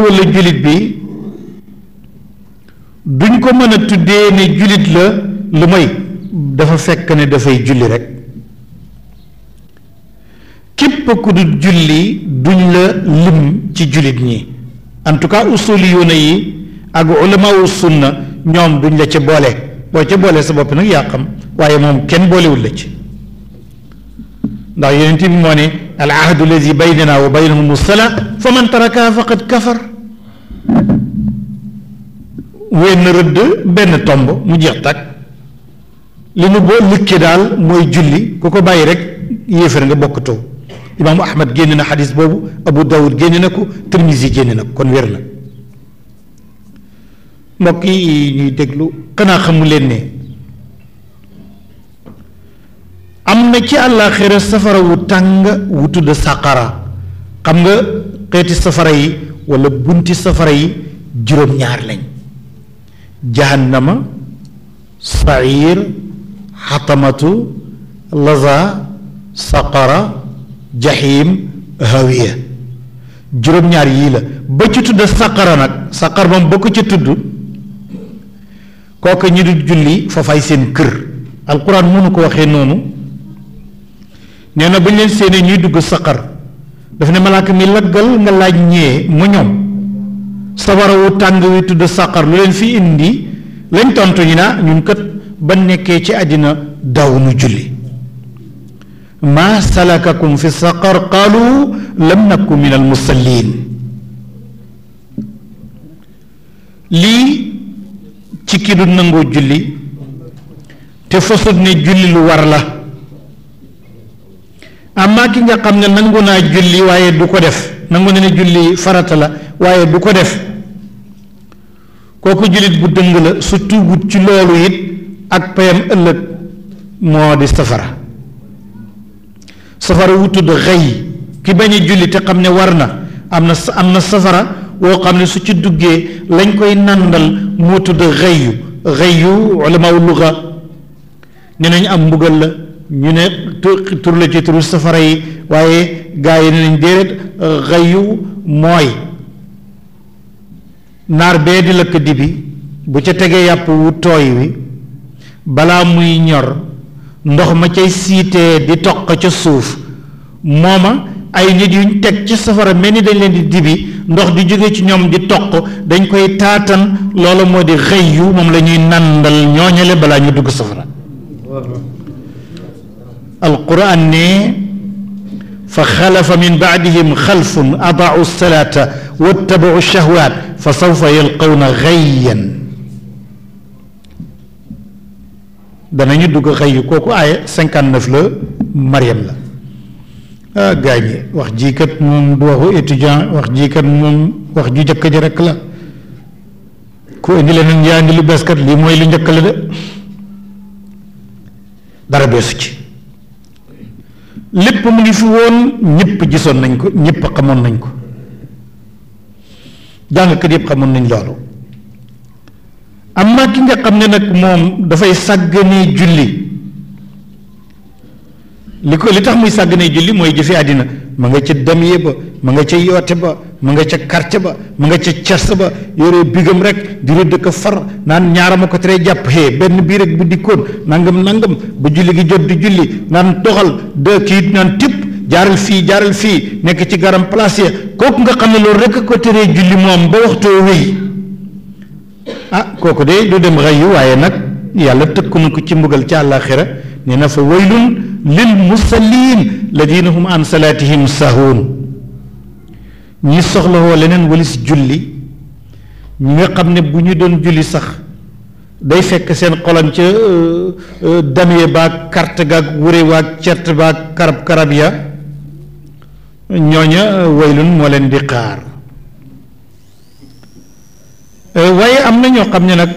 wala julit bi duñ ko mën a tuddee ne julit la lu may dafa fekk ne dafay julli rek képp ku du julli duñ la lim ci julit ñi en tout cas usuliyuuna yi ak ulamaawu sunna ñoom duñ la ca boole boo ca boole sa bopp nag yaa xam waaye moom kenn boolewul la ci ndax yonent bi moo ne al ahdu lazi baynana wa baynahum sala fa man kafar wenn rëdd benn tomb mu jeex takk li nu boo lëkkee daal mooy julli ku ko bàyyi rek yéefar nga bokkatoo imaamu ahmad génne na xadis boobu abu dawud génn na ko yi génne na ko kon wér na mbokk yi ñuy déglu xanaa xamu leen ne am na ci àllaaxira safara wu tàng wu tudd saqara xam nga xeeti safara yi wala bunti safara yi juróom-ñaar lañ jahannama sair xatamatu laza saqara jahim hawiya juróom-ñaar yii la ba ci tudd saqara nag saqar moom ba ko ci tudd kooku ñi du julli fafay seen kër alquran mënu ko waxee noonu nee na bu ñu leen seenee ñuy dugg saqar dafa ne malaaka mi laggal nga laaj ñee mu ñoom sawara tàng wi tudd sàqar lu leen fi indi lañ tontu ñu naa ñun kat ba nekkee ci àddina daw nu julli maa salakakum fi saqar qaalu lam naku min al musallin lii ci ki du nangoo julli te fasut ne julli lu war la amma ki nga xam ne nangu naa julli waaye du ko def nangu na ne julli farata la waaye du ko def kooku jullit bu dëng la su tuubut ci loolu it ak payam ëllëg moo di safara safara wu tudd xëy ki bañ julli te xam ne war na am na am na safara woo xam ne su ci duggee lañ koy nàndal moo tudd xëyu xëyu ulama wu luga ne nañ am mbugal la ñu ne tur la ci turu safara yi waaye gaa yi ne nañ déedéet xayu mooy naar bee di lëkk di bi bu ca tegee yàpp wu tooy wi balaa muy ñor ndox ma cay siitee di toq ca suuf mooma ay nit yuñ teg ci safara mel ni dañ leen di dibi ndox di jóge ci ñoom di toq dañ koy taatan loola moo di xëy yu moom la ñuy nandal ñooñale balaa ñu dugg safara alquran ne fa xalafa min baadihim xalfun adaau salaata wattabau shahwaat fa sawfa yalqawna xayyan danañu dugg xëy kooku aaya cinquante neuf la Mariam la ah gaañ yi wax jii kat moom du waxu étudiant wax jii kat moom wax ju njëkk ji rek la ku indi leneen yaa indi lu bees kat lii mooy lu njëkk la de dara beesu ci lépp mu ngi fi woon ñëpp gisoon nañ ko ñëpp xamoon nañ ko jàngkat yëpp xamoon nañ loolu am na ki nga xam ne nag moom dafay sàgganee julli li ko li tax muy sàgganee julli mooy jëfe àddina ma nga ca demye ba ma nga ca yoote ba mu nga ca quartier ba mu nga ca cas ba yore bigam rek du rëdd dëkk far naan ñaarama ko teree jàpp hee benn bii rek bu dikkoon nangam nangam ba julli gi jot di julli naan doxal de kii naan tipp jaaral fii jaaral fii nekk ci garam place ya kooku nga xam ne loolu rek ko teree julli moom ba waxtoo wéy ah kooku de du dem rey waaye nag yàlla tëkku na ko ci mbugal ci àllaaxira nee na fa waylun lil musalliin ladina hum an salaatihim sahuun ñi soxlawoo leneen walis julli ñi nga xam ne bu ñu doon julli sax day fekk seen xolam ca euh, euh, damee baag carte gaag wure waag cert baag karab karab ya ñooña euh, waylun moo leen di xaar waaye am na ñoo xam ne nag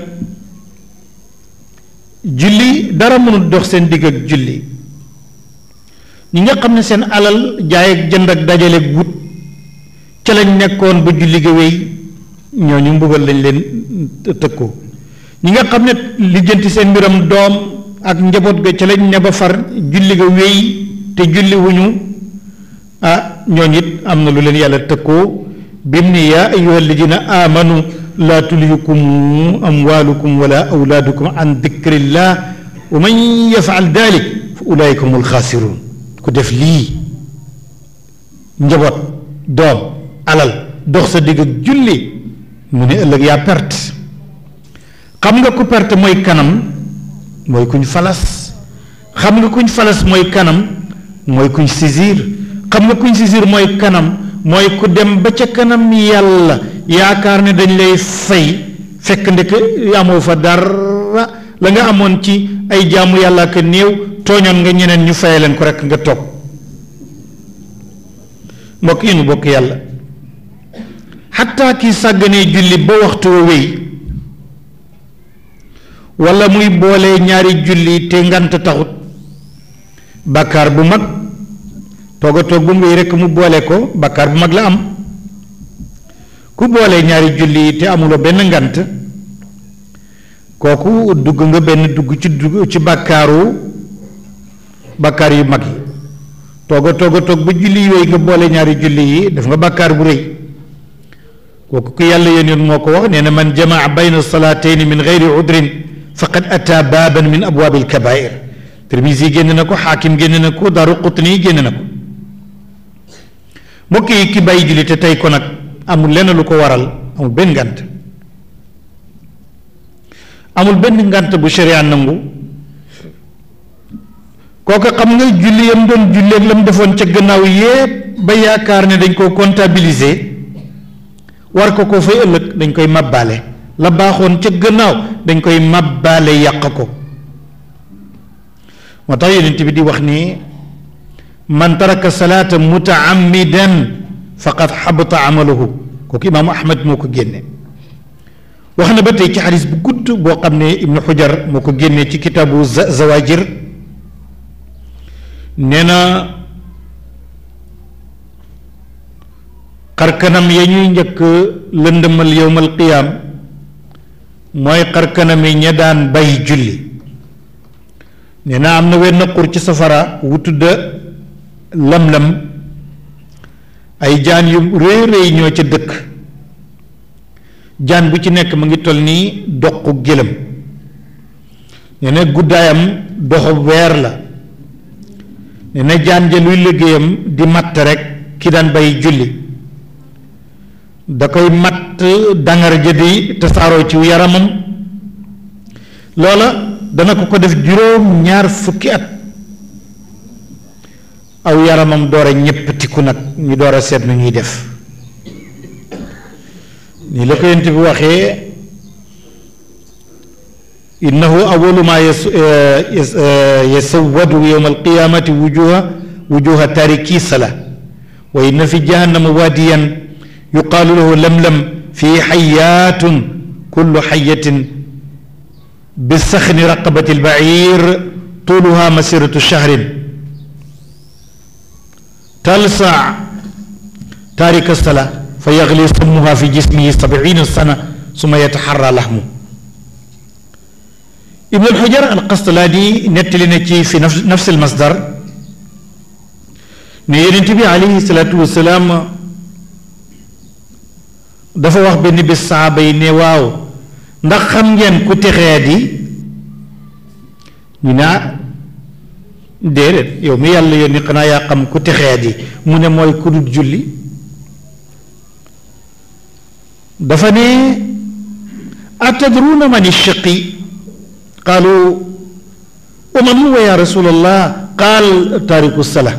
julli dara mënul dox seen digg ak julli ñi nga xam ne seen alal jaay ak jënd ak dajale wut ca nekkoon ba julli ga wéy ñooñu mbugal lañ leen tëkku ñi nga xam ne lijjanti seen mbiram doom ak njaboot ga ca lañ ne ba far julli ga wéy te julli wuñu ah ñooñu it am na lu leen yàlla tëkkoo bim ni yaa ayyuha alladina amanu laa tulhikum amwalukum wala awlaadukum an dikrillah wa man yafaal dalik fa ulaayika humul xaasiruun ku def lii njaboot doom alal dox sa digg ak julli mu ne ëllëg yaa perte xam nga ku perte mooy kanam mooy kuñ falas xam nga kuñ falas mooy kanam mooy kuñ xam nga kuñ saisir mooy kanam mooy ku dem ba ca kanam yàlla yaakaar ne dañ lay fay fekk ndeke amoo fa dara la nga amoon ci ay jaamu yàlla ak néew tooñoon nga ñeneen ñu fay leen ko rekk nga toog mbokk yi nu bokk yàlla xataa kii sàgganee julli ba waxtu wa wéy walla muy boole ñaari julli te ngant taxut bàkkaar bu mag tooga toog ba mu rekk mu boole ko bàkkaar bu mag la am ku boole ñaari julli te amuloo benn ngant kooku dugg nga benn dugg ci dugg ci bàkkaaru bàkkaar yu mag yi tooga tooga toog ba julli yooyu nga boole ñaari julli yi def nga bàkkaar bu rëy kooku ku yàlla yónni moo ko wax nee na man jamaa bayna salaatayn min gayri udrin faqad ataa baaban min abwaabi alkabair Tirmisi génn na ko xaakim génn na ko daaru qutni génn na ko mbokk yi ki bàyyi julli te tey ko nag amul lenn lu ko waral amul benn ngant amul benn ngant bu sharia nangu kooka xam nga julli yam doon julleeg la mu defoon ca gannaaw yépp ba yaakaar ne dañ koo comptabiliser war ko koo fay ëllëg dañ koy mabbaale la baaxoon ca gannaaw dañ koy mabbaale yàq ko moo tax yonent bi di wax ni man tarak salaata mutaammidan faqad xabata amaluhu kooku imaamu ahmad moo ko génne wax na ba tey ci xadis bu gudd boo xam ne ibnu xujar moo ko génne ci kitaabu zawajir nee xarkanam ya ñuy njëkk lëndëmal yowmal qiyaam mooy xarkanam yi ña daan bay julli nee na am na wenn xur ci safara wu tudd ay jaan yu rëy rëy ñoo ca dëkk jaan bu ci nekk mu ngi toll nii doqu gëlëm nee na guddaayam doxu weer la nee na jaan ja luy liggéeyam di matt rekk ki daan bay julli da koy matt dangar ja di tasaaroo ci yaramam loola dana ko ko def juróom ñaar fukki at aw yaramam door a ñépp tikku nag ñu door a seet nu ñuy def ni la ko yent bi waxee innahu awalu ma eh, eh, yasawwadu yowma alqiyamati wujuha wujuha tariki sala wa inna fi jahannama wadiyan yuqaalu lahu lam-lam fii xayaatun kullu xayatin bi saxni raqabati albair tuuluha masiratu shahrin talsaa taarika salaa fa yagli sammuha fi jismihi sabiina sana suma yataxarra lahmu ibn alxujar alqastalaani nettali na ci fi nafsi almasdar ne yonent bi alayhi salaatu wasalaam dafa wax benn bis saaba yi ne waaw ndax xam ngeen ku texee di ñu ne ah déedéet yow mi yàlla yónni xanaa yaa xam ku texee di mu ne mooy ku julli dafa ne atadruuna man ishaqi qaalu waman huwa ya rasulallah qaal taariku sala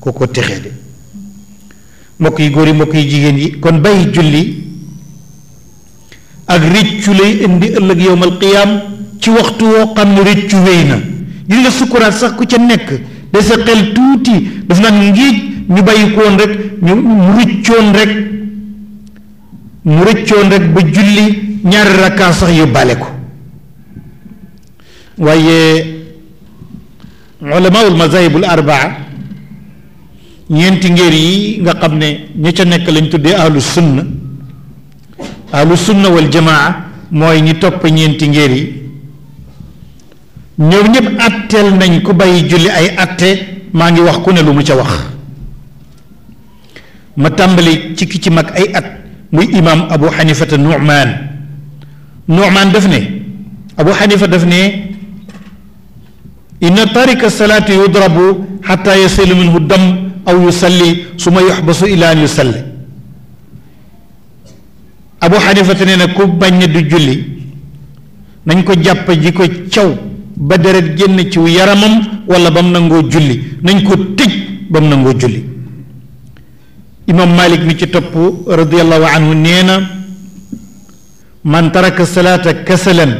kooku texee di mbokk yi góor yi mbokk yi jigéen yi kon bàyyi julli ak rëccu lay indi ëllëg yowmal qiyaam ci waxtu woo xam ne rëccu na gis nga sukkuraat sax ku ca nekk de sa xel daf naan ngiij ñu bàyyi ko woon rek mu rëccoon rek mu rëccoon rek ba julli ñaari rakkaa sax yóbbaale ko waaye ulamaul mazahibul arbaa ñeenti ngér yi nga xam ne ñu ca nekk lañ tuddee ahlu sunna ahlu sunna wal jamaa mooy ñi topp ñeenti ngéer yi ñoom ñëpp atteel nañ ku bay julli ay atte maa ngi wax ku ne lu mu ca wax ma tàmbali ci ki ci mag ay at muy imaam abu xanifata nuumaan nuumaan def ne abu xanifa daf ne inna tarika salaati yudrabu xata yasilu minhu dam aw yusalli suma yuxbasu ila an yusalli abu xanifata nee na ku bañ du julli nañ ko jàpp ji ko caw ba deret génn ci yaramam wala ba mu nangoo julli nañ ko tëj ba mu nangoo julli imam malik mi ci topp radiallahu anhu nee na man taraka salaata kasalan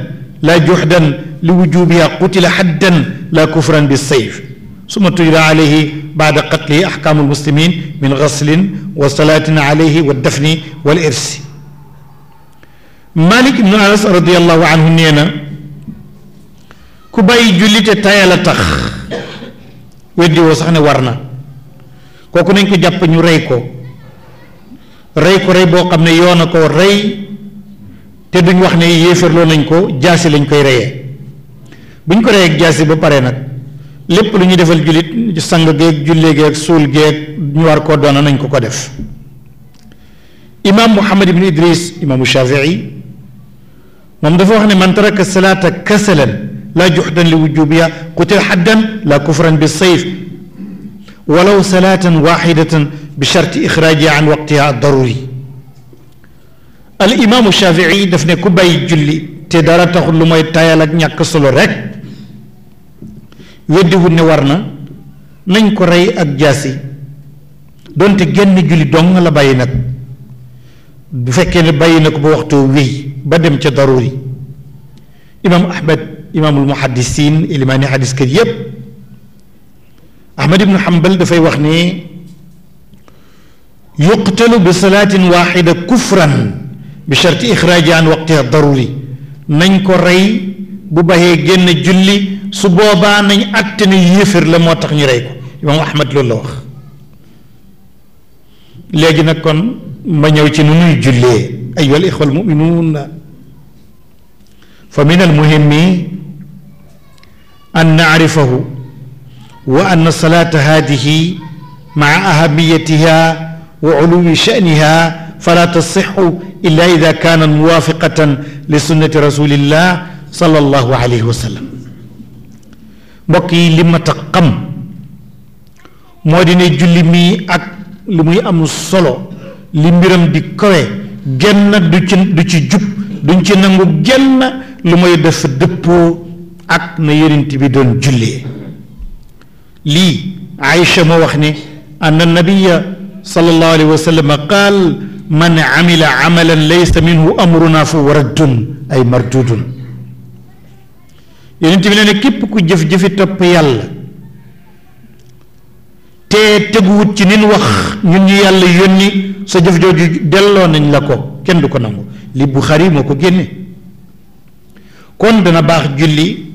la juxdan li wujubiha qutila xaddan la kufran bi sayf suma tujra alayhi baada qatlihi axkaamu almuslimin min gaslin wa salaatin alayhi wa dafni wal irsi malik ibnu anas radiallahu anhu nee na ku bàyyi julli te tayal a tax weddi woo sax ne war na kooku nañ ko jàpp ñu rey ko rey ko boo xam ne yoon a ko rey te duñ wax ne yéefarloo nañ ko jaasi lañ koy reyee buñ ko reyee ak jaasi ba pare nag lépp lu ñu defal jullit sang geeg jullee geeg suul geeg ñu war koo doona nañ ko ko def imaam muhammad ibn idris imaamu shafii moom dafa wax ne man taraka salaata kasalan laa juxdan li wujubiha qutila xaddan laa kufran bi sayf walaw salaatan waxidatan bi charti ixraajiha an waqtiha daruri al imaamu shafii daf ne ku bàyyi julli te dara taxul lu mooy tayal ak ñàkk solo rek weddiwul ne war na nañ ko rey ak jaasi doonte genn julli dong la bàyyi nag bu fekkee ne bàyyi na ko ba waxtu wéy ba dem ca daruri imaam ahmad imaamul muhaddisin ilimaani xadis kat yépp ahmad ibnu hambal dafay wax ne yuqtalu bi salaatin waaxida kufran bi sharti ixraaji an waqtiha daruri nañ ko rey bu baxee génn julli su boobaa nañ àtte ne la moo tax ñu rey ko imaam ahmad loolu la wax léegi nag kon ma ñëw ci nu nuy أيها الإخوة المؤمنون فمن المهم أن نعرفه وأن الصلاة هذه مع أهميتها وعلو شأنها فلا تصح إلا إذا كان موافقة لسنة رسول الله صلى الله عليه وسلم mbokk yi li mat a xam moo di ne julli mii ak li muy am solo li mbiram di kowe genn du ci du ci jub duñ ci nangu genn lu may def dëppoo ak na yonent bi doon jullee lii Aïcha moo wax ne anna nabiya sallallahu alayhi wa sallam qaal man amila amalan laysa minhu amruna fa waraddun ay mardudun yonent bi nee ne képp ku jëf-jëfi topp yàlla te teguwut ci nin wax ñun ñu yàlla yónni sa jëf jooju delloo nañ la ko kenn du ko nangu li Buxaari moo ko génne kon dana baax julli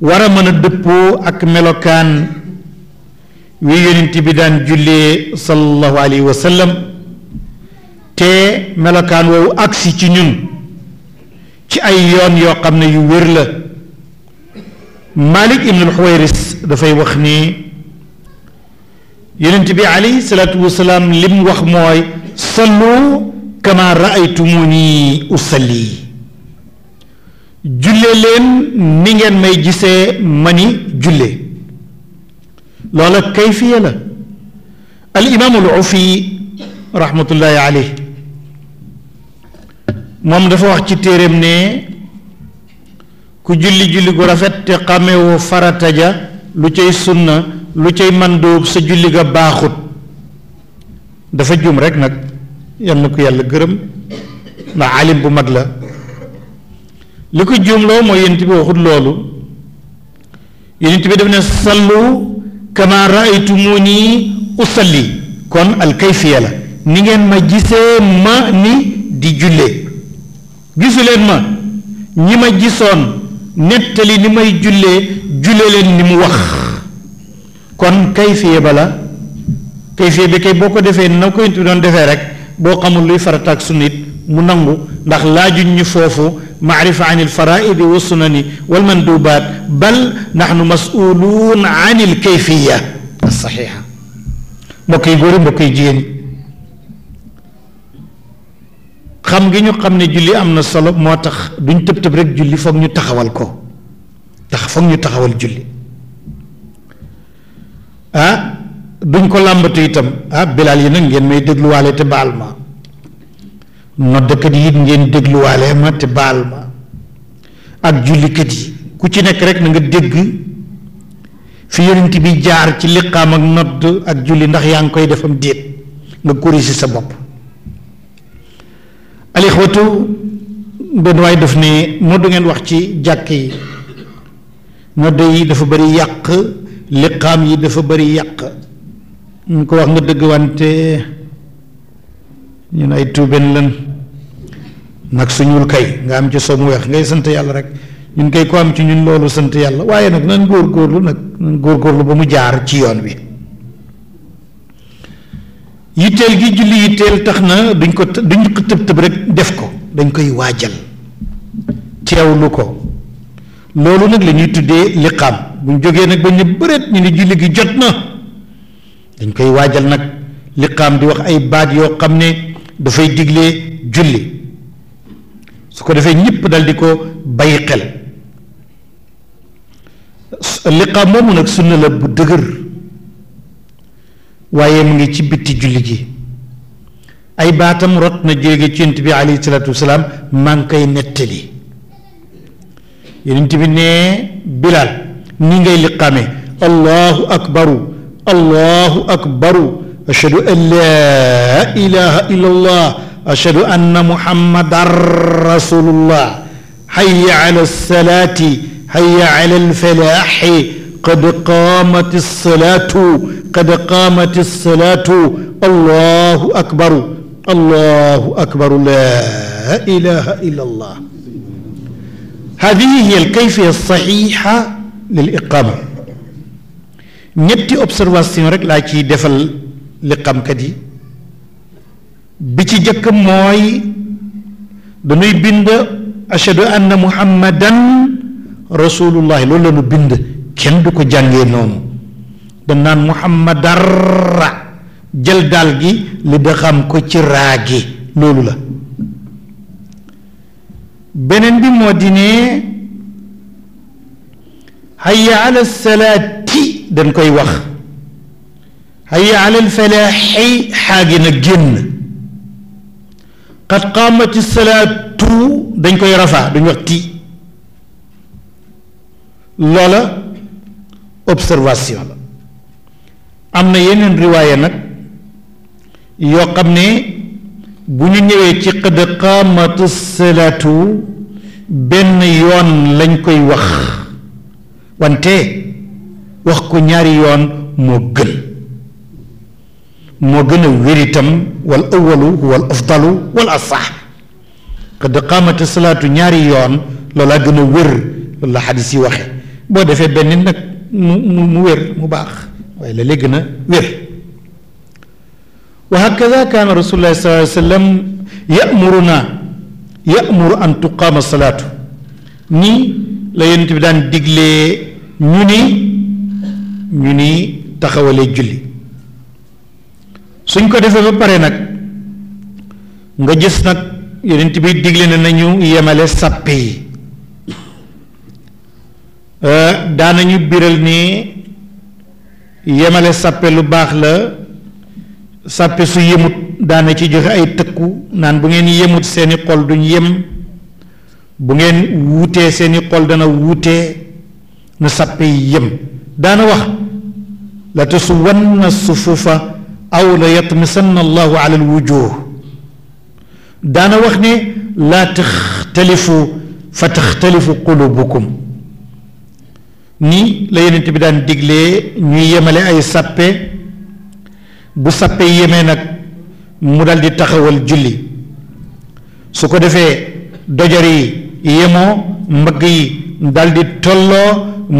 war a mën a dëppoo ak melokaan wi yonent bi daan jullee sallallahu alayhi wa sallam te melokaan woowu agsi ci ñun ci ay yoon yoo xam ne yu wér la Malik ibnul Xuwayris dafay wax ni yonent bi alayhi salaatu wasalaam lim wax mooy sallu kama raaytumuni usalli julle leen ni ngeen may gisee mani julle loola kayfiya la al imaamu al ufi rahmatullahi moom dafa wax ci téeréem ne ku julli julli gu rafet te xàmmewoo farata ja lu cay sunna lu cay mandóob sa julli ga baaxut dafa jum rek nag yal na ko yàlla gërëm ndax alim bu mag la li ko juumloo mooy yent bi waxut loolu yent bi daf ne sallu kama raaytumuni usalli kon alkayfiya la ni ngeen ma gisee ma ni di jullee gisuleen ma ñi ma gisoon nettali ni may jullee julle leen ni mu wax kon kayfiye bala la kayfiye bi kay boo ko defee na ko it doon defee rek boo xamul luy farata ak sunnit mu nangu ndax laajuñ ñu foofu maarifa an il faraidi wa sunani wal mandubaat bal nahnu masuluun an il kayfiya as saxiixa mbokk yi jigéen xam gi ñu xam ne julli am na solo moo tax duñ tëb tëb rek julli foog ñu taxawal ko tax foog ñu taxawal julli ah duñ ko làmbatu itam ah bilaal yi nag ngeen may dégluwaale te baal ma noddkat yi ngeen dégluwaale ma te baal ma ak jullikat yi ku ci nekk rek na nga dégg fi yonent bi jaar ci liqaam ak nodd ak julli ndax yaa ngi koy defam déet nga corriger sa bopp alixwatu benn waay daf ne noddu ngeen wax ci jàkk yi nodd yi dafa bari yàq liqaam yi dafa bari yàq ñu ngi ko wax nga dëgg wante ñun ay tuubeen lan nag suñul kay nga am ci mu weex ngay sant yàlla rek ñun kay ko am ci ñun loolu sant yàlla waaye nag nan góor góorlu nag nan góor góorlu ba mu jaar ci yoon bi yitteel gi julli yitteel tax na duñ ko duñ tëb tëb rek def ko dañ koy waajal teewlu ko loolu nag la ñuy tuddee liqaam buñ jógee nag ba ñu bëreet ñu ne julli gi jot na dañ koy waajal nag liqaam di wax ay baat yoo xam ne dafay digle julli su ko defee ñëpp dal di ko bàyyi xel liqaam moomu nag sunna la bu dëgër waaye mu ngi ci bitti julli gi ay baatam rot na jóge ci yonent bi alayhi salaatu wasalaam maa ngi koy nettali yonent bi ne Bilaal ni ngay liqaame allahu akbaru allahu akbaru ashhadu an laa ilaha illa allah ashhadu anna muhammadan rasulullah hayya ala salaati hayya ala alfalaaxi qad qaamati salaatu qad qaamati salaatu allahu akbaru allahu akbaru laa ilaaha illa allah hadihi hiya alkayfiya saxiixa lil iqaama ñetti observation rek laa ciy defal liqaamkat yi bi ci jëkk mooy dañuy bind ashhadu anna muhammadan rasulullahi loolu la ñu bind kenn du ko jàngee noonu da naan muhammadara jël daal gi li da xam ko ci raa loolu la beneen bi moo di ne hayya ala salaati dañ koy wax hayya ala alfalaaxi xaagi na génn qad qaamati salaatu dañ koy rafaa duñ wax ti loola observation la am na yeneen riwaaye nag yoo xam ne bu ñu ñëwee ci qad qaamatu salaatu benn yoon lañ koy wax wante wax ko ñaari yoon moo gën moo gën a wér itam wal awalu wal afdalu wal asax qad qaamatu salaatu ñaari yoon loolaa gën a wér loolu la xadis yi waxe boo defee benn nag mu mu wér mu baax waaye la léegi na wér wa hakada kaana rasulullahi sallallahu alayhi wa sallam yamuruna yamuru an tuqaama salaatu nii la yonent bi daan diglee ñu ni ñu ni taxawalee julli suñ ko defee ba pare nag nga gis nag yonent bi digle na nañu yemale sàppe yi Euh, daanañu biral ni yemale sàppe lu baax la sàppe su yemut daana ci joxe ay tëkku naan bu ngeen yemut seeni xol duñ yem bu ngeen wuutee seeni xol dana wuutee na sàppe yi yem daana wax la te su tasuwanna sufufa aw la yatmisanna allahu ala alwujuh daana wax ni laa taxtalifu fa taxtalifu qulubukum ni la yenent bi daan diglee ñuy yemale ay sàppe bu sàppe yemee nag mu daldi di taxawal julli su ko defee dojar yi yemoo mbëgg yi dal di tolloo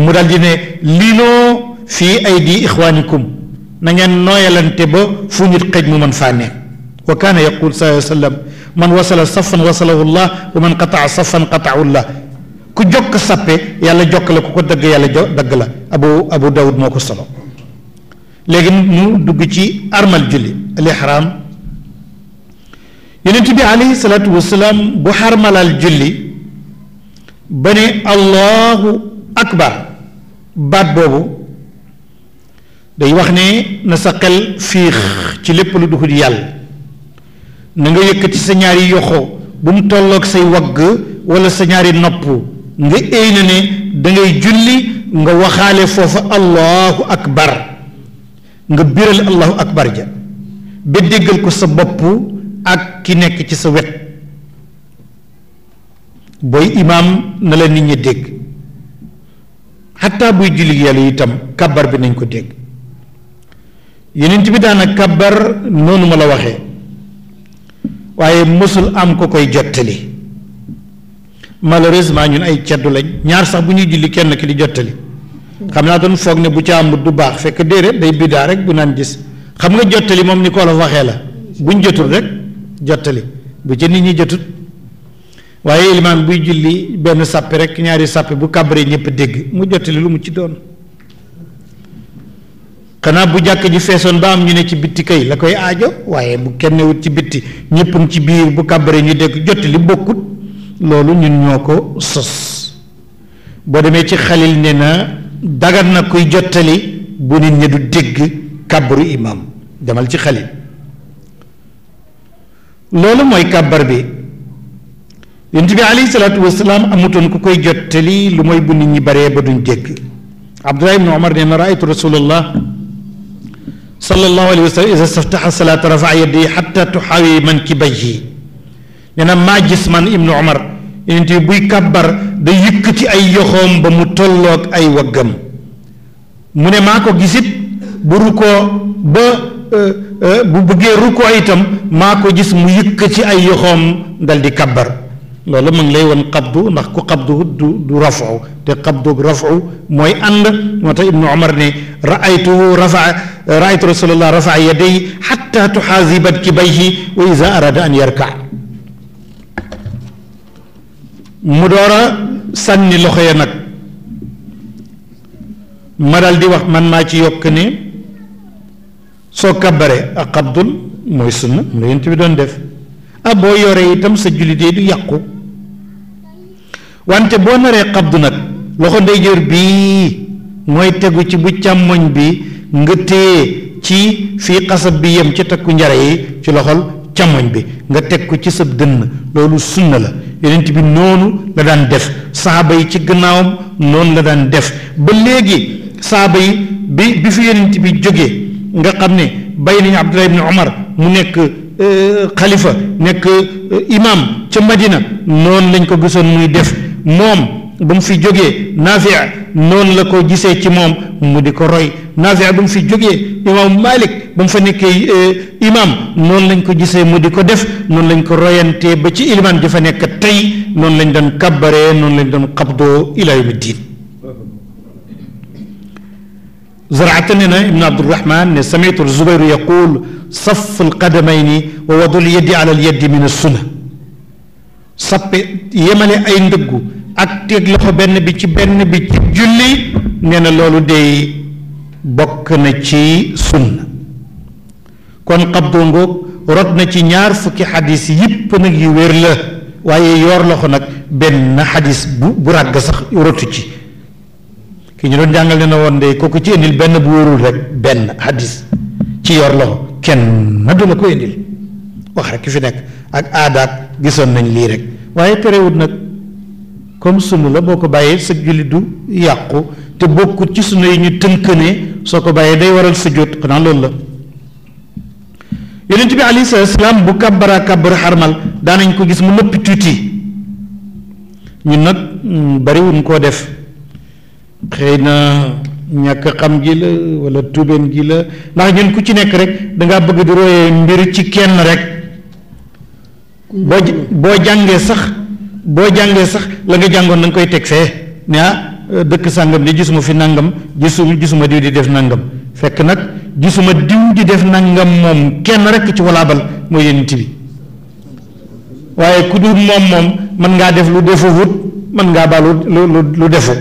mu dal di ne liinoo fii ay di ixwaanikum na ngeen nooyalante ba fu nit xëj mu man faa ne wa kaana yaqul sallallahu man wasala safan wasalahu llah wa man qataa safan qataahu llah ku jokk sappe yàlla jokk la ku ko dëgg yàlla jo dëgg la abu abu dawud moo ko solo léegi mu dugg ci armal julli al ihram ci bi alayhi salaatu wasalaam bu xarmalal julli ba ne allahu baat boobu day wax ne na sa xel fiix ci lépp lu duxul yàlla na nga yëkkati sa ñaari yoxo bu mu tolloog say wagg wala sa ñaari nopp nga éy na ne dangay julli nga waxaale foofa allahu akbar nga biral allahu akbar ja ba déggal ko sa bopp ak ki nekk ci sa wet booy imaam na la nit ñi dégg xataa buy julli yàlla itam kàbbar bi nañ ko dégg yenent bi daana kàbbar noonu ma la waxee waaye mësul am ko koy jottali malheureusement ñun ay ceddu lañ ñaar sax bu ñuy julli kenn ki di jottali xam naa doon foog ne bu ca amut du baax fekk déedéet day biddaa rek bu naan gis xam nga jottali moom ni ko la waxee la buñ jotul rek jottali bu ca nit ñi jotut waaye ilimaan buy julli benn sàppi rek ñaari sàppi bu kàbbaree ñëpp dégg mu jottali lu mu ci doon xanaa bu jàkk ji feesoon ba am ñu ne ci bitti kay la koy aajo waaye bu kenn wut ci bitti ñëpp ci biir bu kàbbaree ñu dégg jottali bokkut loolu ñun ñoo ko sos boo demee ci xalil ne na dagan na kuy jottali bu nit ñi du dégg kàbbaru imam demal ci xalil loolu mooy kàbbar bi yonent bi alayhi salaatu wasalaam amutoon ku koy jottali lu mooy bu nit ñi baree ba duñ dégg abdulahi ibnu omar nee na raaytu rasulallah sallallahu alayhi wa sallam iza staftaxa salaata rafa yaddi xatta tuxaawi man nee na maa gis man ibnu omar yonent bi buy kàbbar da yëkkati ay yoxoom ba mu tolloog ay waggam mu ne maa ko gisit bu rukkoo ba euh, euh, bu bëggee rukkoo itam maa ko gis mu yëkkati ay yoxoom dal di kàbbar loolu mu ngi lay woon xabdu ndax ku xabdu du du rafu te xabdu rafu mooy ànd moo tax ibnu omar ne raaytuhu rafa raaytu rafa yaday xatta tuxaasibat kibayhi wa ida arada an yarka mu door a sànni loxo ya nag ma dal di wax man maa ci yokk ni soo kabaree ak xabdul mooy sunna mu la yent bi doon def ah boo yoree itam sa jullitee du yàqu wante boo naree xabdu nag loxo ndeyjoor bii mooy tegu ci bu càmmoñ bi nga téye ci fii xasab bi yem ci takku njare yi ci loxol càmmoñ bi nga teg ko ci sa dënn loolu sunna la yonent bi noonu la daan def saaba yi ci gannaawam noonu la daan def ba léegi saaba yi bi bi fi yonent bi jógee nga xam ne bay nañu Abdullah ibn Omar mu nekk euh, xalifa nekk euh, imam ca Madina noonu lañ ko gisoon muy def moom ba mu fi jógee Naafi noonu la ko gisee ci moom mu di ko roy Naafi' ba mu fi jógee imaamu Malik ba mu fa nekkee eh, imaam noonu lañ ko gisee mu di ko def noonu lañ ko royante ba ci ilimaan ja fa nekk tey noonu lañ doon kabbaree noonu lañ doon xabdoo ilaa yawmi diin zaraata ne na ibnu abdurahman ne samitu zubairu yaqul saff alqadamayni wa wadu lyadi ala lyadi min assunna sappe yemale ay ndëggu ak teg loxo benn bi ci benn bi ci julli nee na loolu day bokk na ci sunna kon xabdoo ngoog rot na ci ñaar fukki xadis yépp nag yu wér la waaye yoor loxo nag benn xadis bu bu ràgg sax rotu ci ki ñu doon jàngal ne na woon de kooku ci indil benn bu wérul rek benn xadis ci yor loxo kenn du la ko indil wax rek ki fi nekk ak aadaat gisoon nañ lii rek waaye terewut nag comme sunna la boo ko bàyyee sa julli du yàqu te bokkut ci sunna yi ñu tënkane soo ko bàyyee day waral sa jot xanaa loolu la yonent bi alayhi salaatu salaam bu kàbbara kàbbara xarmal daanañ ko gis mu noppi tuuti ñu nag mm, bariwuñ koo def xëy na ñàkk xam gi la wala tuubeen gi la ndax ñun ku ci nekk rek danga bëgg di royee mbir ci kenn rek boo boo jàngee sax boo jàngee sax la nga jàngoon da koy teg fee ne ah dëkk sàngam di gisuma fi nangam gisu gisuma diw di def nangam fekk nag gisuma diw di def nangam moom kenn rek ci walaabal mooy yonent bi waaye ku dul moom moom mën ngaa def lu defu wut mën ngaa ba lu lu lu defu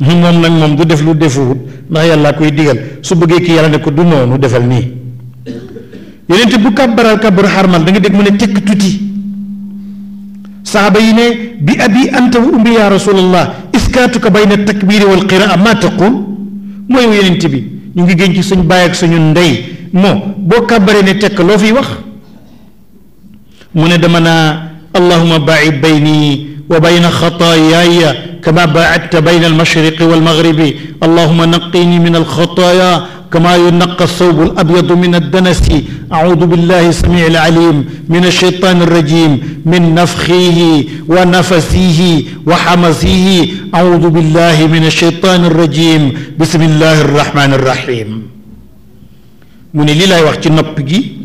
moom nag moom du def lu defu wut ndax yàlla koy digal su bëggee ki yàlla ne ko du noonu defal nii yonent bu kàbbaral kàbbaru xarmal da nga dégg mu ne tekk tuuti saxaaba yi ne bi abi anta wa ummi ya ko iskaatuka bayna takbiri wal qiraa ma taqul mooy yenent bi ñu ngi gën ci suñ bàyyi ak suñu ndey moo boo kàbbaree ne tekk loo fiy wax mu ne dama naa allahuma baid bayni وبين خطاياي كما بعدت بين المشرق والمغرب اللهم نقني من الخطايا كما ينقى الثوب الأبيض من الدنس أعوذ بالله السميع العليم من الشيطان الرجيم من نفخه ونفسه وحمسه أعوذ بالله من الشيطان الرجيم بسم الله الرحمن الرحيم mu ne lii laay wax ci nopp gi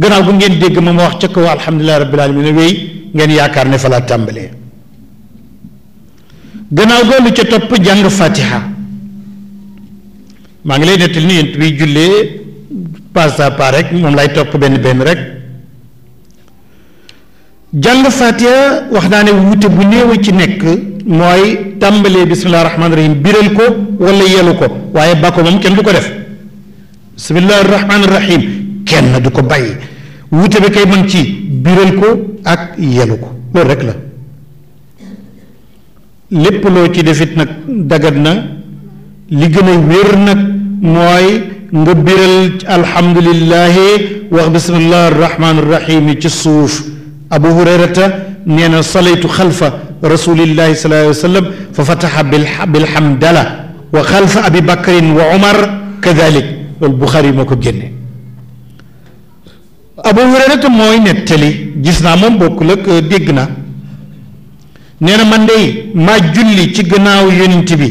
gannaaw bu ngeen dégg ma ma wax ca kaw alhamdulilahi rabbil alamin wéy ngeen yaakaar ne fa laa tàmbalee gannaaw goolu ca topp jàng fatiha maa ngi lay nettali ni yent bi jullee pas à pas rek moom lay topp benn benn rek jàng fatiha wax naa ne wute bu néew ci nekk mooy tàmbalee bisimilah rahmaani rahim biral ko wala yelu ko waaye bàkko moom kenn du ko def bisimilah rahmaani rahim kenn du ko bay wute bi kay mën ci biral ko ak yelu ko loolu rek la lépp loo ci defit nag dagat na li gën nag mooy nga biral alhamdulillahi wax bismillah arrahmani irrahimi ci suuf abu hurayrata nee na salaytu xalfa rasulillahi sallallahu alayhi wa sallam fa fataxa bilhamdala wa xalfa abi bakrin wa omar kadalik loolu buxaari moo ko génne Abu Hurayrata mooy nettali gis naa moom bokkul ak euh, dégg na nee na man de maa julli ci gannaaw yonent bi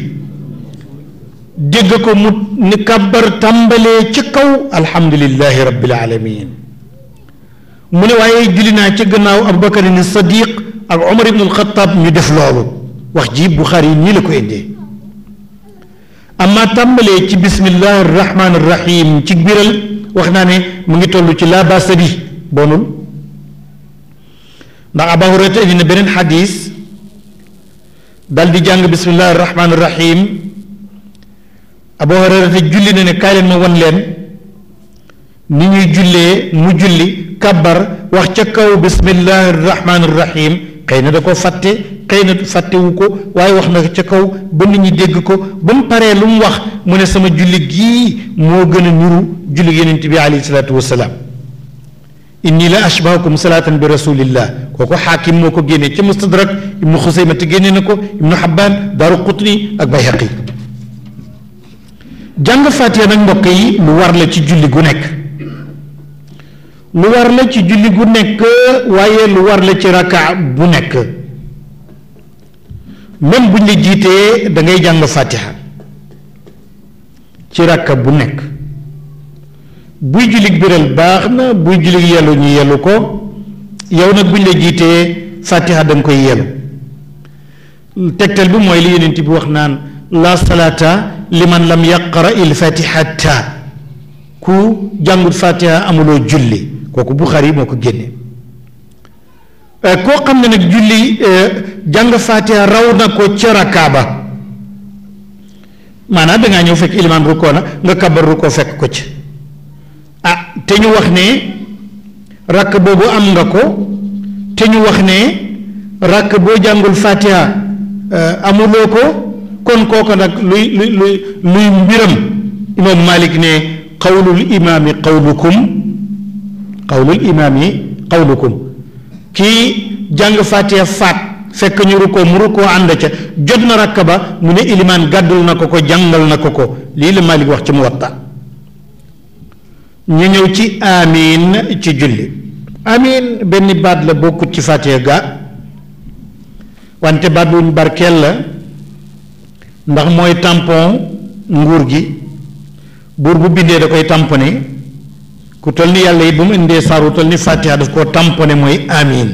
dégg ko mu ni kàbbar tàmbalee ci kaw alhamdulillahi rabbil alamin mu ne waaye julli naa ci gannaaw Abubakar ni Sadiq ak Omar ibn al-Khattab ñu def loolu wax ji Buxaari yi nii la ko indee amma tàmbalee ci bismillahi rahmaani rahim ci biral wax naa ne mu ngi toll ci laa baasa bi bonul ndax Abu Hurayra indi na beneen xadis dal di jàng bismillahi rahmaani rahim Abu Hurayra julli na ne kaay leen ma wan leen ni ñuy jullee mu julli kabbar wax ca kaw bismillahi rahmaani rahim xëy na da ko fàtte xëy na fàttewu ko waaye wax na ca kaw ba nit ñi dégg ko ba mu paree lu mu wax mu ne sama julli gii moo gën a nuru julli yonent bi alayhi salaatu wasalaam inni la ashbahakum salaatan bi rasulillah kooku xaakim moo ko génnee ca mustadrak ibnu xusayma te génne na ko ibnu xabbaan daaru qutni ak bayhaqi jàng fàtte nag mbokk yi lu war la ci julli gu nekk lu war la ci julli gu nekk waaye lu war la ci raka bu nekk même buñ la jiitee dangay jàng fatiha ci raka bu nekk buy jullig biral baax na buy jullig yelu ñu yelu ko yow nag buñ la jiitee fatiha da koy yelu tegtal bi mooy li yonent bi wax naan la salaata liman lam yaqra il fatihata ku jàngut fatiha amuloo julli kooku Buxaari moo ko génne eh, koo xam ne nag julli eh, jàng faatiha raw na ko ca rakkaa ba maanaam dangaa ñëw fekk ilimaan rukkoo na nga kabar rukkoo fekk ko ci ah te ñu wax ne rakk boobu am nga ko te ñu wax ne rakk boo jàngul faatiha eh, amuloo ko kon kooku nag luy luy luy mbiram imaam Malik ne qawlul imaami qawlukum xawlul imaam yi xawlukum kii jàng fàttee faat fekk ñu rukkoo mu rukkoo ànd ca jot na rakk ba mu ne ilimaan gàddul na ko ko jàngal na ko ko lii la Maalik wax ci Muwatta ñu ñëw ci amiin ci julli amiin benn baat la bokkut ci fàttee ga wante baat buñ barkeel la ndax mooy tampon nguur gi buur bu bindee da koy tamponné ku toll ni yàlla it bu mu indee saaru toll ni fatiha daf koo tamponné mooy amin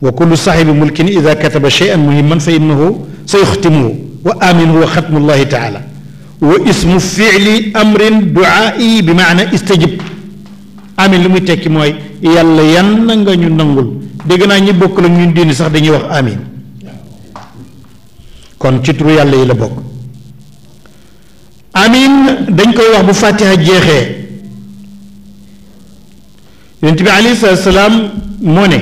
wa kullu saaxibi mulkin ida kataba cheyan muhimman fa innahu sa yuxtimuhu wa amin huwa xatmu llahi taala wa ismu fiili amin li muy tekki mooy yàlla yan na nga ñu nangul dégg naa ñi bokk la ñun diini sax dañuy wax amin kon ci yàlla yi la bokk amin dañ koy wax bu fatiha jeexee yonent bi alayhi salaatu salaam moo ne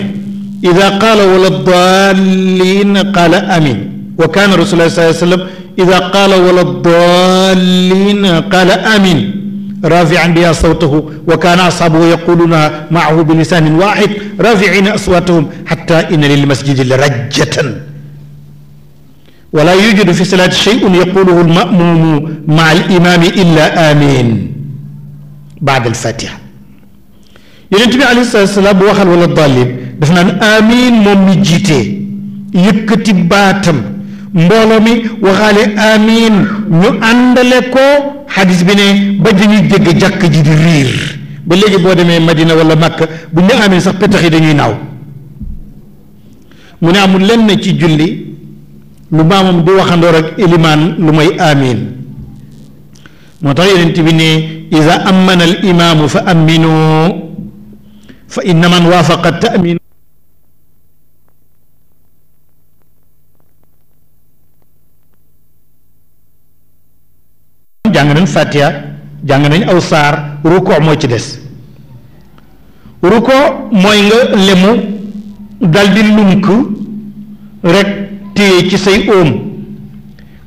ida qaala wala dallin qaala amin wa kaana rasulullah sallallahu alayhi wasallam ida qaala wala dallin qaala amin rafian biha sawtahu wa kaana ashaabuhu yaqulunaha maahu bilisanin waxid rafiina aswaatahum xatta inna lilmasjidi la rajjatan wala yujadu fi salaati shay'un yaquluhu almamumu maa alimaami illa amin baad alfatiha yonent bi alayhi salaatu salaam bu waxal wala dallin daf naan amin moom mi jiitee yëkkati baatam mbooloo mi waxaale amin ñu àndale ko xadis bi ne ba dañuy dégg jàkk ji di ba léegi boo demee Madina wala Makka bu ñu amin sax petax dañuy naaw mu ne amul lenn ci julli lu maamam di waxandoo rek ilimaan lu may amiin moo tax yonent bi ne ida amana al imaamu fa aminu fa inna man waafaqa taaminu jàng nañ fatiha jàng nañ aw saar ruko moo ci des ruko mooy nga lemu dal di lunk rek téye ci say óom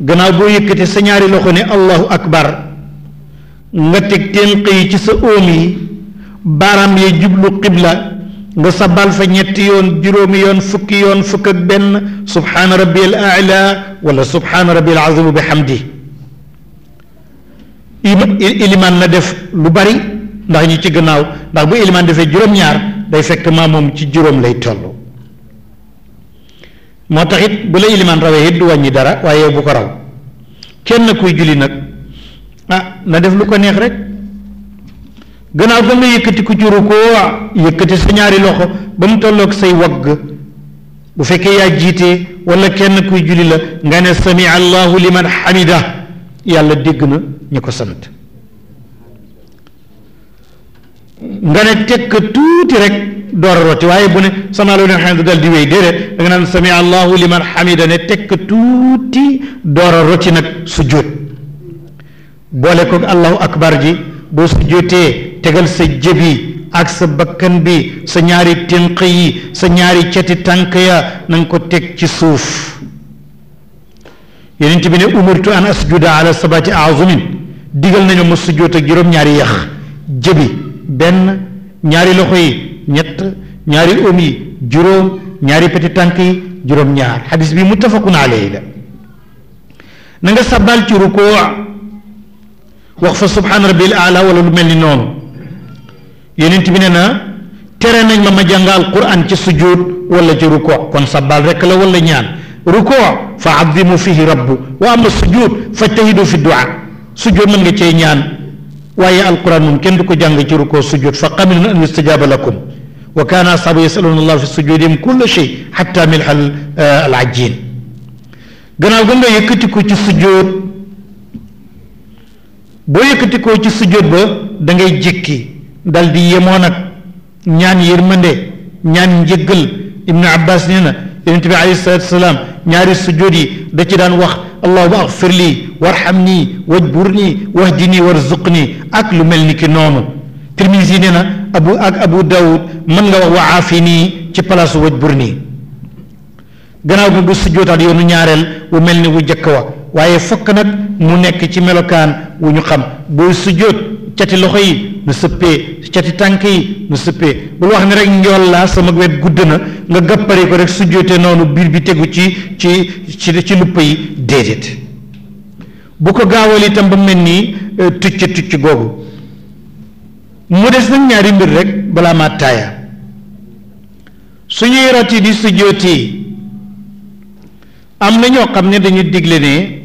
gannaaw boo yëkkati sa ñaari loxo ne allahu akbar nga teg tenq yi ci sa óom yi baaraam yi jublu qibla nga sabal fa ñetti yoon juróomi yoon fukki yoon fukk ak benn subhaana rabbiyal aala wala subhaana rabbiyal azimu bi xamdi ilimaan na def lu bari ndax ñi ci gannaaw ndax bu ilimaan defee juróom-ñaar day fekk maamoom ci juróom lay toll moo taxit it bu la ilimaan rawee it du wàññi dara waaye bu ko raw kenn kuy julli nag ah na def lu ko neex rek gannaaw ba nga yëkkati ku juru ko yëkkati sa ñaari loxo ba mu tolloog say wagg bu fekkee yaa jiite wala kenn kuy julli la nga ne sami allahu liman hamida yàlla dégg na ñu ko sant nga ne tekk tuuti rek door a rotti waaye bu ne sama loo leen xamante dal di wéy déedéet da nga naan sami allahu liman xamida ne tekk tuuti door a rotti nag sujjóot boole koog allahu akbar ji boo sujjóotee tegal sa jëbi ak sa bakkan bi sa ñaari tënk yi sa ñaari cati tànk ya na ko teg ci suuf yonent bi ne umirtu an asjuda ala sabati azumin digal nañu ma sujjóot ak juróom ñaari yax jëbi benn ñaari loxo yi ñett ñaari oom yi juróom ñaari petit tànk yi juróom-ñaar xadis bi muttafaqun alayhi la na nga sabal ci rukoo wax fa subhaana rabbil aala wala lu mel ni noonu yonent bi ne na tere nañ ma ma jàng alquran ci sujud wala ci rukoo kon sabal rek la wala ñaan rukoo fa azimu fihi rabbu wa ama sujud fajtahidu fi duaa sujud mën nga cee ñaan waaye alquran moom kenn di ko jàng ci rukoo sujud fa qamilun an yustajaaba lakum wa kaana asxaabu yasaluuna allah fi sujudihim kulla shay xatta milxal al eh, ajjin gannaaw ga nga yëkkati ko ci sujud boo yëkkati ko ci sujud ba da ngay jékki dal di yemoon ak ñaan yërmande ñaan njëggal ibnu abbas nee na yonente bi alayhi salatu wasalaam ñaari sujjóot yi da ci daan wax allahuma axfir lii warxam nii wajbur nii wahdi nii warzuq nii ak lu mel ni ki noonu tirmisi nee na abu ak abu daawud mën nga wax wa aafi nii ci palaasu wajbur nii gannaaw bi du sujjóotaat yoonu ñaareel wu mel ni wu jëkk wa waaye fokk nag mu nekk ci melokaan wu ñu xam booy sujjóot cati loxo yi na sëppee si cati tànk yi na sëppee bul wax ne rek njool laa sama wet gudd na nga gappari ko rek sujjóote noonu biir bi tegu ci ci ci ci yi déedéet bu ko gaawal itam ba mel nii euh, tucc tucc googu mu des nag ñaari mbir rek balaa maa taaya suñuy rot yi di sujjóot am na ñoo xam ne dañu digle ne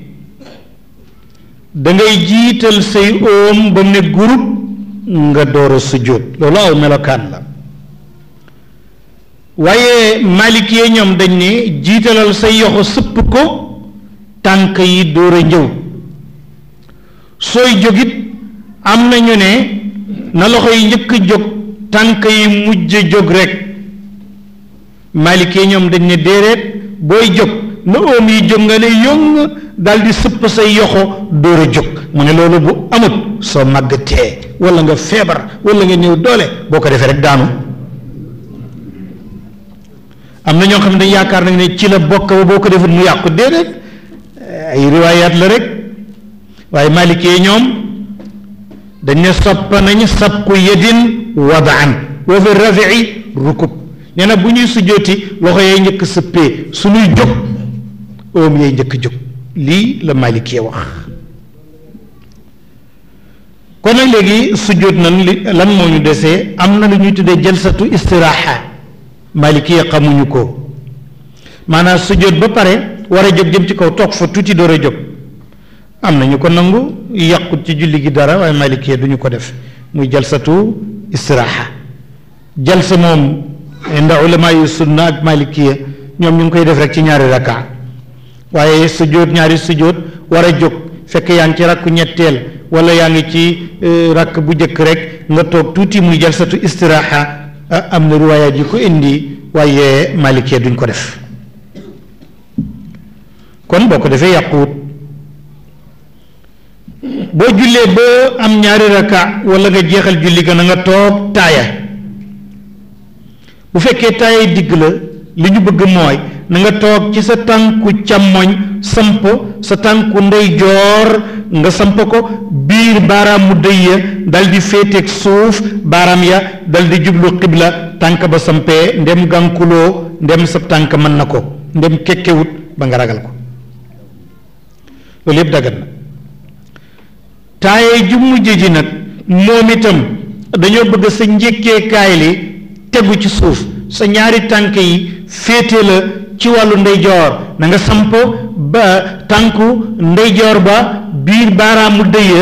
da ngay jiital say óom ba mu ne groupe nga door a sujjóot loolu aw melokaan la waaye malik yee ñoom dañ ne jiitalal sa yoxo sëpp ko tànk yi dóor a njëw sooy jógit am nañu ne na loxo yi njëkk jóg tànk yi mujj jóg rek malik yee ñoom dañ ne déeréet booy jóg na oom yi jóg nga ne yong daldi sëpp say yoxo dóor a jóg mu ne loolu bu amut soo màgg tee wala nga feebar wala nga néew doole boo ko defee rek daanu am na ñoo xam ne dañ yaakaar nag ne ci la bokk ba boo ko defut mu yàqu déedéet ay riwaayaat la rek waaye maalikee ñoom dañ ne sopp nañ sabku yedin wadaan wa fi rafii rukub nee na bu ñuy sujjooti loxo yay njëkk sëppee suñuy jóg oom yay njëkk jóg lii la maalikee wax kon nag léegi sujjóot na li lan moo ñu desee am na lu ñuy tuddee jalsatu istiraaxa maliki xamuñu ko maanaa sujjóot ba pare war a jóg jëm ci kaw toog fa tuuti door a jóg am na ñu ko nangu yàqut ci julli gi dara waaye maliki du ñu ko def muy jalsatu istiraaxa jalsa moom ndax ulama yu sunna ak maliki ñoom ñu ngi koy def rek ci ñaari raka waaye sujjóot ñaari sujjóot war a jóg fekk yaa ngi ci rakku ñetteel wala yaa ngi ci e, rakk bu jëkk rek nga toog tuuti muy jalsatu istiraaxa am na riwaayaat yu ko indi waaye maalikee duñ ko def kon boo ko defee yàquwut boo jullee ba am ñaari raka wala nga jeexal julli gën a nga toog taaya bu fekkee taaya digg la li ñu bëgg mooy na toog ci sa tànku càmmoñ samp sa tànku ndeyjoor nga samp ko biir baaraamu dëy ya dal di féeteeg suuf baaraam ya dal di jublu xibla tànk ba sampee ndem gànkuloo ndem sa tànk mën na ko ndem kekkewut ba nga ragal ko loolu yëpp dagat na taaye ju mujj ji nag moom itam dañoo bëgg sa njëkkeekaay li tegu ci suuf sa ñaari tànk yi féete la ci wàllu ndeyjoor na nga samp ba tànku ndeyjoor ba biir baaraamu dëya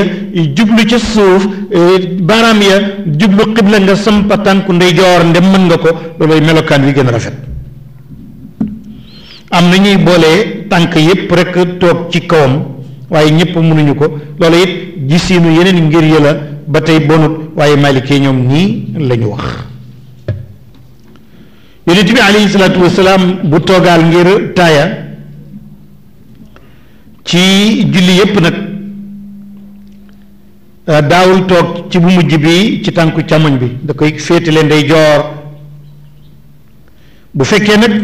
jublu ca suuf eh, baaraam ya jublu xibla nga samp tànku ndeyjoor ndem mën nga ko looloy melokaan wi gën a rafet am na ñuy boole tànk yépp rek toog ci kawam waaye ñépp mënuñu ko loolu it gisiinu yeneen ngir yëla ba tey bonut waaye Maalik yi ñoom nii lañu wax yonent bi alayhi salaatu wasalaam bu toogaal ngir taaya ci julli yépp nag euh, daawul toog ci bu mujj bi ci tànku càmmoñ bi da koy féetale ndeyjoor bu fekkee nag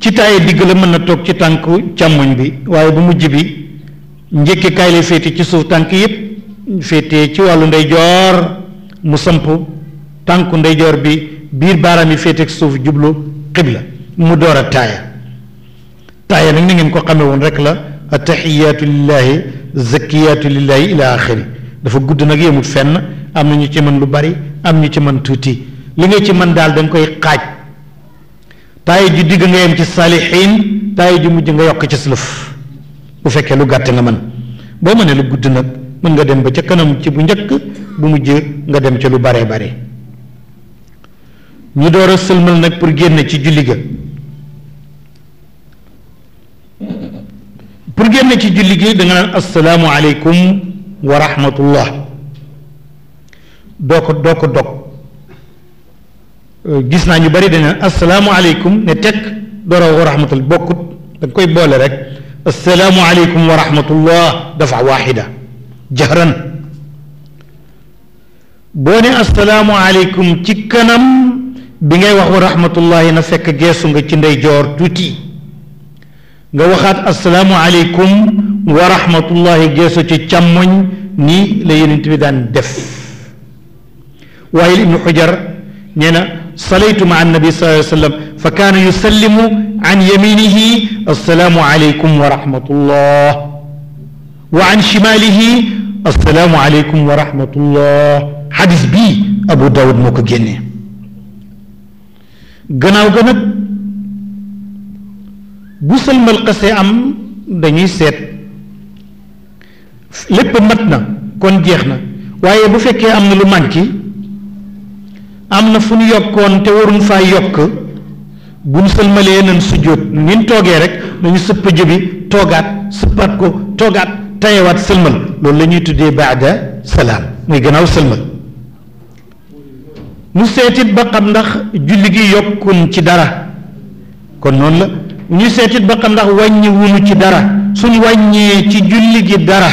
ci taaya digg la mën na toog ci tànku càmmoñ bi waaye bu mujj bi njëkke kaay lay féete ci suuf tànk yépp féete ci wàllu ndeyjoor mu samp tànku ndeyjoor bi biir baaraam yi féeteeg suuf jublu xibla mu door a taaya taaya nag ni ngeen ko xamee woon rek la attaxiyaatu lillaahi zakkiyaatu lillaahi ila axiri dafa gudd nag yemut fenn am na ñu ci mën lu bari am ñu ci mën tuuti li nga ci man daal danga koy xaaj taaya ju digg nga yem ci saalixiin taaya ju mujj nga yokk ci suluf bu fekkee lu gàtte nga man boo mënee lu gudd nag mën nga dem ba ca kanam ci bu njëkk bu mujj nga dem ca lu baree bare ñu door a sëlmal nag pour génn ci julli ga pour génn ci julli gi da naan asalaamu aleykum wa doo ko doo ko dog gis naa ñu bari dañ naan asalaamu aleykum ne teg door a wa bokkut da koy boole rek asalaamu aleykum wa rahmatullah dafa waaxida jahran boo ne asalaamu aleykum ci kanam bi ngay wax wa rahmatullahi na fekk geesu nga ci ndeyjoor tuuti nga waxaat asalaamualeykum wa rahmatullahi geesu ci càmmoñ nii la yonent bi daan def waaye ibnu xujar nee na salaytu ma annabi sallallahu alayhi wa sallam fa kaana yusallimu aleykum wa wa an shimalihi asalaamu aleykum wa rahmatullah xadis Abu Dawud moo ko gannaaw ga nag bu sëlmal xasee am dañuy seet lépp mat na kon jeex na waaye bu fekkee am na lu manqué am na fu ñu yokkoon te waruñ faa yokk bu ñu sëlmalee nañ sujjóot ni ñu toogee rek nañu sëpp jëbi toogaat sëppaat ko toogaat tayewaat sëlmal loolu la ñuy tuddee baada salaam muy gannaaw sëlmal nu seetit ba xam ndax julli gi yokkun ci dara kon noonu la ñu seetit ba xam ndax wàññi wunu ci dara suñ wàññee ci julli gi dara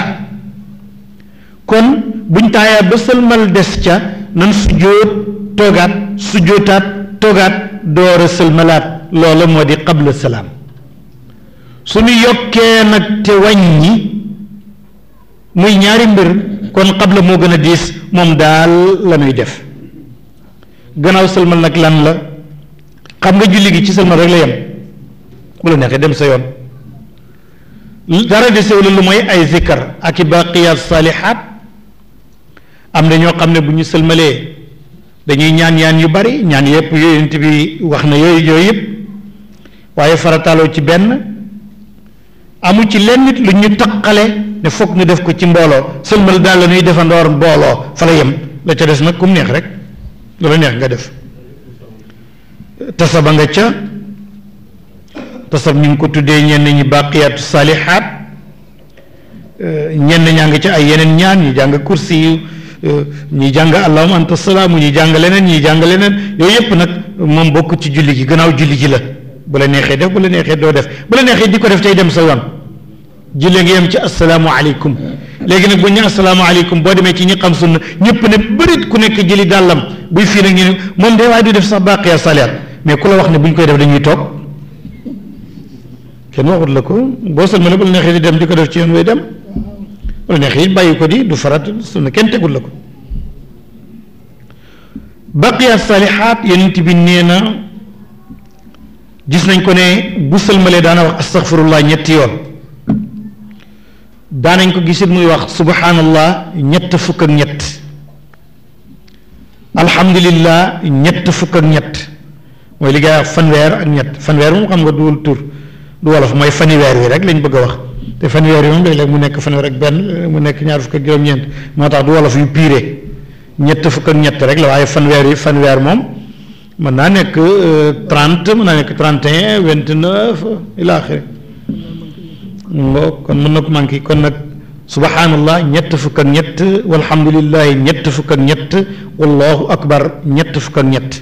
kon buñ taayaa ba sëlmal des ca nan sujjóot toogaat sujjóotaat toogaat door a sëlmalaat loola moo di qabla salaam suñu yokkee nag te wàññi muy ñaari mbir kon qabla moo gën a diis moom daal la ñuy def gannaaw sëlmal nag lan la xam nga julli gi ci sëlmal rek la yem bu la neexee dem sa yoon dara desewu la lu mooy ay zikkar ak i baqiyaat saalihaat am na ñoo xam ne bu ñu sëlmalee dañuy ñaan ñaan yu bari ñaan yëpp yonent bi wax na yooyu yooyu yëpp waaye farataaloo ci benn amu ci lenn nit lu ñu taqale ne foog ñu def ko ci mbooloo sëlmal daal la ñuy defandoor mbooloo fa la yem la ca des nag kum neex rek lu la neex nga def tasaba nga ca tasab ñu ngi ko tuddee ñenn ñi baqiyatu salihat eh, ñenn ñaa ngi ca ay yeneen ñaan ñu jàng kursi yi eh, ñi jàng allahuma anta salaamu ñi jàng leneen ñi jàng leneen yooyu yëpp nag moom bokk ci julli gi gannaaw julli gi la bu la neexee def bu la neexee doo def bu la neexee di ko def tey dem sa yoon jullee nga yem ci asalaamaaleykum léegi nag bu ñu asalaamaaleykum boo demee ci ñi xam sunna ñëpp ne bërit ku nekk jëli dàllam buy fii nag ñu moom de waaye du def sax baaqiya salaat mais ku la wax ne bu koy def dañuy toog kenn waxut la ko boo sëlma ne bu la di dem di ko def ci yoon way dem bu la ko di du farat sunna kenn tegul la ko baqiya saalihaat yonent bi nee na gis nañ ko ne bu sëlmalee daana wax astaghfirullah ñetti yoon daanañ ko gis gisit muy wax subhanallah ñett fukk ak ñett alhamdulillah ñett fukk ak ñett mooy li ngay fanweer ak ñett fanweer moom xam nga duwul tur du wolof mooy fanweer yi rek lañ bëgg a wax te fanweer yi moom léeg-léeg mu nekk fanweer ak benn mu nekk ñaar fukk ak juróom-ñeent moo tax du wolof yu piire ñett fukk ak ñett rek la waaye fanweer yi fanweer moom mën naa nekk euh, trente mën naa nekk trente et un vingt neuf ilaa axiri ngoo kon mën na ko manqué kon nag subhanallah ñett fukk ak ñett walhamdulillahi ñett fukk ak ñett wallahu akbar ñett fukk ak ñett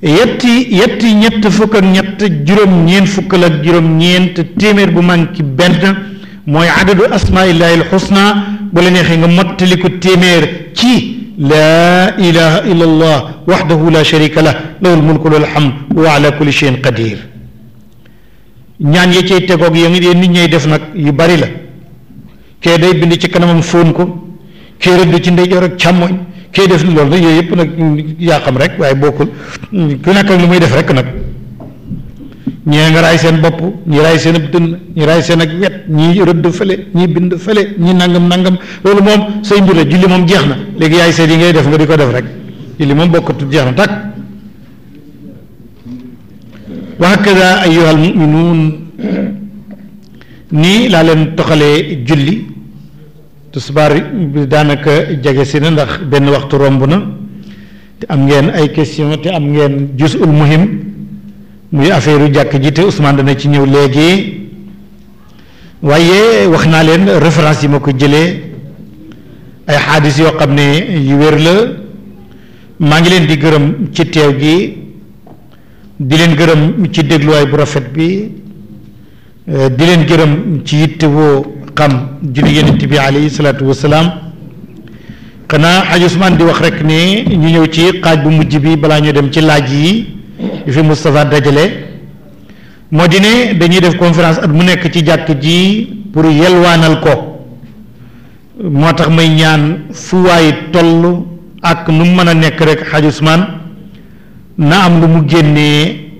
yetti yetti ñett fukk ak ñett juróom-ñeent fukk la ak juróom-ñeent téeméer bu manqué benn mooy adadu asmaillahi alxusna bu la neexee nga mottali ko téeméer ci laa ilaha illa allah waxdahu la sharika lah lahu almulku wa alhamd wa ala kulli cheyin qadir ñaan ya cay tegoog ya ngi nit ñay def nag yu bari la kee day bind ci kanamam fóon ko kee rëdd ci ndeyjoor ak càmmoñ kee def loolu nag yooyu yëpp nag yaa xam rek waaye bokkul ku nekk lu muy def rek nag ñee nga raay seen bopp ñi raay seen ab dënn seen ak wet ñu rëdd fële ñi bind fële ñu nangam nangam loolu moom say mbir la julli moom jeex na léegi yaay seet yi ngay def nga di ko def rek julli moom bokkatu jeex na tàkk wa hakada ayyuha almuminuun nii laa leen toxalee julli tisbaar bi daanaka jege si na ndax benn waxtu romb na te am ngeen ay question te am ngeen jusul muhim muy affaire u jàkk ji te Ousmane dana ci ñëw léegi waaye wax naa leen référence yi ma ko jëlee ay xaadis yoo xam ne yu wér la maa ngi leen di gërëm ci teew gi di leen gërëm ci dégluwaay bu rafet bi eh, di leen gërëm ci yitte woo xam julli yonent bi alayhi salaatu wasalaam xanaa xaj Usmaan di wax rek ni ñu ñëw ci xaaj bu mujj bi balaa ñu dem ci laaj yi fi Moustapha dajale moo di ne dañuy def conférence at mu nekk ci jàkk ji pour yelwaanal ko moo tax may ñaan fu waay toll ak nu mu mën a nekk rek xaj Usmaan naa am lu mu génnee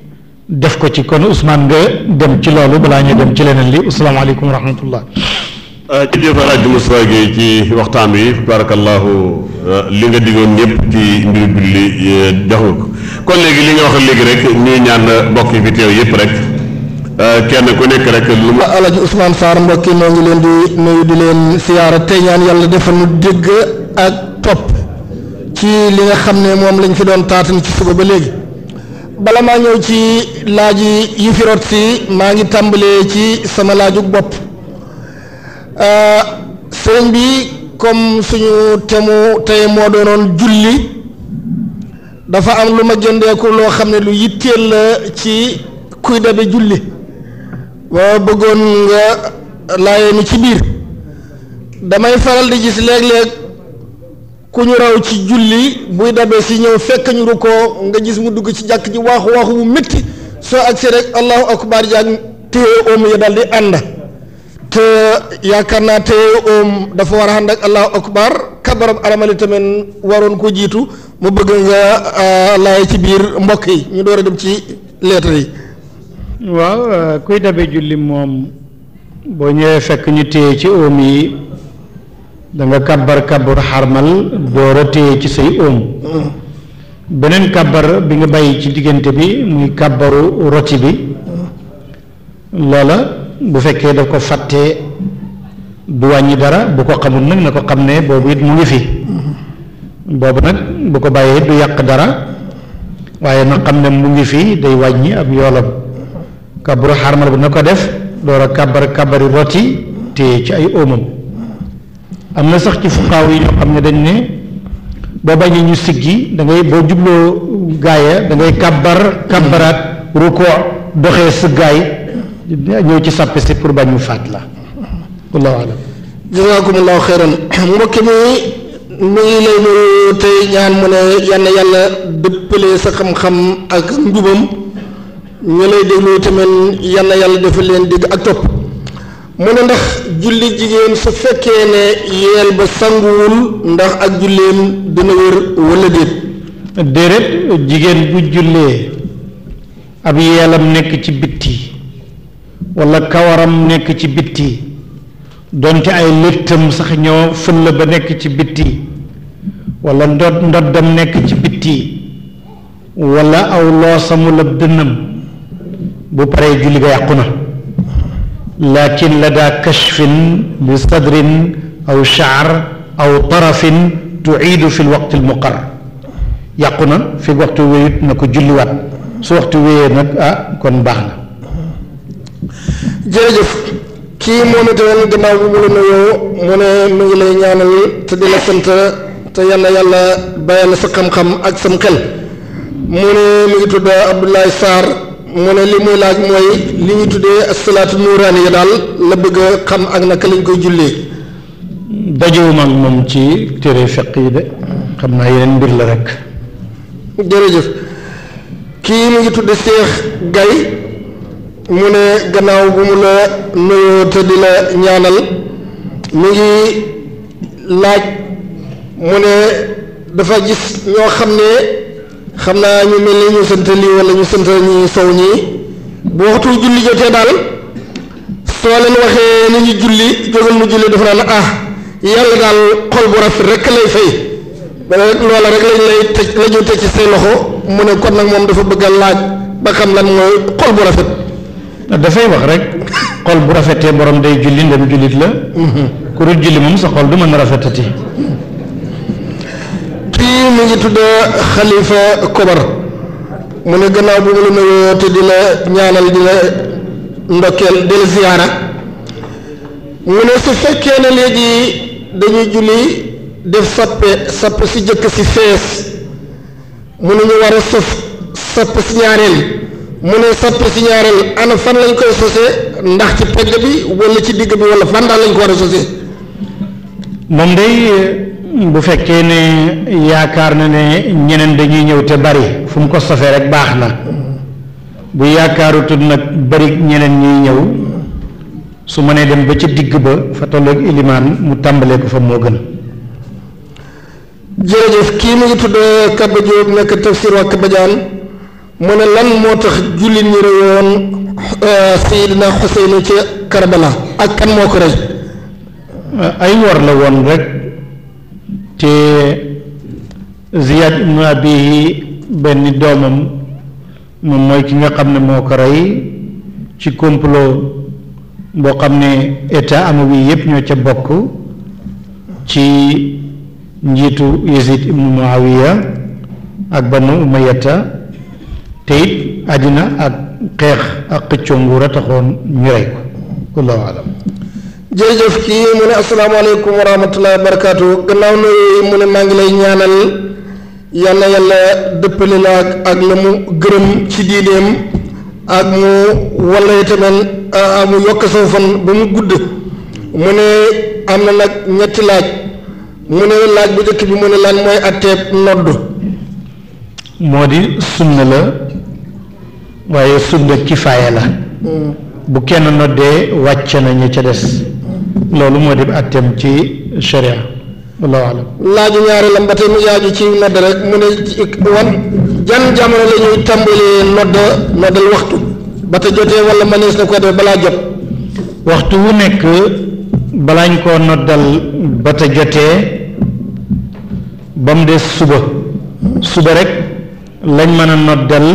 def ko ci kon Ousmane nga dem ci loolu balaa ñu dem ci leneen li asalaamaaleykum wa rahmatullah jërëjëf euh, Alaaji Moussa Gueye ci waxtaan wi barakallahu euh, li nga diggoon yépp ci mbiru julli jox euh, ko kon léegi li nga wax léegi rek ñuy ñaan mbokk yi fi teew yëpp rek kenn ku nekk rek lu mu Alaaji Ousmane Sarr mbokk yi noo ngi leen di nuyu di leen siyaara tey ñaan yàlla defal nu dégg ak topp ci li nga xam ne moom lañ fi doon taatan ci suba ba léegi bala maa ñëw ci laaj yi fi si maa ngi tàmbalee ci sama laajug bopp euh, sëriñ bi comme suñu temu tey moo doonoon julli dafa am lu ma jëndeeku loo xam ne lu yitteel la ci kuy dabe julli ba bëggoon nga laajee ni ci biir damay faral di gis léeg-léeg ku ñu raw ci julli buy dabee si ñëw fekk ñu rukkoo nga gis mu dugg ci jàkk ji waaxu waaxu bu métti soo agsee rek allahu akbar yaa téye oom ya daal ànd te yaakaar naa téye oom dafa war a ànd ak allahu akbar kabaram aramali tamit waroon ko jiitu mu bëgg nga ah, laay ci biir mbokk yi ñu door a dem ci lettre yi waaw kuy dabee julli moom boo ñëwee fekk ñu téye ci oom yi da nga kàbbar kàbbar xarmal door a téye ci say óom beneen kàbbar bi nga bàyyi ci diggante bi muy kàbbaru roti bi loola bu fekkee daf ko fàttee du wàññi dara bu ko xamul nag na ko xam ne boobu it mu ngi fi boobu nag bu ko bàyyee du yàq dara waaye na xam ne mu ngi fi day wàññi ab yoolam kàbbaru xarmal bi na ko def door a kàbbar kàbbari roti téye ci ay óomam am na sax ci fuqaaw yi ñoo xam ne dañ ne boo bañee ñu siggi da ngay boo jubloo gaaya da ngay kàbbar kàbbaraat ruko doxee sëggaay ñëw ci sàppe si pour bañ mu faat la wallahu alam jazakumullahu xeyran mbokk mi mu lay nuyu tey ñaan mu ne yàlla dëppalee sa xam-xam ak njubam ñu lay déglu tamit yann yàlla dafa leen dégg ak topp mu ne ndax julli jigéen su fekkee ne yeel ba sanguwul ndax ak julleem dina wér wala déet déedéet jigéen bu jullee ab yeelam nekk ci bitti wala kawaram nekk ci bitti donte ay lëttam sax ñoo fël ba nekk ci bitti walla ndod ndoddam nekk ci bitti wala aw loosamu la dënnam bu paree julli ga yàqu na lakin lada kashfin li sadrin aw shaar aw tarafin tuiidu fi lwaqti almuqar yàqu na fi waxtu wéyut na ko julliwaat su waxtu wéyee nag ah kon baax na jërëjëf kii moom itam gannaaw bu mu la nuyoo mu ne mu ngi lay ñaanal te di la sant te yal na yàlla bàyyi la sa xam-xam ak sam xel mu ne mu ngi tudd Abdoulaye Sarr mu ne li muy laaj mooy li ñu tuddee asalaatu nuuraani yi daal la bëgg a xam ak naka lañ koy jullee dajewuma moom ci téere fiq yi de xam naa yeneen mbir la rek jërëjëf kii mu ngi tudd seex gay mu ne gannaaw bu mu la nuyoo te di la ñaanal mu ngi laaj mu ne dafa gis ñoo xam ne xam naa ñu mel ni ñu sant lii wala ñu sant ñi sow ñii bu waxtu julli jotee daal soo leen waxee ni ñu julli jógal mu julli dafa naan ah yàlla daal xol bu rafet rek lay fay wala loola rek lañ lay tëj la ñu tëj ci say loxo mu ne kon nag moom dafa bëgg a laaj ba xam lan mooy xol bu rafet. dafay wax rek xol bu rafetee borom day julli ndem jullit la. Mhm. ku dul julli moom sa xol du mën a rafetati. kii mu ngi tudd Khalifa Kobar mu ne gannaaw bu mu la nuyoo te di ñaanal di la ndokkeel di la ziyaara mu ne su fekkee ne léegi dañuy julli def sappe sapp si jëkk si fees mu ne ñu war a sof sapp si ñaareel mu ne sapp si ñaareel ana fan lañ koy sose ndax ci pegg bi wala ci digg bi wala fan daal lañ ko war a sose bu fekkee ne yaakaar na ne ñeneen dañuy ñëw te bari fu mu ko sofee rek baax na bu yaakaarutut nag bari ñeneen ñuy ñëw su mënee dem ba ca digg ba fa tolloog mu tàmbalee ko fa moo gën jërëjëf kii mu ngi tudd Kaba Diop nekk tafsir waa Kaba mu ne lan moo tax julli ni reyoon euh, Seydina Xuseyn ci Karbala ak kan moo ko rey ay war la woon rek te Ziyad bi abihi benn doomam moom mooy ki nga xam ne moo ko rey ci complot boo xam ne état amawi yépp ñoo ca bokk ci njiitu Yazid ibnu Muawiya ak Banu Umayyata te it àddina ak xeex ak xëccoo nguur taxoon ñu rey ko wallahu alam jërëjëf kii mu ne asalaamaaleykum wa rahmatullahi wa barakaatu gannaaw nuyu mu ne maa ngi lay ñaanal yàlla na yàlla dëppale la ak ak la mu gërëm ci diineem ak mu walla tamit ah, mu gudd mu ne am na nag ñetti laaj mu ne laaj bu njëkk bi mu ne lan mooy atteeb nodd moo di sunna la waaye sunna kifaaya la hmm. bu kenn noddee wàcc na ñu ca des loolu moo di àtteem ci sharia wallahu alam laaju ñaareelam ba tey mu yaaju ci nodd rek mu ne wan jan jamono la ñuy tàmbalee nodd noddal waxtu ba te jotee wala mënees na ko def balaa jot waxtu wu nekk balaa ñu koo noddal ba te jotee ba mu des suba suba rek lañ mën a noddal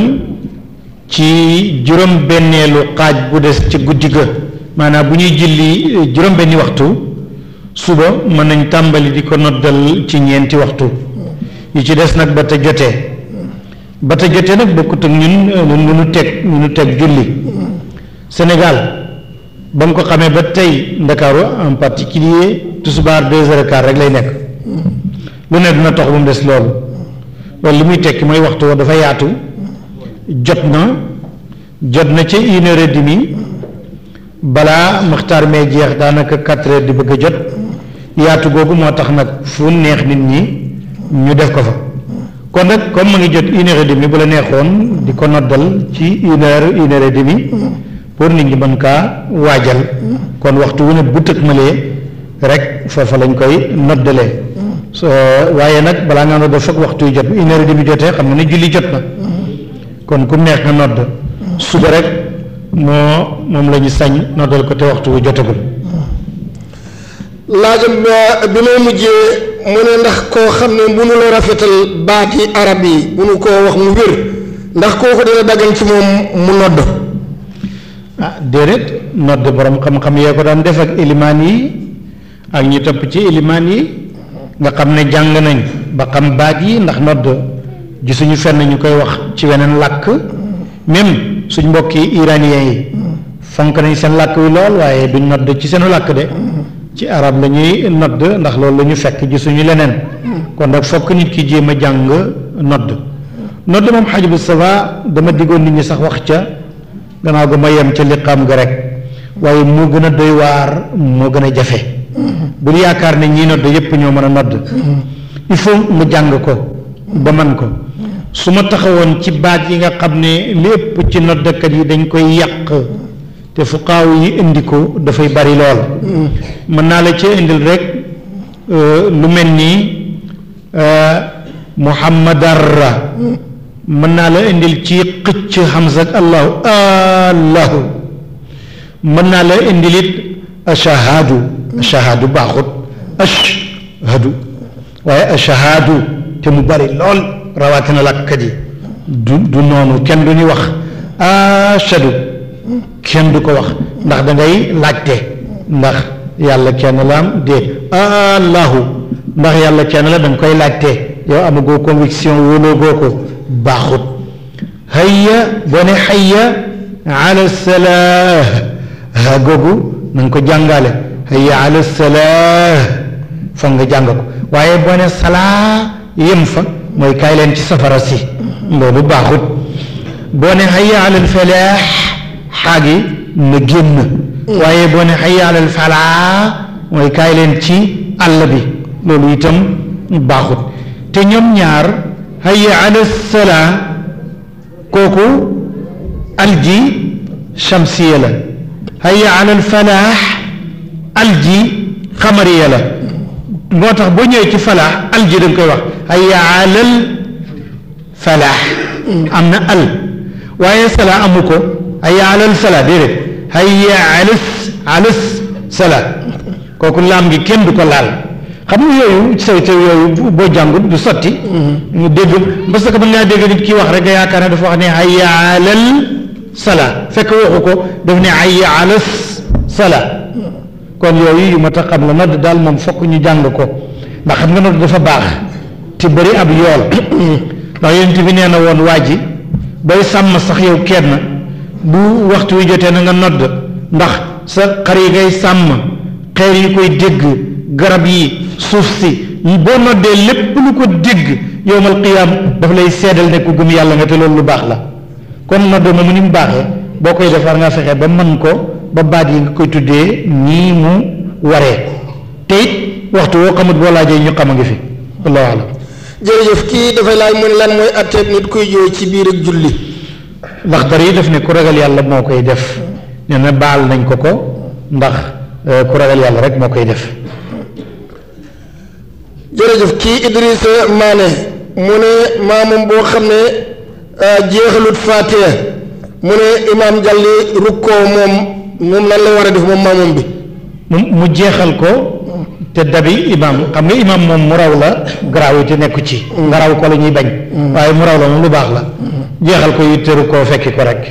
ci juróom benneelu xaaj bu des ci guddi ga maanaam bu ñuy julli juróom-benni waxtu suba mën nañ tàmbali di ko noddal ci ñeenti waxtu yi ci des nag ba te jotee ba te jotee nag bokkut ak ñun ñun ñu teg ñu teg julli Sénégal ba nga ko xamee ba tey Ndakaaru en particulier tisbaar deux heures et rek lay nekk lu ne dina tox ba mu des loolu loolu li muy tekki mooy waxtu dafa yaatu jot na jot na ci une heure balaa muxtaar mee jeex daanaka quatre heures di bëgg a jot yaatu googu moo tax nag fu neex nit ñi ñu def ko fa kon nag comme mu ngi jot une heure et demie bu la neexoon di ko noddal ci une une heure et demie pour nit ñi mën kaa waajal kon waxtu wu ne bu tëkk malee rek foofa lañ koy noddalee so waaye nag balaa nga noddal foog waxtu yi jot une heure et jotee xam nga ne julli jot na kon ku neex nga nodd suba rek moo moom la ñu sañ noddal ko te waxtu jotagul laajam bi may mujjee mu ne ndax koo xam ne bu nu la rafetal baati arab yi bu nu koo wax mu wér ndax ko dina daggal ci moom mu nodd ah déedéet nodd borom xam-xam yee ko daan def ak ilimaan yi ak ñi topp ci ilimaan yi nga xam ne jàng nañ ba xam baat yi ndax nodd gisuñu fenn ñu koy wax ci weneen làkk même suñ mbokki iranien yi fonk nañ seen làkk wi lool waaye duñ nodd ci seenu làkk de ci arab la ñuy nodd ndax loolu la fekk ji suñu leneen kon nag fokk nit ki jéem a jàng nodd nodd moom xaj bu sava dama diggoon nit ñi sax wax ca gannaaw ga ma yem ca liqaam ga rek waaye moo gën a doy waar moo gën a jafe bul yaakaar ne ñii nodd yépp ñoo mën a nodd il faut mu jàng ko ba man ko su ma taxawoon ci baat yi nga xam ne li ëpp ci noddakat yi dañ koy yàq te fuqaaw yi indi ko dafay bari lool mën naa la ci indil rek euh, lu mel ni euh, muhammadarra mën naa la indil ci xëcc hamza ak allahu allahu mën naa la indil it ashahadu ashahadu baaxut waaye ashahadu te mu bari lool rawatina làkkat yi du du noonu kenn du ñu wax ashadu kenn du ko wax ndax dangay laajte ndax yàlla kenn la am allahu ndax yàlla kenn la danga koy laajte yow amagoo conviction wóoloogoo ko baaxut hayya boo ne hayya ala salaah ha googu ko jàngale hayya ala salaah fa nga jàng waaye boo salaa yem fa mooy kaay leen ci safara si loolu baaxut boo ne hayya alal falaax xaagi na génn waaye boone ne hayya alal falaax mooy kaay leen ci àll bi loolu itam baaxut te ñoom ñaar hayya alal salaa kooku ji shamsiya la hayya alal falaax alji xamariya la moo tax boo ñëwee ci falaax ji dañ koy wax hayya alal falaax am na al waaye salaa amu ko hayya alal salaa déedéet hayya alas alas kooku laam gi kenn du ko laal xam nga yooyu sew sew yooyu boo jàngut du sotti mm-hmm. ñu dégg parce que mën ngaa dégg nit ki wax rek nga yaakaar ne dafa wax ne hayya alal salaa fekk waxu ko alas salaa mm-hmm. kon yooyu yu ma tax xam la nodd daal moom fokk ñu jàng ko ndax xam nga noonu dafa baax te bari ab yool ndax yonent bi nee na woon waa ji booy sàmm sax yow kenn bu waxtu wi jotee na nga nodd ndax sa xar yi ngay sàmm xeer yi koy dégg garab yi suuf si boo noddee lépp lu ko dégg yowmal qiyaam daf lay seedal ne ku gëm yàlla nga te loolu lu baax la kon nodd moomu ni mu baaxee boo koy defar nga fexe ba mën ko ba baat yi nga koy tuddee nii mu waree te waxtu woo xamut boo laajee ñu xam a ngi fi wallahu alam jërëjëf kii dafay laaj mu lan mooy atteeb nit kuy jooy ci biir ak julli laxtar yi daf ne ku ragal yàlla moo koy def nee na baal nañ ko ko ndax euh, ku ragal yàlla rek moo koy def jërëjëf kii Idrissa Mané mu ne maamam boo xam ne euh, jeexalut Faatiha mu ne imaam Jalli rukkoo moom lan la war a def moom maamam mu jeexal ko te dabi imaam xam nga imaam moom mu raw la garaaw yi te nekku ci mm. nga ko la ñuy bañ mm. waaye mu raw la moom lu baax la mm. jeexal ko yi tëru koo fekki ko rek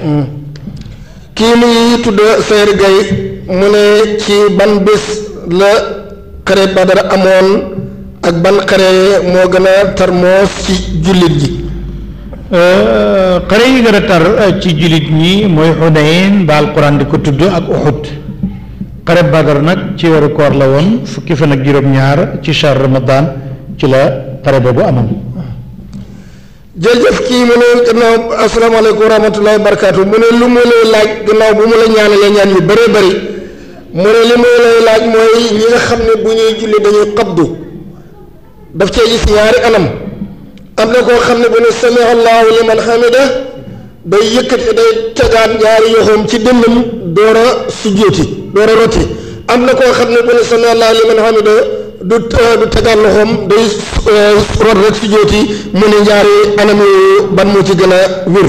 kii muy tudd Seer Gay mu ne ci ban bés la xare Badar amoon ak ban xare moo gën a tar moos ci jullit ji euh, xare yi gën a tar ci jullit ñi mooy Xunayn ba alquran di ko tudd ak Uxud xareb badar nag ci ko koor la woon fukki fan ak juróom-ñaar ci char ramadan ci la xare boobu amoon jërëjëf kii mu ne gannaaw asalaamaaleykum wa rahmatullahi wa barakaatu mu ne lu mu lay laaj gannaaw bu mu la ñaanalee ñaan yu bëree bëri mu ne li mu lay laaj mooy ñi nga xam ne bu ñuy julli dañuy xabdu daf cee gis ñaari anam am na koo xam ne bu ne sami allahu liman hamida day yëkkati day tegaat ñaari yoxoom ci dënnam door a sujjóoti door a roti am na koo xam ne bu ne sami Allaahu liman hamidah du euh, du tegaat loxoom day euh, rot rek sujjóoti mu ne ñaari anam ban moo ci gën a wér.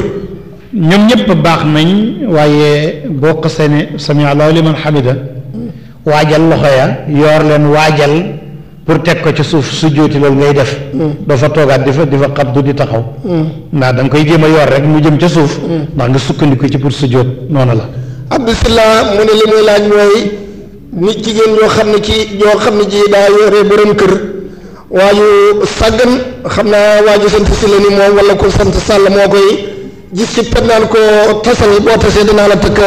ñoom ñëpp baax nañ waaye boo xasee ne sami Allaahu liman hamidah waajal loxo ya yoor leen waajal pour teg ko ci suuf sujjóoti loolu ngay def. Mm. doo fa toogaat di fa di fa xabdu di taxaw. Mm. ndax danga koy jéem a yor rek mu jëm ca suuf. Mm. ndax nga sukkandiku ci pour sujjóot noonu la. abdousillah mu ne li muy laaj mooy nit jigéen ñoo xam ne ci ñoo xam ne ji daa yore borom kër waaju sàggan xam naa waaju sant si la ni moom wala ko sant sàll moo koy gis ci pet ko tasal boo tasee dinaa la tëkk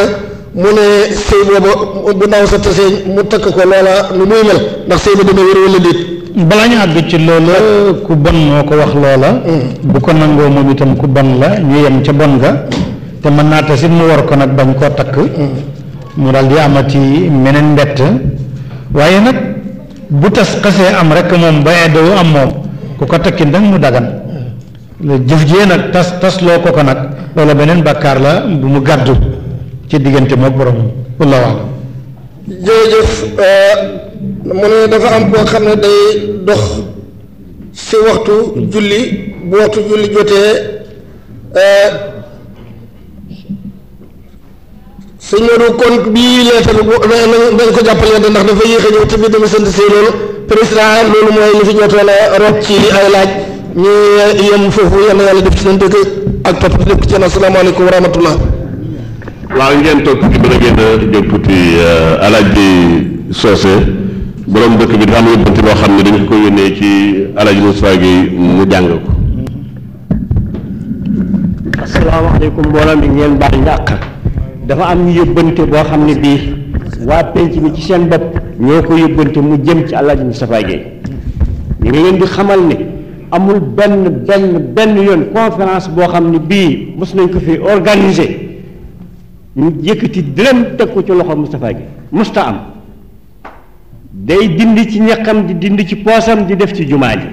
mu ne sëy booba bu ndaw sa tasee mu tëkk ko loola nu muy mel ndax sëy ba dina wér wala déet balaa ñu àgg ci loola ah. ku bon moo ko wax loola mm. bu ko nangoo moom itam ku bon la ñu yem ca bon ga te mën naa tasit mu war ko nag bañ koo takk mu daal di amati meneen mbett waaye nag bu tas xasee am rek moom ba eedowu am moom ku ko takki nag mu dagan jëf jee la bu euh, mu ne dafa am koo xam ne day dox si waxtu julli bu waxtu julli jotee euh, suñ Modou kon bii leetar ko jàppalante ndax dafa yéex a ñëw te dama sant si loolu président loolu mooy li fi jotoon a rot ci ay laaj ñu yem foofu yal na yàlla def ci seen dëkk ak topp lépp ci asalaamaaleykum wa rahmatullah waaw ngeen toog tuuti ba ngeen alaaj bi soose borom dëkk bi dafa am yóbbante boo xam ne dañ ko yónnee ci alaaj Moussa Gueye mu jàng ko asalaamaaleykum mbooloo mi ngeen baal ñàkk dafa am ñu yóbbante boo xam ne bii waa penc bi ci seen bopp ñoo ko yóbbante mu jëm ci Alaaji Moustapha Gueye ñu leen di xamal ne amul benn benn benn yoon conférence boo xam ne bii mos nañ ko fi organiser ñu yëkkati teg ko ci loxo Moustapha Gueye am day dindi ci ñaqam di dindi ci poosam di def ci jumaa ji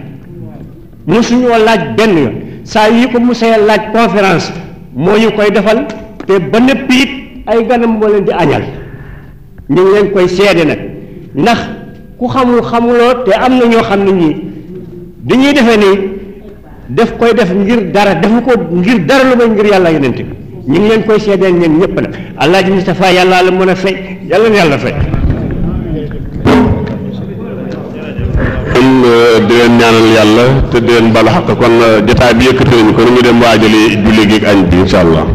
mosuñoo laaj benn yoon saa yi ko musee laaj conférence moo ñu koy defal te ba nëpp it ay ganam moo leen di añal ñu ngi leen koy seede nag ndax ku xamul xamuloo te am na ñoo xam ne ñii dañuy defee nii daf koy def ngir dara dafa ko ngir dara lu may ngir yàlla yonent bi ñu ngi leen koy seedeel ñeen ñëpp nag alaaji Mustapha yàlla la mën a fay yàlla na yàlla fay. kon euh, di leen ñaanal yàlla te di leen bala xaq kon euh, jotaay bi yëkkati nañu ko nu mu dem waajali julli gi ak añ bi incha allah.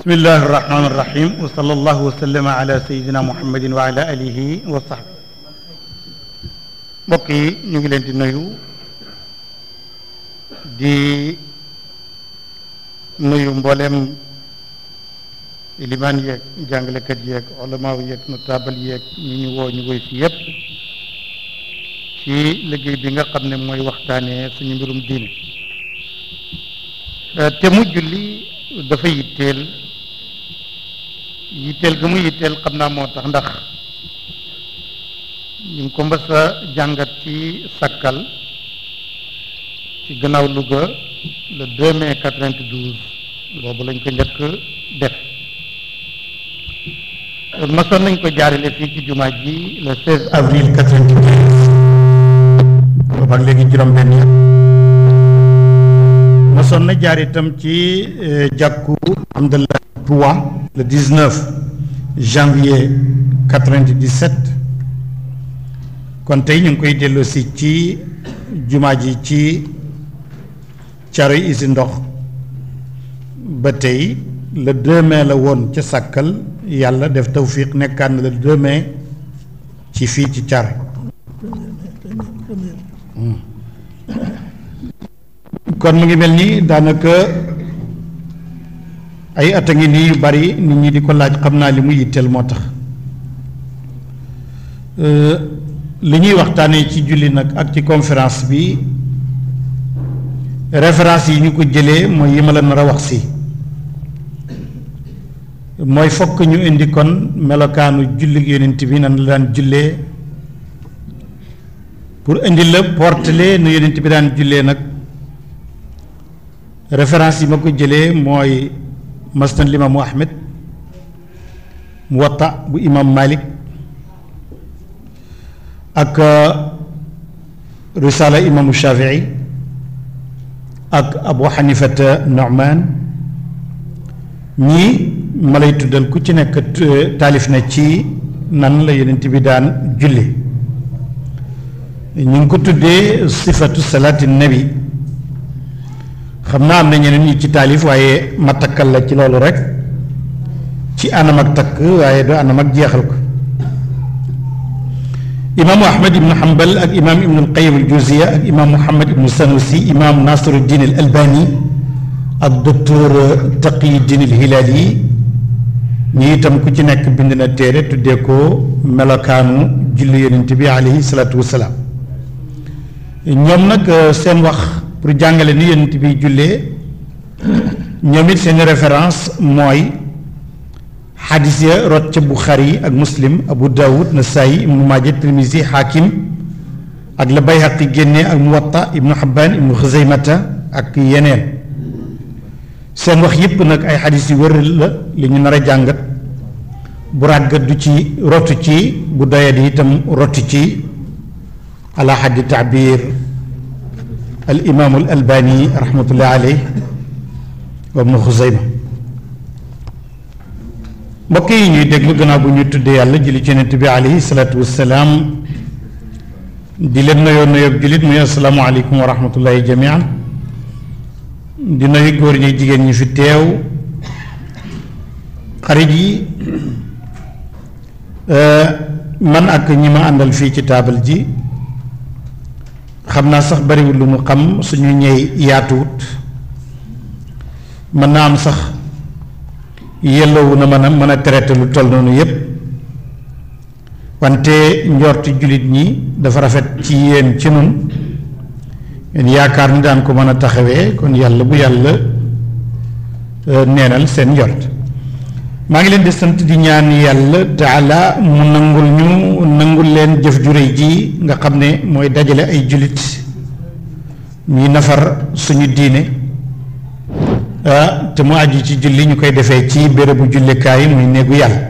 bismillahi irrahmani irrahim wa sala allahu wasallama ala sayidina muhammadin wa ala alihi wa sahbi mbokk yi ñu ngi leen di nuyu di nuyu mbooleem limaan yeeg jàngalekat yeeg olamaaw yeeg notaabal yeeg ñu ñu woo ñu woy si yépp ci liggéey bi nga xam ne mooy waxtaane suñu mbirum diine te mu julli dafa yitteel yitteel ga mu yitteel xam naa moo tax ndax ñu ko mbës jàngat ci sakkal ci gannaaw Louga le 2 boobu lañ ko njëkk def masoon nañ ko jaarale fii ci jumaa ji le 16 avril 92 na jaar itam ci euh, jàkku Hamdallah Pouwa le 19 janvier 97 kon tey ñu ngi koy delloosi ci jumaa ji ci Caaroy isi ndox ba tey le 2 mai la woon ca sàkkal yàlla def tawfiq nekkaat na le 2 mai ci fii ci Caaroy hmm. kon mu ngi mel ni daanaka ay at a ngi nii yu bari nit ñi di ko laaj xam naa li mu yitteel moo tax euh, li ñuy waxtaanee ci julli nag ak ci conférence bi référence yi ñu ko jëlee mooy yi ma leen nar a wax si mooy fokk ñu indi kon melokaanu julli yonent bi nan la daan jullee pour indi la portele nu yonent bi daan jullee nag référence yi ma ko jëlee mooy masnad limaamu ahmed muwatta bu imaam malik ak uh, risaala imaamu shafii ak abu xanifata nomaan ñii ma tuddal ku ci nekk uh, taalif na ci nan la yonent bi daan julli ñu ngi ko tuddee sifatu salaati nabi xam naa am na ñeneen ñu ci taalif waaye ma takkal la ci loolu rek ci anam ak takk waaye du anam ak jeexal ko imaamu ahmad ibnu hambal ak imaam ibnu alqayim aljuzia ak imaam muhammad ibnu sanusi imaam nasiruddin al albani ak docteur taqiyuddin al hilaali ñi itam ku ci nekk bind na téere tuddee ko melokaanu julli yonent bi alayhi salaatu ñoom nag seen wax pour jàngale ni yonent bi jullee ñoom it seen référence mooy xadis ya rot ca Buxaari ak Muslim Abu Dawud Nasaayi Ibnu Maaja Tirmisi Xaakim ak la Bayhaqi génnee ak Muwatta Ibnu Xabbaan Ibnu Xuzaymata ak yeneen seen wax yépp nag ay xadis yu wër la li ñu nar a jàngat bu ràggat du ci rotu ci bu doyadi itam rotu ci ala xaddi al imaamu al albani rahmatullahi aleyh wa mbokk yi ñuy déglu gannaaw bu ñu tuddee yàlla julli ci yonent bi aleyhi salaatu salaam di leen nuyoo nuyoob jullit muy assalaamu aleykum wa rahmatullahi jamian di nuyu góor ñi jigéen ñi fi teew xarit yi euh, man ak ñi ma àndal fii ci taabal ji xam naa sax bariwul lu mu xam suñu ñëw yaatuwut mën naa am sax yelloowu na mën a mën a traité lu toll noonu yépp wante njorti jullit ñi dafa rafet ci yéen ci nun yéen yaakaar ni daan ko mën a taxawee kon yàlla bu yàlla euh, neenal seen njort maa ngi leen di sant di ñaan yàlla taala mu nangul ñu nangul leen jëf ju réy nga xam ne mooy dajale ay jullit ñuy nafar suñu diine ah, te mu aju ci julli ñu koy defee ci bërëbu jullikaay muy néegu yàlla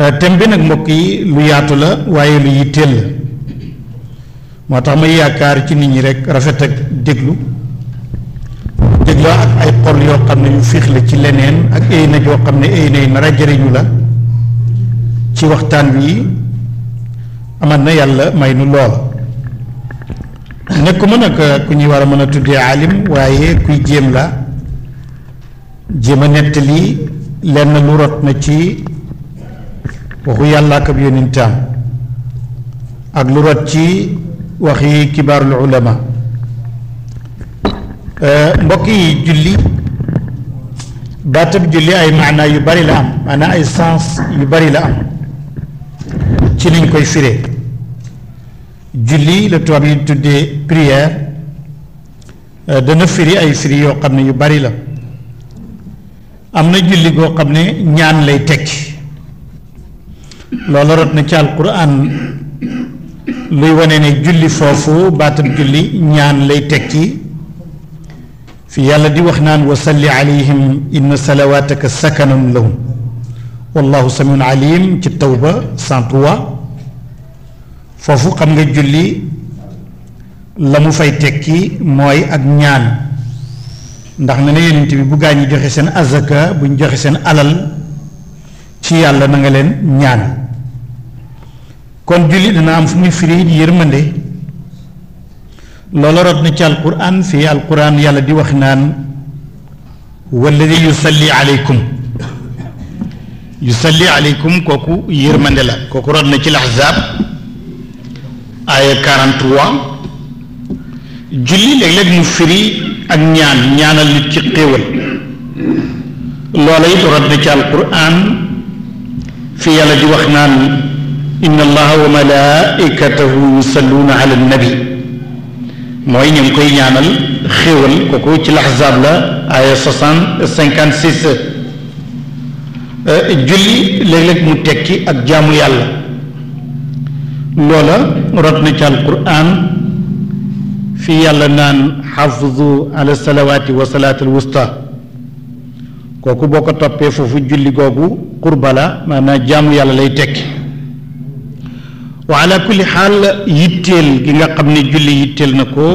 ah, thème bi nag mbokk yi lu yaatu la waaye lu yitteel la moo tax may yaakaar ci nit ñi rekk rafet ak déglu bët ak ay xol yoo xam ne yu fiix la ci leneen ak ay na joo xam ne ay nay nar a jëriñu la ci waxtaan wi amal na yàlla may nu lool nekkuma nag ku ñuy war a mën a tuddee alim waaye kuy jéem la jéem a nettali lenn lu rot na ci waxu yàlla ak ab yónnintaam ak lu rot ci waxi kibaarul ulama Eh, mbokk yi julli baatab julli ay maanaa yu bari la am maanaa ay sens yu bari la am ci niñ koy firee julli la tubaab yi tuddee prière eh, dana firi ay firi yoo xam ne yu bari la am na julli goo xam ne ñaan lay tekki loolu rot na ci alquran luy wane ne julli foofu baatab julli ñaan lay teg ci yàlla di wax naan wa salli alayhim inna la sakanun lahum wallahu samiun alim ci tawba cent trois foofu xam nga julli la mu fay tekki mooy ak ñaan ndax ne na yonent bi bu gaa ñi joxe seen azaka bu ñu joxe seen alal ci yàlla na nga leen ñaan kon julli dana am fu muy firi yërmande loola rot na ci alquran fii alquran yàlla di wax naan walladi yusalli aleykum yusalli aleykum kooku yërmande la kooku rot na ci laxzaab aaya 43 julli léeg-léeg mu firi ak ñaan ñaanal nit ci xéewal loola it rot na ci alquran fii yàlla di wax naan inna wa malaikatahu yusalluuna ala annabi mooy ñu koy ñaanal xéewal kooku ci laxzaab la aaya soixante cinquante six euh, julli léeg-léeg mu tekki ak jaamu yàlla loola rot na ci alquran fii yàlla naan xafizu ala salawaati wa salaat al wusta kooku boo ko toppee foofu julli googu qurba la maanaam jaamu yàlla lay tekki wa ala kulli xaal yitteel gi nga xam ne julli yitteel na ko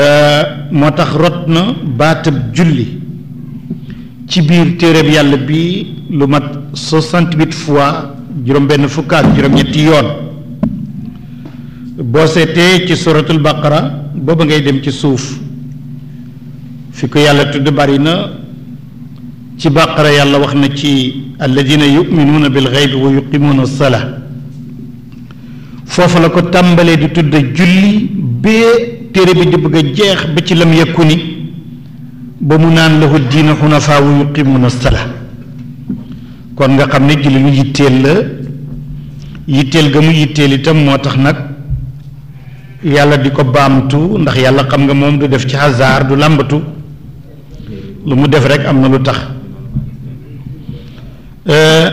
euh, moo tax rot na baatab julli ci biir téereb yàlla bi lu mat soixante-huit fois juróom-benn fukk ak juróom-ñetti yoon boo seetee ci suratul baqara booba ngay dem ci suuf fi ko yàlla tudd bari na ci bàqara yàlla wax na ci alladina yuminuuna bil xaybi wa yuqimuuna salaa foofu la ko tàmbalee di tudd julli bee téere bi di bëgg a jeex ba ci lam yekku ni ba mu naan lahu diina xunafaa wa yuqimuuna salaa kon nga xam ne julli lu yitteel la yitteel ga mu yitteel itam moo tax nag yàlla di ko baamtu ndax yàlla xam nga moom du def ci hasard du làmbatu lu mu def rekk am na lu tax Euh,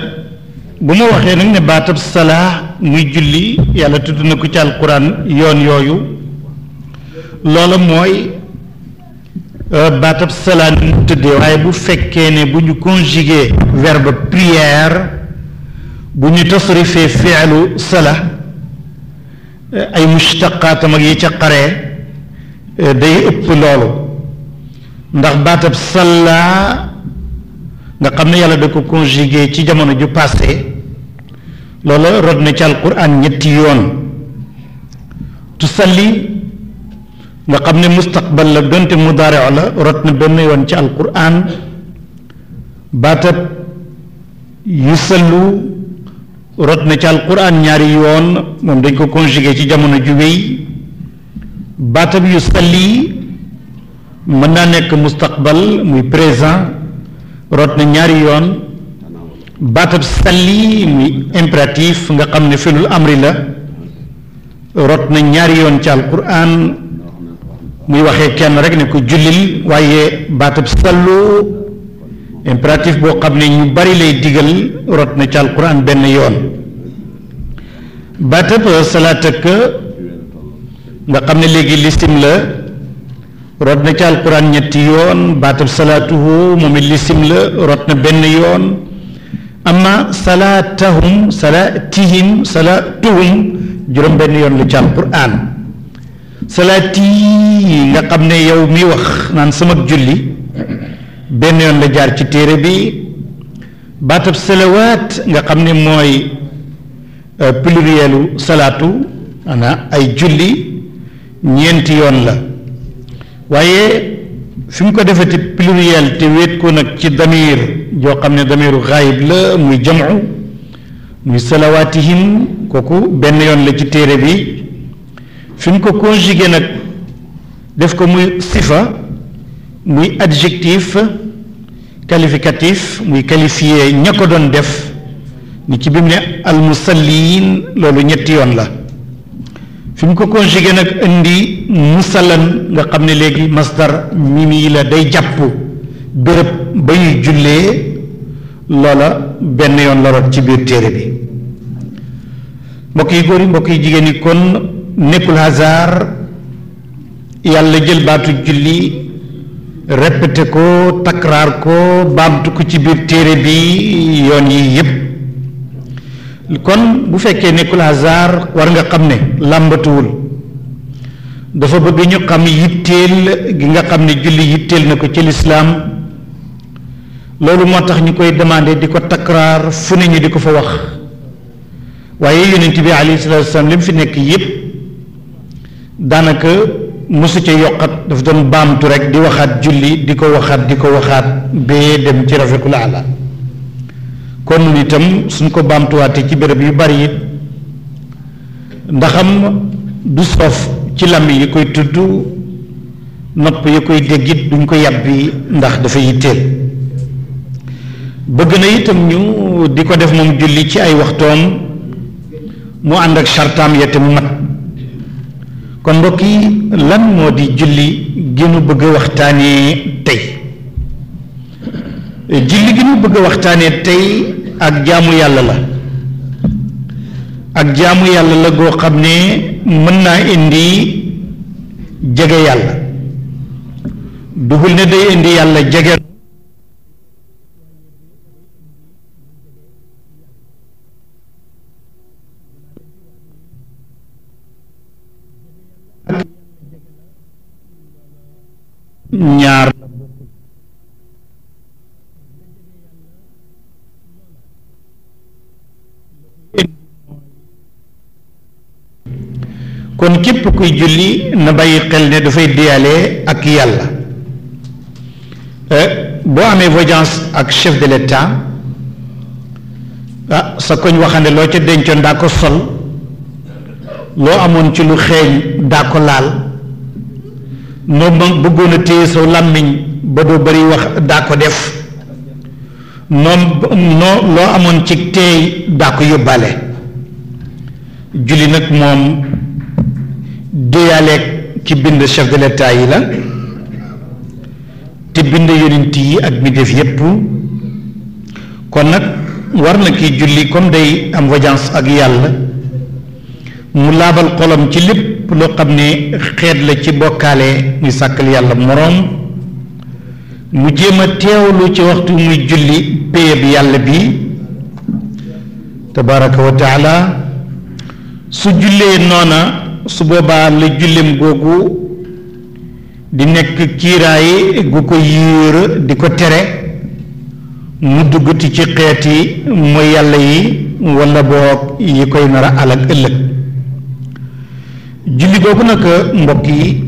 bu ma waxee nag ne baatab salaa muy julli yàlla tudd na ko ci alquran yoon yooyu loola mooy euh, baatab salaa ni tëddee waaye bu fekkee ne bu ñu conjugué verbe prière bu ñu tasrifee fi'lu sala euh, ay mushtaqaatam ak yi ca xaree day ëpp loolu ndax baatab salaa nga xam ne yàlla da ko conjugué ci jamono ju passé loola rod na ci alquran ñetti yoon tusalli nga xam ne mustaqbal la donte mudaareo la rot na benn yoon ci alquran baatab yusallu rot na ci alquran ñaari yoon moom dañ ko conjugué ci jamono ju wéy baatab yusalli mën naa nekk mustaqbal muy présent root na ñaari yoon baatab salli muy impératif nga xam ne filul amri la root na ñaari yoon ci alquran muy waxee kenn rek ne ko jullil waaye baatab sallu impératif boo xam ne ñu bari lay digal root na ci alquran benn yoon baatab salaatak nga xam ne léegi lisim la rot na ci alquran ñetti yoon baatab salaatuhu moom it lisim la rot na benn yoon amma salaatahum salaatihim salaatuhum juróom benn yoon la ci alquran salaati yi nga xam ne yow mi wax naan sama julli benn yoon la jaar ci téere bi baatab salawaat nga xam ne mooy euh, plurielu salaatu ana ay julli ñeenti yoon la waaye fi mu ko defee te pluriel te wéet ko nag ci damir joo xam ne damiru xaayib la muy jamu muy salawaatihim kooku benn yoon la ci téere bi fi mu ko conjugué nag def ko muy sifa muy adjectif qualificatif muy qualifié ña ko doon def ni ci bi mu ne almusalliin loolu ñetti yoon la fi mu ko conjugué nag indi musalan nga xam ne léegi masdar mimi la day jàpp béréb ba ñuy jullee loola benn yoon la ci biir téere bi mbokk yi góor yi mbokk yi jigéen yi kon nekkul hasard yàlla jël baatu julli répété ko takraar ko baamtu ko ci biir téere bi yoon yi yépp kon bu fekkee nekkul hasard war nga xam ne làmbatuwul dafa bëgg ñu xam yitteel gi nga xam ne julli yitteel na ko ci lislaam loolu moo tax ñu koy demandé di ko takraar fu ne ñu di ko fa wax waaye yonent bi alayhi salaatu li mu fi nekk yépp daanaka mosu ca yokkat daf doon baamtu rek di waxaat julli di ko waxaat di ko waxaat bee dem ci rafiqul ala kon nun itam suñ ko baamtuwaatee ci bërëb yu bari it ndaxam du soof ci làmm yi koy tudd nopp yi koy déggit duñ ko yàbbi ndax dafa yitteel bëgg na itam ñu di ko def moom julli ci ay waxtoom mu ànd ak chartaam ya te mu mat kon mbokk yi lan moo di julli gi nu bëgg waxtaanee tey julli gi ñu bëgg waxtaanee tey ak jaamu yàlla la ak jaamu yàlla la goo xam ne mën naa indi jege yàlla duhul ne day indi yàlla jege ñaar kon képp kuy julli na bàyyi xel ne dafay diyaale ak yàlla eh, boo amee voyance ak chef de l'état ah, sa koñ waxande loo ca dencoon daa ko sol loo amoon ci lu xeeñ daa ko laal noo ma bëggoon a téye làmmiñ ba doo bari wax daa ko def noom noo loo amoon ci teey daa ko yóbbaale julli nag moom déyaaleeg ci bind chef de yi la te bind yonent yi ak mi def yépp kon nag war na kii julli comme day am wajans ak yàlla mu laabal xolam ci lépp loo xam ne xeet la ci bokkaale muy sàkkal yàlla moroom mu jéem a teewlu ci waxtu muy julli péyeb yàlla bi tabaraka wa su jullee noona su boobaa la julleem googu di nekk kiiraay gu ko yiir di ko tere mu duggati ci xeeti mooy yàlla yi wala boog yi koy nar a alal ëllëg julli googu nag mbokk yi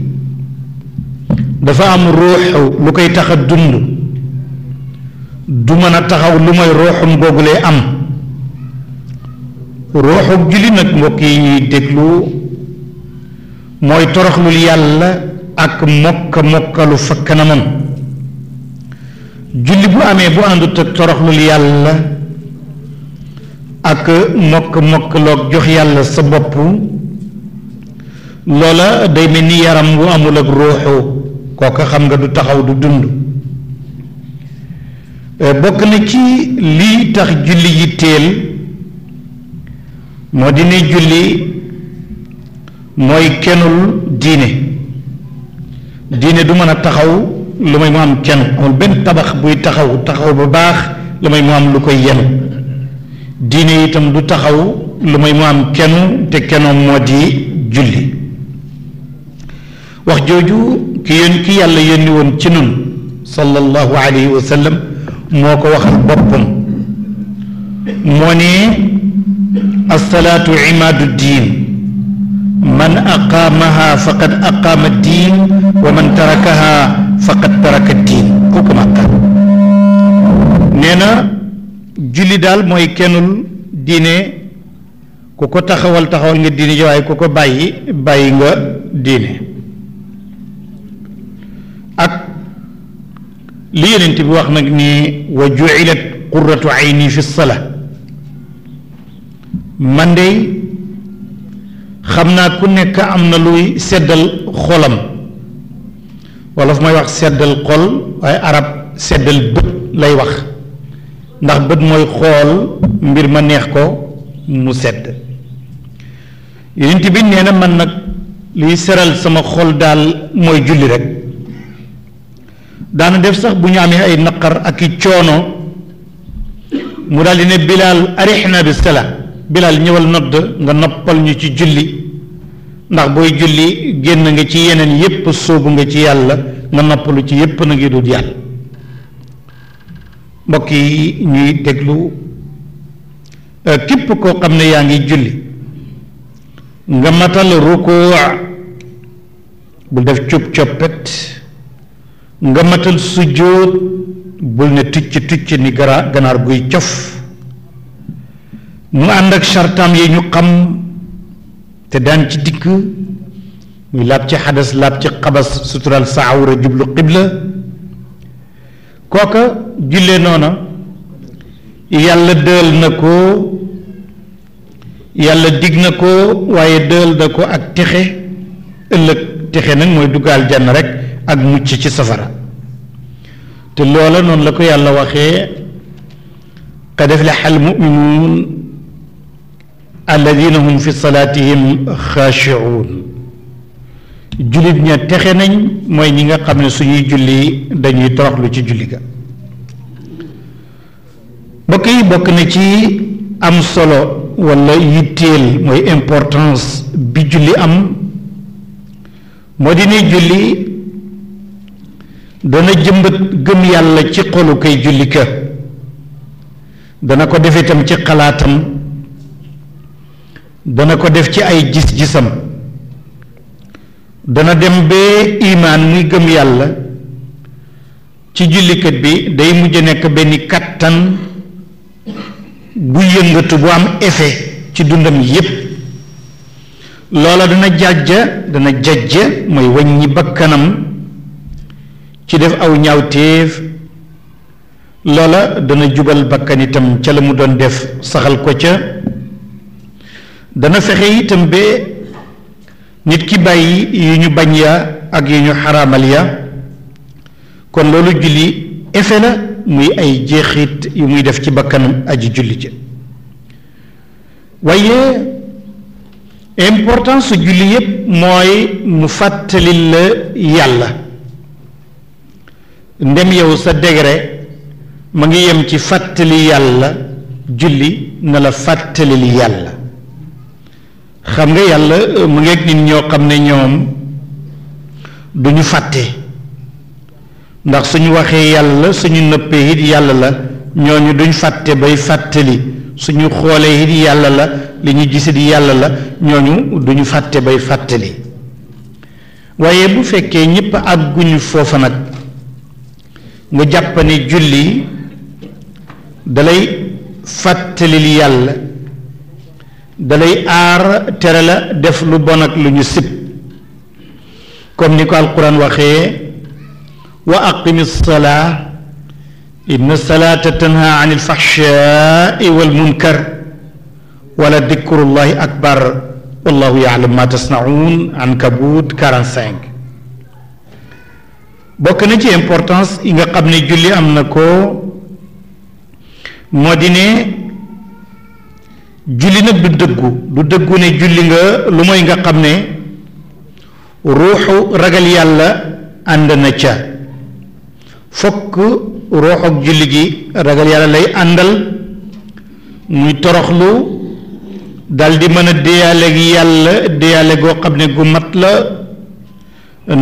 dafa am ruux lu koy tax a dund du mën a taxaw lu mooy ruuxum googu lay am ruuxu julli nag mbokk yi ñuy déglu mooy toroxlul yàlla ak mokka mokkalu fa kanamam julli bu amee bu àndut ak toroxlul yàlla ak mokk mokkaloog jox yàlla sa bopp loola day mel ni yaram wu amul ak ruuxu kooka xam nga du taxaw du dund eh, bokk na ci lii tax julli yi teel moo di ne julli mooy kenul diine diine du mën a taxaw lu may mu am kenn amul benn tabax buy taxaw taxaw ba baax lu may mu am lu ko yenu diine itam du taxaw lu may mu am kenn te kenoom moo di julli wax jooju ki yón ki yàlla yónni woon ci nun sallallahu alayhi wa sallam moo ko waxal boppam moo ne asalaatu imaadu diin man aqaamaha faqad aqaama diin wa man tarakaha faqad taraka diin kooku màkka nee na julli daal mooy kennul diine ku ko taxawal taxawal nga diine ji waaye ku ko bàyyi bàyyi nga diine ak li yonent bi wax nag ni wa ju'ilat qurratu ayni fi sala man dey xam naa ku nekk am na luy seddal xolam wolof may wax seddal xol waaye arab seddal bët lay wax ndax bët mooy xool mbir ma neex ko mu sedd yonent bi nee na man nag liy seral sama xol daal mooy julli rek daana def sax bu ñu amee ay naqar ak i coono mu daal di ne bilaal arix na bi sala bilaal ñëwal nodd nga noppal ñu ci julli ndax booy julli génn nga ci yeneen yépp soobu nga ci yàlla nga noppalu ci yépp na ngi dut yàlla mbokk yi ñuy déglu euh, képp koo xam ne yaa ngi julli nga matal rukuwa bul def cup coppet nga matal sujjóot bul ne tucc tucc ni gara ganaar guy cof mu ànd ak chartam yi ñu xam te daan ci dikk muy laab ci xadas laab ci xabas sutural saawura jublu xibla kooka jullee noona yàlla dël na ko yàlla dig na ko waaye dël na ko ak texe ëllëg texe nag mooy duggaal jànn rek ak mucc ci safara te loola noonu la ko yàlla waxee qad aflaha al mu'minuun alladina hum fi salaatihim xaashiuun jullit ña texe nañ mooy ñi nga xam ne suñuy julli dañuy toroxlu ci julli ga bokk yi bokk na ci am solo walla yitteel mooy importance bi julli am moo di ne julli dana jëmbat gëm yàlla ci xolu koy julli ka dana ko defee tam ci xalaatam dana ko def ci ay gis-gisam dana dem bee imaan muy gëm yàlla ci jullikat bi day mujj nekk benn kattan bu yëngatu bu am effet ci dundam yépp loola dana jàjja dana jàjja mooy wàññi bakkanam ci def aw ñaawteef loola dana jubal bakkanitam itam ca la mu doon def saxal ko ca dana fexe itam ba nit ki bàyyi yu ñu bañ ya ak yu ñu xaraamal ya kon loolu julli effet la muy ay jeexit yu muy def ci bakkanam aji julli ja waaye importance su julli yépp mooy mu fàttali la yàlla ndem yow sa degré mu ngi yem ci fàttali yàlla julli na la fàttalil yàlla xam nga yàlla euh, mu ngeeg nit ñoo xam ne ñoom du ñu fàtte ndax suñu waxee yàlla suñu nëppee it yàlla la ñooñu duñ fàtte bay fàttali suñu xoolee it yàlla la li ñu gis it yàlla la ñooñu duñu fàtte bay fàttali waaye bu fekkee ñëpp àgguñu foofa nag nga jàpp ne julli dalay fàttalil yàlla dalay aar tere def lu bon ak lu ñu sib comme ni ko alquran waxee wa aqimi salaa inna salaata tanha an ilfaxshaai walmunkar wala dikrullahi akbar wallahu yaalam ma tasnaun ankabut 45 bokk na ci importance yi nga xam ni julli am na ko moo di ne julli nag du dëggu du dëggu ne julli nga lu mooy nga xam ne ruuxu ragal yàlla ànd na ca fokk ruux ak julli gi ragal yàlla lay àndal muy toroxlu dal di mën a déyaale gi yàlla déyaale goo xam ne gu mat la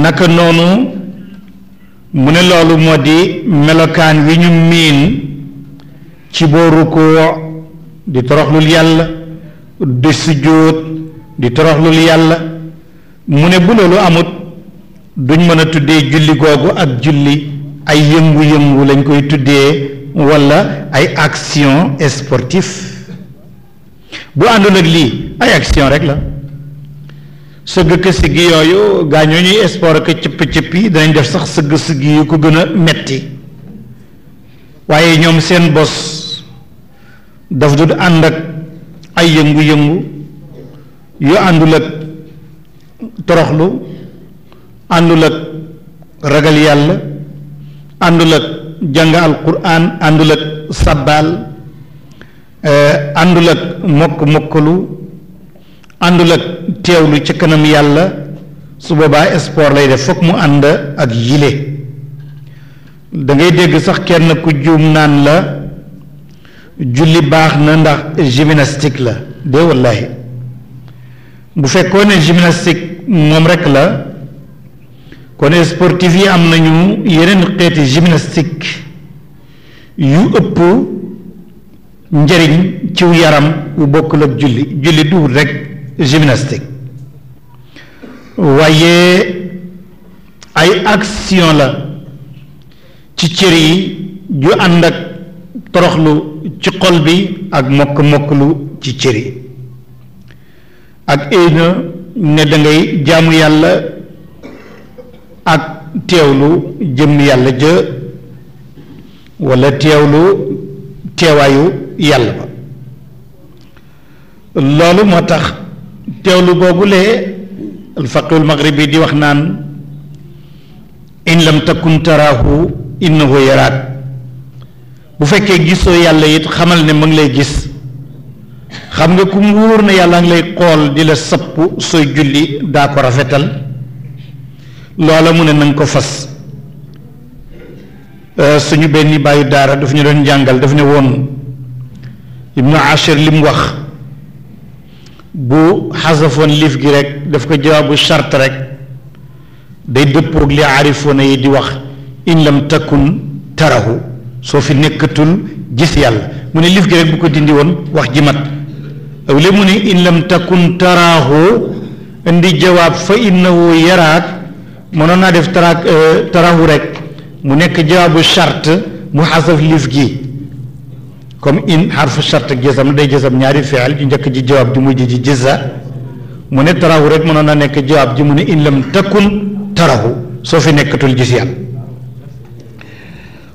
naka noonu mu ne loolu moo di melokaan wi ñu miin ci booru ko di toroxlul yàlla di sujjóot di toroxlul yàlla mu ne bu loolu amut duñ mën a tuddee julli googu ak julli ay yëngu-yëngu lañ koy tuddee walla ay action sportif bu àndul ak lii ay action rek la sëgg ka sigg yooyu gaa ñoo ñuy sport ak cëpp-cëpp yi danañ def sax sëgg sigg yu ko gën a metti waaye ñoom seen bos dafa dul ànd ak ay yëngu-yëngu yu àndul ak toroxlu àndul ak ragal yàlla àndul ak jàng alquran àndul ak sabbaal eh, àndul ak mokk mokkalu àndul ak teewlu ci kanam yàlla su boobaa sport lay def foog mu ànd ak yile da dégg sax kenn ku juum naan la julli baax na ndax gymnastique la dee wallahi bu fekkoo ne gymnastique moom rek la kon sportif yi am nañu yeneen xeeti gymnastique yu ëpp njëriñ ciw yaram wu bokkul ak julli julli du rek gymnastique waaye ay action la ci cër yi ju ànd ak toroxlu ci xol bi ak mokk mokklu ci cër yi ak éena ne dangay jaamu yàlla ak teewlu jëmm yàlla jë walla teewlu teewaayu yàlla ba loolu moo tax teewlu boobulee alfaqiwul maghribi di wax naan in lam takun yaraat bu fekkee gisoo yàlla it xamal ne ma ngi lay gis xam nga ku mu na yàlla ngi lay xool di la sëpp sooy julli daa ko rafetal loola mu ne na ko fas euh, suñu benn bàyyi daara daf ñu doon jàngal daf ne woon ibnu ashir li mu wax bu xasafoon liif gi rek daf ko jawaabu charte rek day dëppoog li arifoona yi di wax in lam takun tarahu soo fi nekkatul gis yàlla mu ne lif gi rek bu ko dindi woon wax ji mat aw li mu ne in lam takun taraahu indi jawaab fa innahu yaraak mënoon naa def taraak euh, taraahu rek mu nekk jawaabu charte mu xasaf lif gi comme in xarfu charte ak jësam la day jësam ñaari fiil yu njëkk ji jawaab ju mujj ji jësa mu ne taraahu rek mënoon naa nekk jawaab ji mu ne in lam takun taraahu soo fi nekkatul gis yàlla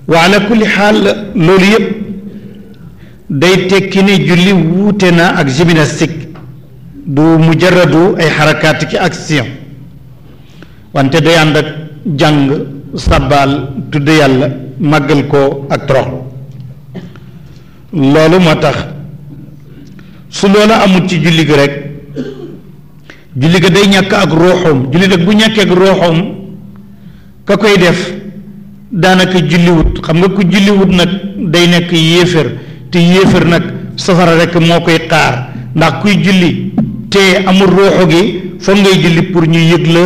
wa ala kulli xaal loolu yëpp day tekki ni julli wuute na ak gymnastique du mujarradu ay xarakaat ki action wante day ànd ak jàng sabbaal tudd yàlla màggal ko ak toroxlu loolu moo tax su loola amut ci julli gi rek julli ga day ñàkk ak ruuxoom julli nag bu ñàkkee ak ruuxoom ka koy def daanaka julliwut xam nga ko julliwut nag day nekk yéefér te yéefér nag safara rek moo koy xaar ndax kuy julli te amul ruuxu gi fa ngay julli pour ñu yëg la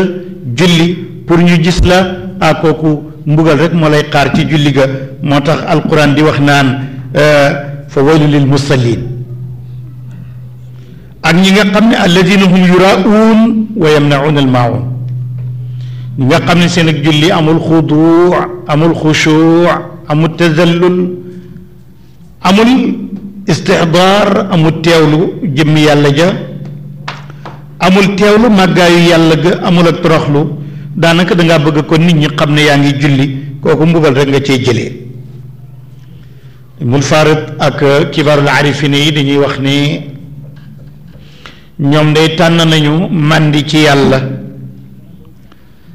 julli pour ñu gis la a kooku mbugal rek moo lay xaar ci julli ga moo tax alquran di wax naan euh, fa waylu lil musallin ak ñi nga xam ne alladina hum yurauun wa yamnaun al ñi nga xam ne seen ak julli amul xudu amul xushuu amul tazallul amul istixdaar amul teewlu jëmm yàlla ja amul teewlu màggaayu yàlla ga amul ak toroxlu daanaka danga bëgg ko nit ñi xam ne yaa ngi julli kooku mbugal rekk nga cee jëlee mul farit ak kibaarul arifine yi dañuy wax ni ñoom day tànn nañu màndi ci yàlla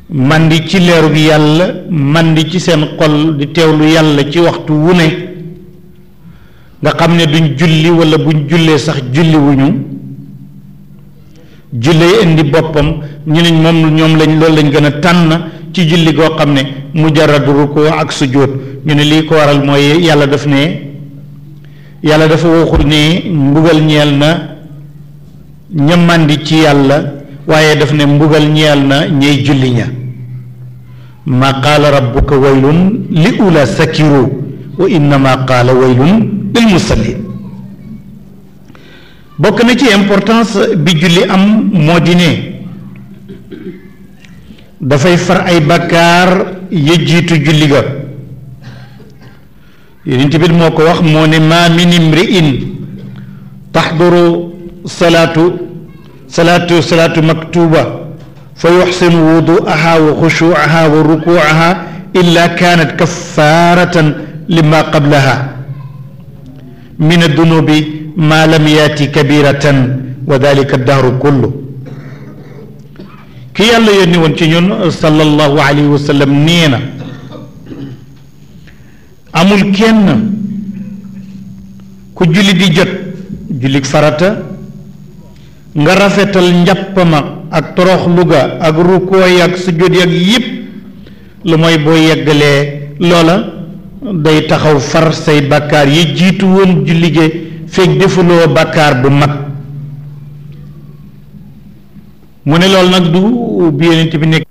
mandi ci leeru bi yàlla mandi ci seen xol di teewlu yàlla ci waxtu wu ne nga xam ne duñ julli walla buñ jullee sax julli wuñu jullee indi boppam ñu ne moom ñoom lañ loolu lañ gën a tànn ci julli koo xam ne mujaradu ko ak sujjóot ñu ne lii ko waral mooy yàlla daf ne yàlla dafa waxul ne mbugal ñeel na ña màndi ci yàlla waaye daf ne mbugal ñeel na ñey julli ña maa qaala rabbuka waylun li ula sakiru wa innama qaala waylun lil musallin bokk na ci importance bi julli am moo di ne dafay far ay bakkaar ya jiitu julli ga yonent bi moo ko wax moo ne maa min imri'in taxduru salaatu salaatu salaatu maktuba fa yuxsinu wuduaha wa xushuaha wa rukuaha illa kaanat kafaaratan lima qablaha min addunubi ma lam yaati kabiratan wa dalika dahru kullu ki yàlla yónni woon ci ñun sallallahu alayhi wa sallam nee na amul kenn ku julli di jot julli farata nga rafetal njàppama ak toroxlu ga ak rukkooy ak sujjóot yag yëpp lu mooy boo yeggalee loola day taxaw far say bàkkaar yi jiitu woon julli ge fekk defuloo bàkkaar bu mag mu ne loolu nag du bi yonent bi nekk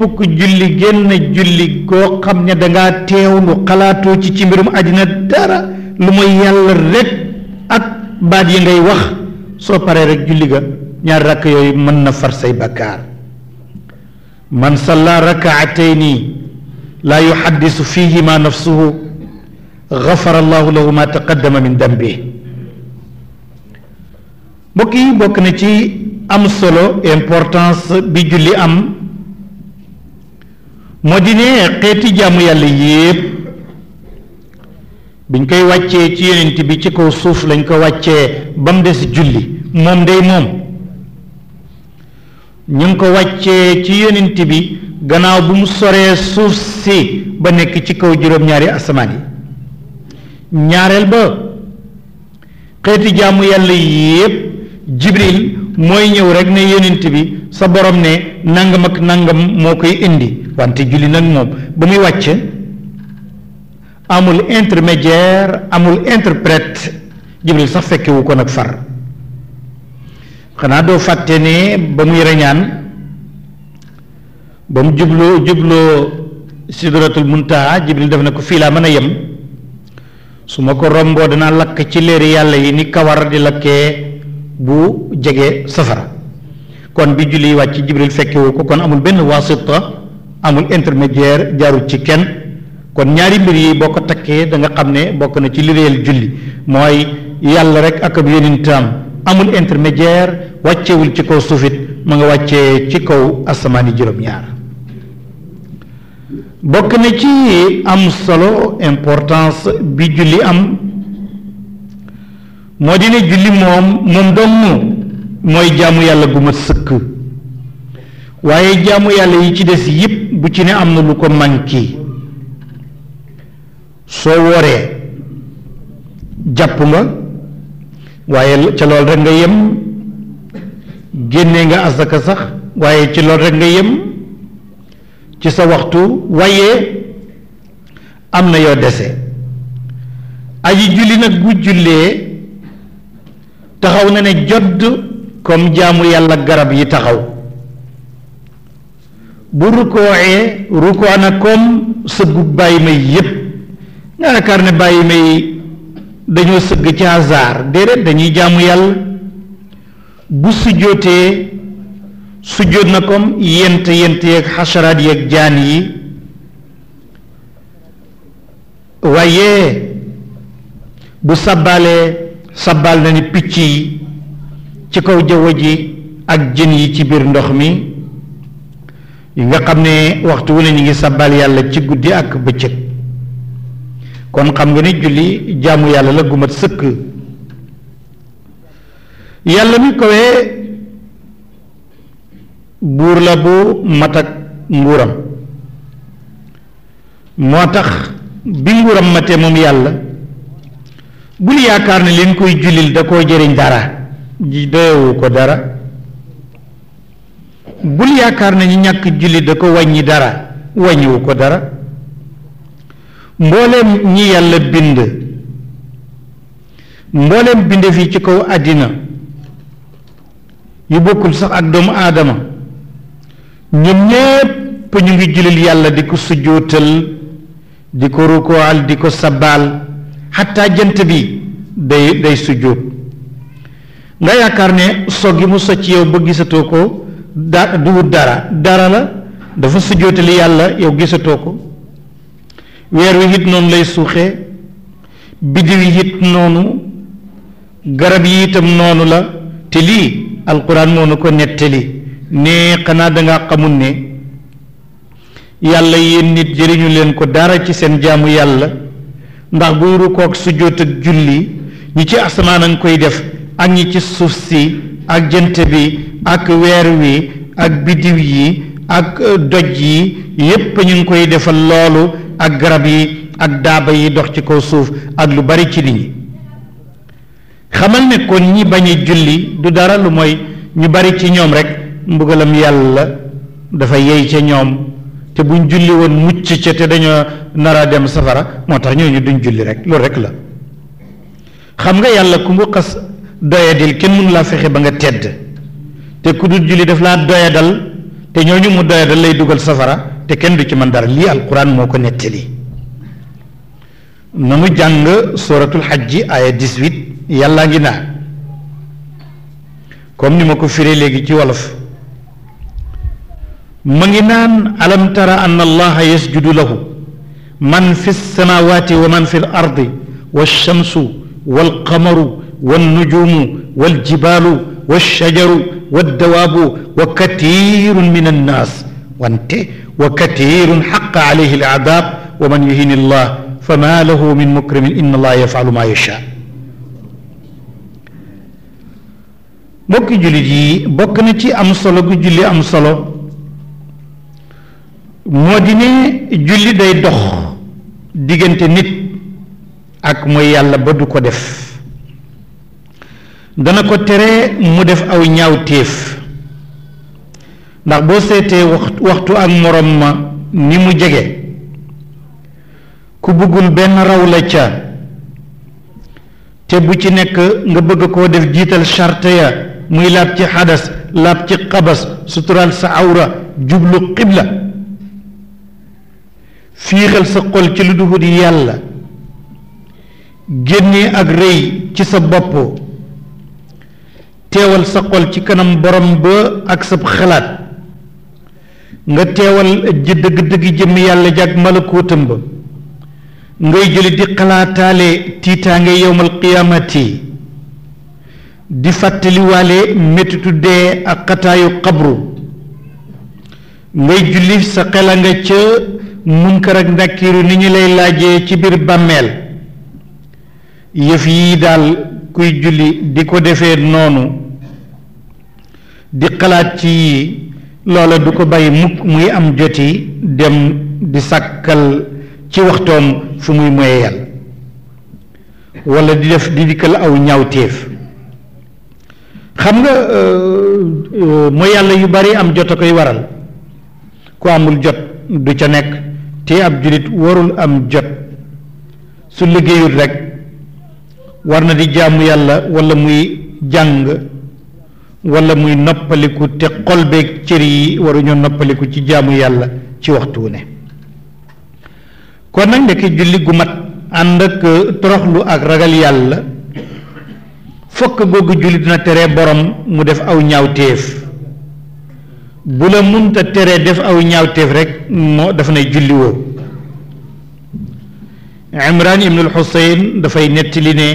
képp julli génn julli koo xam ne dangaa teewlu xalaatoo ci ci mbirum àddina dara lu mooy yàlla rek ak baat yi ngay wax soo paree rek julli ga ñaar rakk yooyu mën na far say bakkaar man salla rakaatayni laa yuxaddisu fihima nafsuhu gafara allahu lahu ma taqaddama min dambi mbokk yi bokk na ci am solo importance bi julli am moo di ne xeeti jàmm yàlla yépp biñ koy wàccee ci yonent bi ci kaw suuf lañ ko wàccee ba mu des julli moom day moom ñu ngi ko wàccee ci yonent bi gannaaw bu mu soree suuf si ba nekk ci kaw juróom-ñaari asamaan yi ñaareel ba xeeti jàmm yàlla yépp jibril mooy ñëw rek ne yonent bi sa borom ne nangam ak nangam moo koy indi wante julli nag moom ba muy wàcc amul intermédiaire amul interprète jibril sax fekkewu ko nag far xanaa doo fàtte ne ba muy reñaan ba mu jubloo jubloo sidratul muntaha jibril def na ko fii laa mën a yem su ma ko romboo danaa lakk ci leeri yàlla yi ni kawar di lakkee bu jege safara kon bi julli wàcc jibril fekkewu ko kon amul benn wasita amul intermédiaire jaarul ci kenn kon ñaari mbir yi boo ko takkee da nga xam ne bokk na ci li réel julli mooy yàlla rek ak ab yonentam amul intermédiaire wàccewul ci kaw suufit mu nga wàccee ci kaw asamaani juróom-ñaar bokk na ci am solo importance bi julli am moo di ne julli moom moom dong mooy jàmm yàlla gu ma sëkk waaye jaamu yàlla yi ci des yépp bu ci ne am na lu ko manki soo woree jàpp nga waaye ca lool rek nga yem génnee nga asaka sax waaye ci lool rekk nga yem ci sa waxtu waaye am na yoo dese aji julli nag bu jullee taxaw na ne jodd comme jaamu yàlla garab yi taxaw bu rukkooxee rukkoo na comme sëggu bàyyi may yépp nga yaakaar ne bàyyi may dañoo sëgg ci hasard déedéet dañuy jàmm yàlla bu sujjóotee sujjóot na comme yent yent yeeg xasaraat yeeg jaan yi waaye bu sàbbaalee sàbbaal na ni picc yi ci kaw jaww ji ak jën yi ci biir ndox mi yi nga xam ne waxtu wu ne ñu ngi sabbal yàlla ci guddi ak bëccëg kon xam nga ni julli jaamu yàlla la gumat mat sëkk yàlla mi kowee buur la bu mat ak nguuram moo tax bi nguuram matee moom yàlla bul yaakaar ne leen koy jullil da koo jëriñ dara ji doyewu ko dara bul yaakaar na nañu ñàkk julli da ko waññi dara wàññiwu ko dara mboolem ñi yàlla bind mboolem bind fii ci kaw àddina yu bokkul sax ak doomu aadama ñoom ñépp ñu ngi julil yàlla di ko sujjóotal di ko rukoal di ko sabaal xataa jant bi day day sujjóot nga yaakaar ne sog yi mu socc yow ba gisatoo ko da duwut dara dara la dafa sujjóotali yàlla yow gisatoo ko weer wi it noonu lay suuxee biddiw yi it noonu garab yi itam noonu la te lii alquran moo nu ko nettali ne xanaa danga xamul ne yàlla yéen nit jëriñu leen ko dara ci seen jaamu yàlla ndax buy rukook sujjóot ak julli ñi ci asamaan a ngi koy def ak ñi ci suuf si ak jant bi ak weer wi ak biddiw yi ak euh, doj yi yépp ñu ngi koy defal loolu ak garab yi ak daaba yi dox ci kaw suuf ak lu bari ci nit ñi xamal ne kon ñi bañ julli du dara lu mooy ñu bari ci ñoom rek mbugalam yàlla dafa yey ca ñoom te buñ julli woon mucc ca te dañoo nar a dem safara moo tax ñooñu duñ julli rek loolu rekk la xam nga yàlla ku mu doyadil kenn mënu laa fexe ba nga tedd te ku dul julli daf laa doyadal te ñooñu mu doyadal lay dugal safara te kenn du ci mën dara lii alquran moo ko nettali nanu jàng suratul xajji aya 18 yàllaa ngi naa comme ni ma ko firee léegi ci wolof ma ngi naan alam tara an allaha yasjudu lahu man fi samawati wa man fi l ardi wa shamsu wal qamaru والنجوم والجبال والشجر والدواب وكثير من الناس وانت وكثير حق عليه العذاب ومن يهين الله فما له من مكرم إن الله يفعل ما يشاء mbokki jullit yi bokk na ci am solo gu julli am solo moo di ne julli day dox diggante nit ak mooy yàlla ba du ko def dana ko tere mu def aw ñaaw téef ndax boo seetee waxtu ak morom ma ni mu jege ku bëggul benn raw la ca te bu ci nekk nga bëgg koo def jiital charte ya muy laab ci xadas laab ci xabas sutural sa awra jublu xibla fiixal sa xol ci lu duhut yàlla génnee ak rëy ci sa bopp teewal sa xol ci kanam borom ba ak sab xalaat nga teewal ji dëgg-dëgg jëmm yàlla jàg malakootam ba ngay jëli di xalaataale tiitaange yowmal qiyaamati di fàttaliwaale metitu dee ak xataayu xabru ngay julli sa xela nga ca munkar ak ndàkkiiru ni ñu lay laaje ci biir bàmmeel yëf yi daal kuy julli di ko defee noonu di xalaat ci yii loola du ko bàyyi mukk muy am joti dem di sàkkal ci waxtoom fu muy moye yàlla wala di def di dikkal aw ñaawteef xam nga euh, euh, mooy yàlla yu bari am jot a koy waral ku amul jot du ca nekk te ab jullit warul am jot su liggéeyut rekk war na di jaamu yàlla walla muy jàng wala muy noppaliku te xol beeg cër yi waruñoo noppaliku ci jaamu yàlla ci waxtu wu ne kon nag ndekki julli gu mat ànd ak toroxlu ak ragal yàlla fokk googu julli dina tere borom mu def aw ñaawteef bu la munta tere def aw ñaawteef rek moo dafa ne julli woo imran ibnul xuseyn dafay nettali ne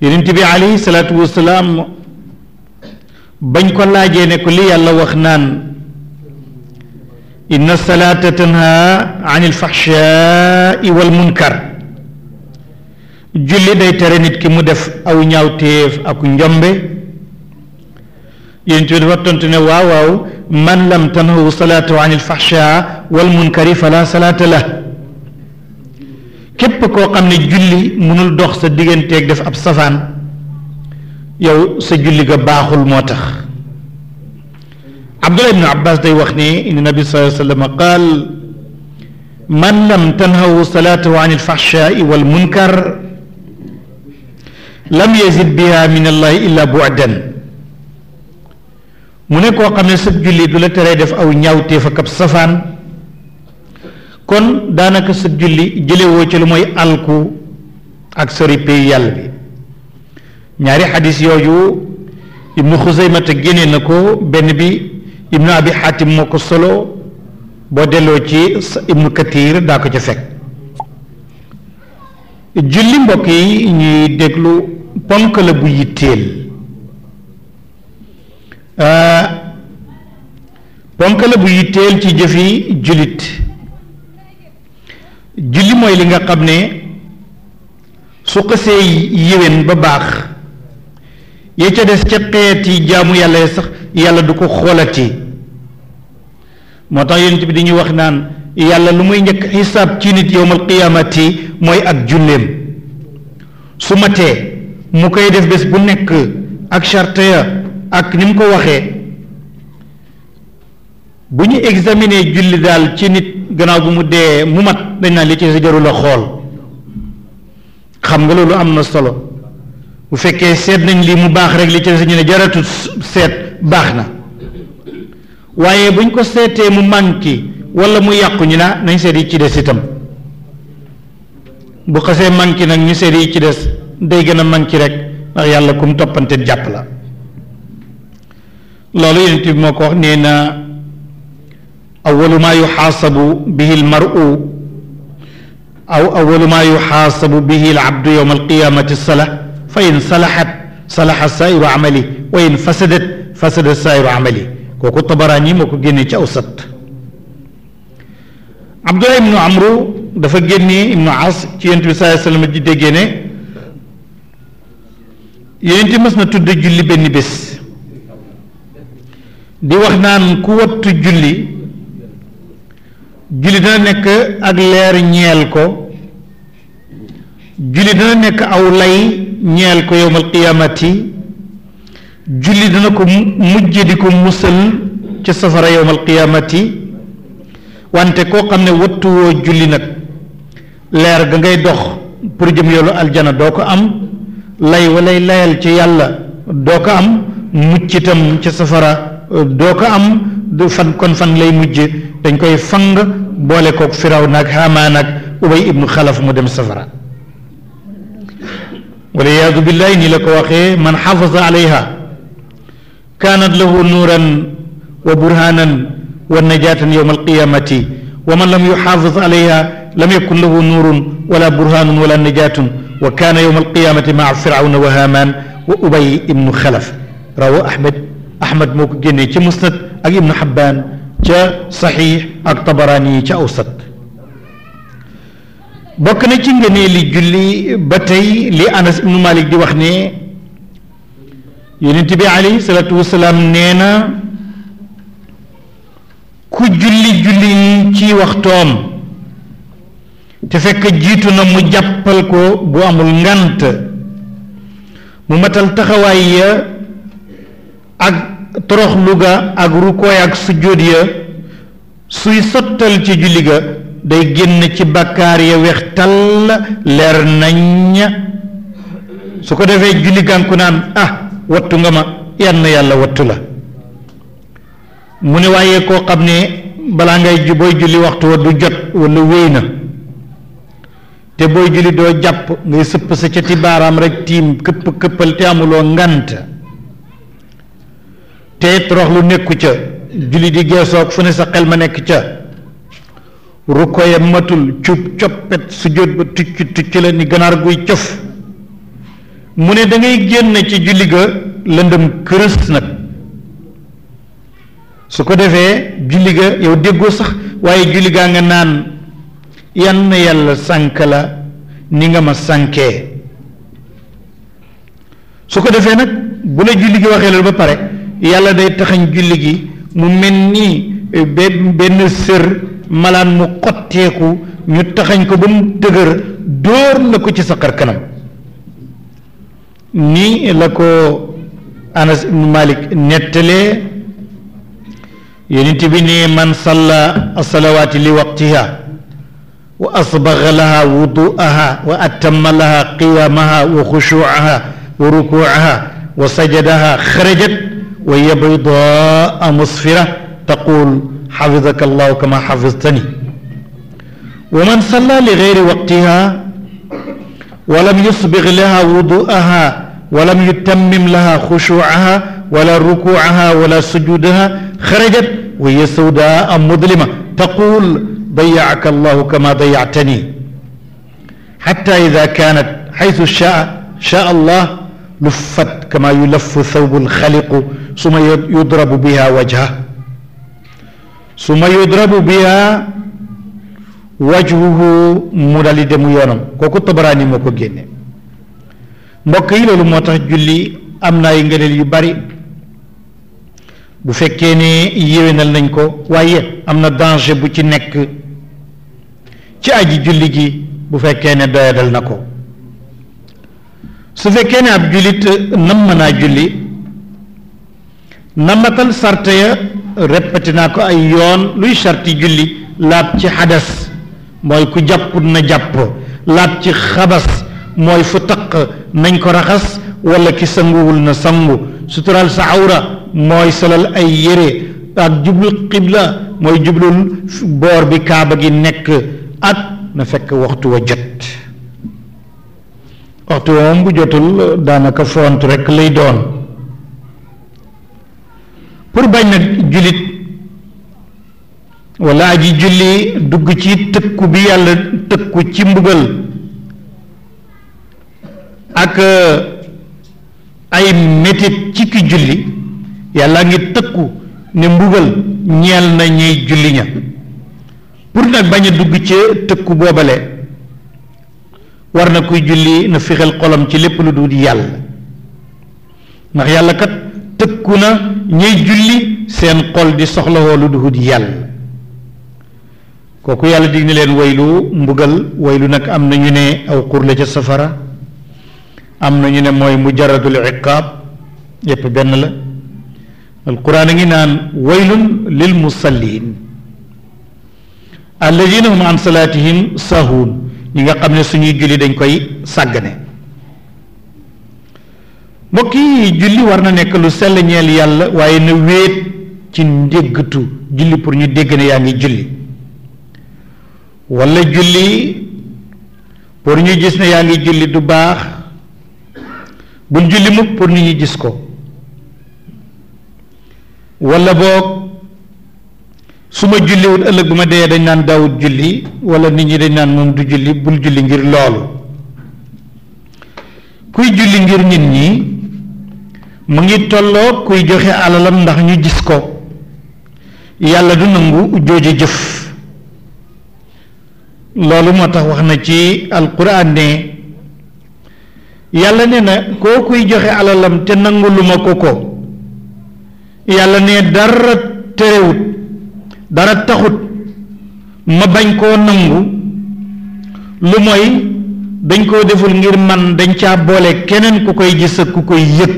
yonent bi alayhi salaatu wasalaam bañ ko laajee ne ko li yàlla wax naan inna salaata tanha an ilfaxshaai walmunkar julli day tere nit ki mu def aw ñaawteef ak njombe yonent bi dafa tontu ne waaw waaw man lam tanhahu salaatu an ilfaxshaa walmunkari fala salaata lah képp koo xam ne julli mënul dox sa digganteeg def ab safaan yow sa julli ga baaxul moo tax abdullah ibnu abbas day wax ne inna nabi sallallahu alayhi wa sallam qaal man lam tanhaw salaatahu an alfaxshaai walmunkar lam yazid biha min allahi illa bu'dan mu ne koo xam ne sa julli du la teree def aw ñaawteef ak ab safaan kon daanaka sa julli jëlewoo ci lu mooy alku ak sori pay yàlla bi ñaari xadis yooyu ibnu xusaymata génne na ko benn bi ibnu abi xaatim moo ko solo boo delloo ci ibnu katir daa ko ca fekk julli mbokk yi ñuy déglu ponk bu yitteel ah, ponk bu yitteel ci jëfi jullit julli mooy li nga xam ne su xësee yéwén ba baax ya ca des ca xeet yi jaamu yàlla sax yàlla du ko xoolati moo tax yonent bi dañuy wax naan yàlla lu muy njëkk xisaab ci nit yowmal qiyaamati mooy ak julleem su matee mu koy def bés bu nekk ak charte ya ak ni mu ko waxee bu ñu examiner julli daal ci nit gannaaw bu mu dee mu mat dañ naa li ci sa jarul xool xam nga loolu am na solo bu fekkee seet nañ lii mu baax rek li ci sa ñu ne jaratu seet baax na waaye buñ ko seetee mu manqué wala mu yàqu ñu naa nañ seet yi ci des itam bu xasee manqué nag ñu seet yi ci des day gën a manqué rek ndax yàlla kum toppante jàpp la loolu yonent bi moo ko wax awalu maa yuxaasabu bihi almaru aw awalu maa yuxaasabu bihi alabdu yowma alqiyamati salax fa in salaxat salaxa saa'iru amali wa in fasadat fasada saa'iru amali kooku tabaraani moo ko génnee ci awsat abdullah ibnu amru dafa génnee ibnu as ci yonent bi saai sallam ji déggee ne yonent bi mës na tudd julli benn bés di wax naan ku wattu julli julli dana nekk ak leer ñeel ko julli dana nekk aw lay ñeel ko yowmal qiyaamati julli dana ko mujje di ko musal ci safara yowmal qiyaamati wante koo xam ne wattuwoo julli nag leer ga ngay dox pour jëm yoolu aljana doo ko am lay walay layal ci yàlla doo ko am mucc itam ci safara doo ko am fan kon fan lay mujj dañ koy fang boole kook firaw nag hamaan ak ubay ibnu xalaf mu dem safara wala yaadu billahi nii la ko waxee man xafasa alayha kaanat lahu nuuran wa burhanan wa najaatan yowma alqiyamati wa man lam yuxaafis alayha lam yakun lahu nuurun wala burhanun wala najaatun wa kaana yowma alqiyamati maa firawna wa hamaan wa ubay ibnu xalaf rawa ahmed ahmed moo ko génnee ci musnad ak ibnu xabbaan ca saxiix ak tabaraani yi ca awsat bokk na ci ngënee li julli ba tey li anas ibnu malik di wax ne yonent bi alayhi salaatu wasalaam nee na ku julli julli ci waxtoom te fekk jiitu na mu jàppal ko bu amul ngant mu matal taxawaay ya ak toroxlu ga ak rukkooy ak sujjóot ya suy sottal ci julli ga day génn ci bàkkaar ya weex tàll leer nañ su ko defee julli gànku naan ah wattu nga ma yàlla wattu la mu ne waaye koo xam ne balaa ngay booy julli waxtu wa du jot wala wéy na te booy julli doo jàpp ngay sëpp sa cati baaraam rek tiim këpp këppal te amuloo ngant te torox lu nekku ca julli di geesoog fu ne sa xel ma nekk ca rukkoya matul cuub coppet sujjóot ba tucc tucc la ni ganaar guy cof mu ne da ngay génn ci julli ga lëndëm kërës nag su ko defee julli ga yow waaye julli gaa nga naan yan yàlla sànk la ni nga ma sànkee su ko defee nag bu la julli gi waxee loolu ba pare yàlla day taxañ julli gi mu mel ni eh, benn benn sër malaan mu xotteeku ñu taxañ ko ba mu dëgër dóor na ko ci sa xar kanam ni la ko anas ibnu malik nettalee yonent bi ne man salla asalawaati li waqtiha wa asbaga laha wuduaha wa atama laha qiyaamaha wa xushuaha wa rukuaha wa sajadaha xarajat وهي بيضاء مصفرة تقول حفظك الله كما حفظتني ومن صلى لغير وقتها ولم يسبغ لها وضوءها ولم يتمم لها خشوعها ولا ركوعها ولا سجودها خرجت وهي سوداء مظلمة تقول ضيعك الله كما ضيعتني حتى إذا كانت حيث شاء شاء الله yu لفت كما يلف ثوب الخلق ثم يضرب بها وجهه ثم يضرب بها wajhuhu mu dal di dem yoonam kooku tabaraani moo ko génne mbokk yi loolu moo tax julli am na ay ngëneel yu bari bu fekkee ne yéwénal nañ ko waaye am na danger bu ci nekk ci aji julli gi bu fekkee ne doyadal na ko su fekkee ne ab jullit euh, namm naa julli nammatal sarte ya répété naa ko ay yoon luy sarti julli laab ci xadas mooy ku jàpp na jàpp laab ci xabas mooy fu nañ ko raxas walla ki sanguwul na sangu sutural sa awra mooy solal ay yére ak jublu xibla mooy jublul boor bi kaaba gi nekk ak na fekk waxtu wa jot waxtu woon bu jotul eh, daanaka font rek lay doon pour bañ nag jullit walla aji julli dugg ci tëkku bi yàlla tëkku ci mbugal ak eh, ay metit ci ki julli yàlla ngi tëkku ne mbugal ñeel na ñuy julli ña pour nag bañ dugg ci tëkku boobale war na kuy julli na fexeel xolam ci lépp lu dul yàlla ndax yàlla kat tëkku na ñuy julli seen xol di soxlawoo lu dul yàlla kooku yàlla dig ni leen waylu mbugal waylu nag am na ñu ne aw xur la ca safara am na ñu ne mooy mujaradul iqaab yépp benn la alquran a ngi naan waylun lil musallin alladina hum an salaatihim yi nga xam ne suñuy julli dañ koy sàggane mbokk yi julli war na nekk lu sell ñeel yàlla waaye na wéet ci ndéggatu julli pour ñu dégg ne yaa ngi julli walla julli pour ñu gis ne yaa ngi julli du baax bul julli mukk pour nit ñi gis ko walla boog su ma julliwut ëllëg bu ma dee dañ naan daawut julli wala nit ñi dañ naan moom du julli bul julli ngir loolu kuy julli ngir nit ñi mu ngi tolloo kuy joxe alalam ndax ñu gis ko yàlla du nangu jooje jëf loolu moo tax wax na ci alquran ne yàlla ne na koo kuy joxe alalam te nangu lu ma ko ko yàlla ne dara terewut dara taxut ma bañ koo nangu lu mooy dañ koo deful ngir man dañ caa boole keneen ku koy gis ku koy yëg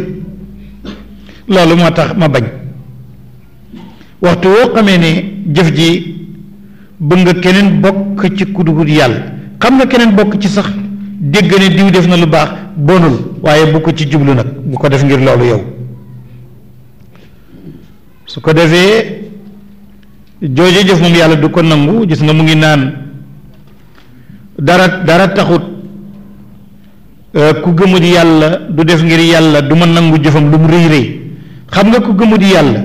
loolu moo tax ma bañ waxtu woo xamee jëf ji bëgg nga keneen bokk ci kudugut yàlla xam nga keneen bokk ci sax dégg ne diw def na lu baax bonul waaye bu ko ci jublu nag bu ko def ngir loolu yow su ko defee jooje jëf moom yàlla du ko nangu gis nga mu ngi naan dara dara taxut euh, ku gëmut yàlla du def ngir yàlla du ma nangu jëfam lu mu rëy rëy xam nga ku gëmut yàlla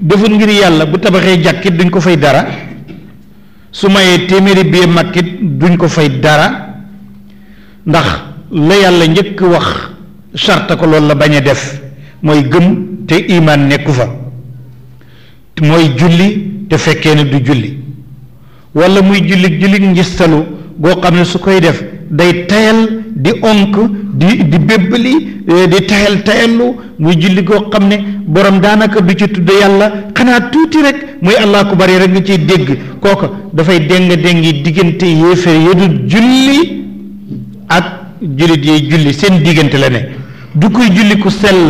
defut ngir yàlla bu tabaxee jàkkit duñ ko fay dara su mayee téeméeri bie màkkit duñ ko fay dara ndax la yàlla njëkk wax sarta ko loolu la bañ a def mooy gëm te imaan nekku fa mooy julli te fekkee ne du julli wala muy julli julli ngistalu goo xam ne su koy def day tayal di onk di di bébbali eh, di tayal tayallu muy julli goo xam ne borom daanaka du ci tudd yàlla xanaa tuuti rek muy allah ku bari rek nga ciy dégg kooka dafay déng déngi diggante yéefar ya du julli ak jullit yi julli seen diggante la ne du koy julli ku sell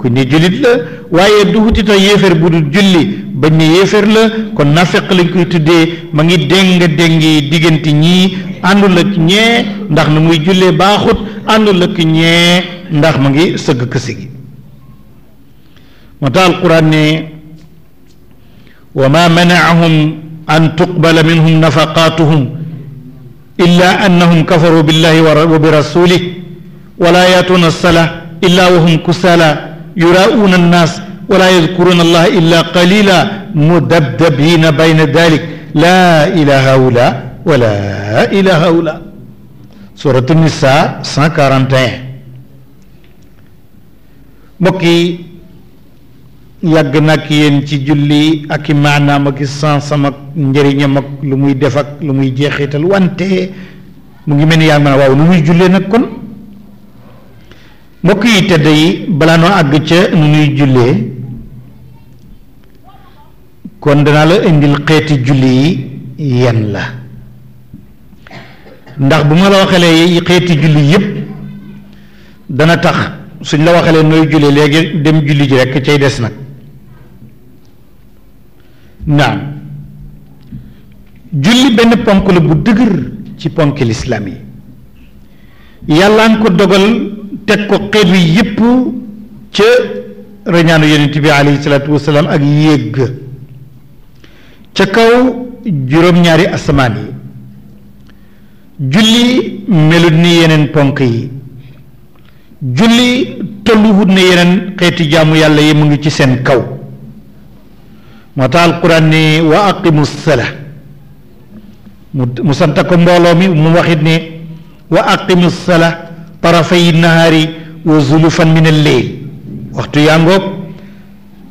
ku ni jullit la waaye du hutita yéefar bu du julli bañ ne yéeféer la kon nafeq lañ koy tuddee ma ngi dénga déngi diggante ñii àndul ak ñee ndax na muy jullee baaxut àndul ak ñee ndax mu ngi sëgg kësi gi moo tax alquran ne wa ma manaahum an tuqbala minhum nafaqaatuhum illa annahum kafaru billahi wa bi rasulih wala yaatuuna alsalaa illa wa hum kusala yuraauuna annaas wala yadkuruna allaha illa qalila mudabdabina bayna dalik la ila haula wala ila haula surat nisa 141 mbokk yi yàgg nag yéen ci julli ak i maanaam ak i sansam ak njëriñam ak lu muy def ak lu muy jeexital wante mu ngi mel ni yaa ngi waaw nu muy jullee nag kon mbokk yi tedd yi balaa noo àgg ca nu nuy jullee kon danaa la indil xeeti julli yi yan la ndax bu ma la waxalee xeeti julli yépp dana tax suñ la waxalee nooy julli léegi dem julli ji rekk cay des nag naam julli benn ponk la bu dëgër ci ponk lislaam yi yàlla nga ko dogal teg ko xeet wi yépp ca reñaanu yonent bi alayhi salaatu wasalaam ak yéeg ca kaw juróom-ñaari asamaan yi julli melut ni yeneen ponk yi julli tolluwut ne yeneen xeeti jaamu yàlla yi mu ngi ci seen kaw moo tax alquran ni wa aqimu sala mu sant ko mbooloo mi mu waxit ne wa aqimu sala tarafay nahaari wa zulufan min al leyl waxtu yaa ngoog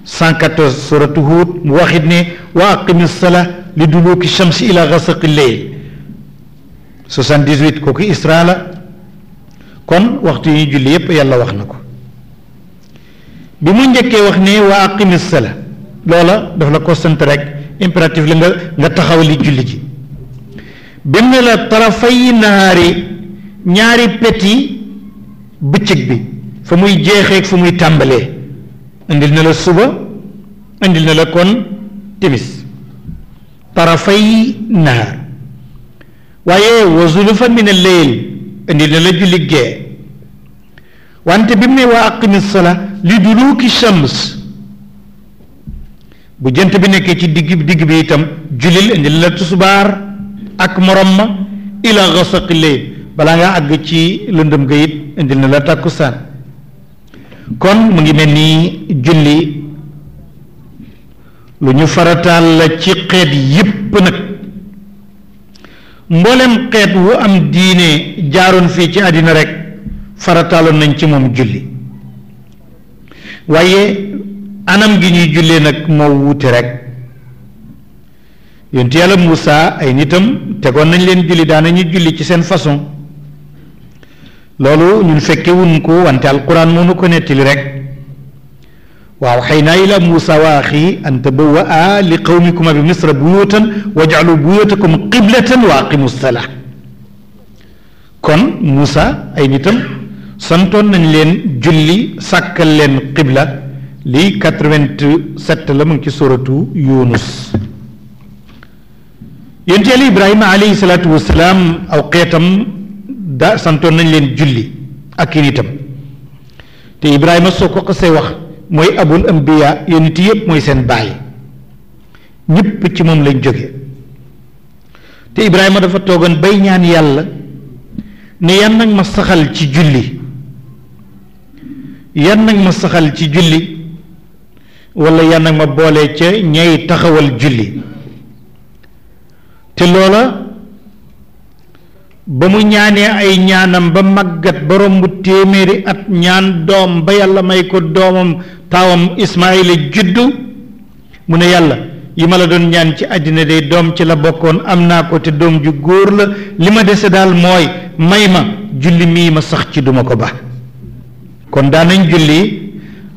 114 suratu Huud mu waxit ne wa aqimi sala li duluki shamsi ila gasaqi leyl 78 kooku isra la kon waxtu yi ñu julli yépp yàlla wax na ko bi mu njëkkee wax ne wa aqimi sala loola daf la ko sant rek impératif la nga nga taxaw li julli ji benn la tarafay nahaari ñaari peti bëccëg bi fa muy jeexee ak fa muy tàmbalee indil na la suba indil na la kon timis tarafay nahaar waaye wa zulufa min al-layl indil la julli gee wante bi mu ne waa aqimi sala li duluki shams bu jënt bi nekkee ci digg digg bi itam julil indil la tusubaar ak morom ma ila gasaqi balaa nga àgg ci lëndëm ga indi na la tàkkusaan kon mu ngi mel ni julli lu ñu farataal la ci xeet yépp nag mboolem xeet wu am diine jaaroon fii ci àddina rekk farataaloon nañ ci moom julli waaye anam gi ñuy jullee nag moo wuute rekk yonent yàlla Muusa ay nitam tegoon nañ leen julli daanañu julli ci seen façon loolu ñun fekkewuñ ko wante alquran mënu ko nettali rek waaw xëy naa ila muusa wa axi an tabawaa li qawmikuma bi misra buyutan waj'alu buyutakum qiblatan wa aqimu kon muusa ay santon santoon nañ leen julli sàkkal len qibla lii quatre-vingt-sept la mu ngi ci suratu yunus yénteelu ibrahima alayhi salaatu wasalaam aw xeetam da santoon nañ leen julli ak i nitam te Ibrahima soo ko xasee wax mooy abul ambiya yonent yépp mooy seen baay ñëpp ci moom lañ jóge te Ibrahima dafa toogoon bay ñaan yàlla ne yan nag ma saxal ci julli yan nag ma saxal ci julli wala yan ma boole ca ñay taxawal julli te loola. ba mu ñaanee ay ñaanam ba màggat borom romb téeméeri at ñaan doom ba yàlla may ko doomam taawam Ismaayila juddu mu ne yàlla yi ma la doon ñaan ci àddina day doom ci la bokkoon am naa ko te doom ju góor la li ma dese daal mooy may ma julli mii ma sax ci duma ko ba kon daanañ julli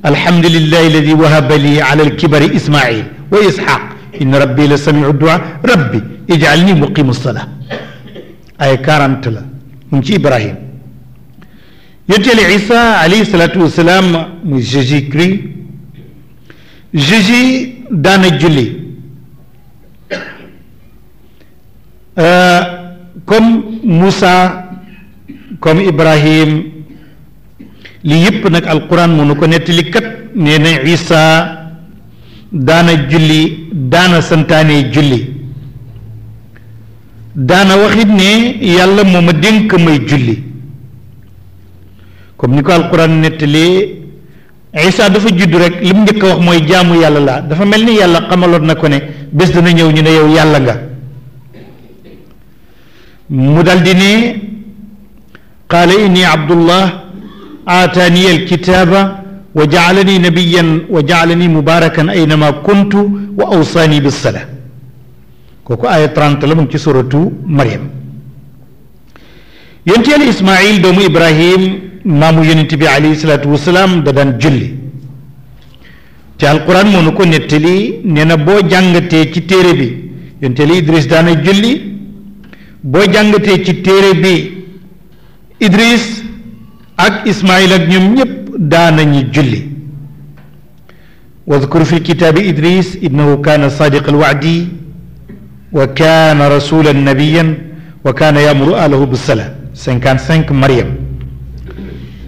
alhamdulillahi alladi wahaba li ala alkibari Ismaayil wa Isxaaq inna rabbi la muqimu salaa ay quarante la mu ngi ci Ibrahim yonteeli Isa alayhi salaatu wasalaam muy Jésus Christ Jésus daana julli euh, comme Moussa comme Ibrahim li yëpp nag alquran mu nu ko nettali kat nee na Isa daana julli daana santaane julli daana waxit ne yàlla moo ma dénk may julli comme ni ko alquran nettalee Isa dafa judd rek li mu njëkk a wax mooy jaamu yàlla la dafa mel ni yàlla xamaloon na ko ne bés dana ñëw ñu ne yow yàlla nga mu daldi ne qaala inni abdullah aataani alkitaaba wa jaalani nabiyan wa jaalani mubaarakan aynama kuntu wa awsaani bis salaa kooku aaya trent la mu ci suratu Maryam yonent yàlla Ismaayil doomu Ibrahim maamu yonent bi alayhi salaatu wasalaam da daan julli te alquran moo nu ko nettali nee na boo jàngatee ci téere bi yonent yàlla Idris daana boo jàngatee ci téere bi Idris ak Ismaayil ak ñoom ñépp daanañu julli wazkur fil kitaabi Idris innahu kaana saadiqal wa'di وكان رسولا نبيا وكان يامuru ahlahu bi sala cinquante cinq Mariam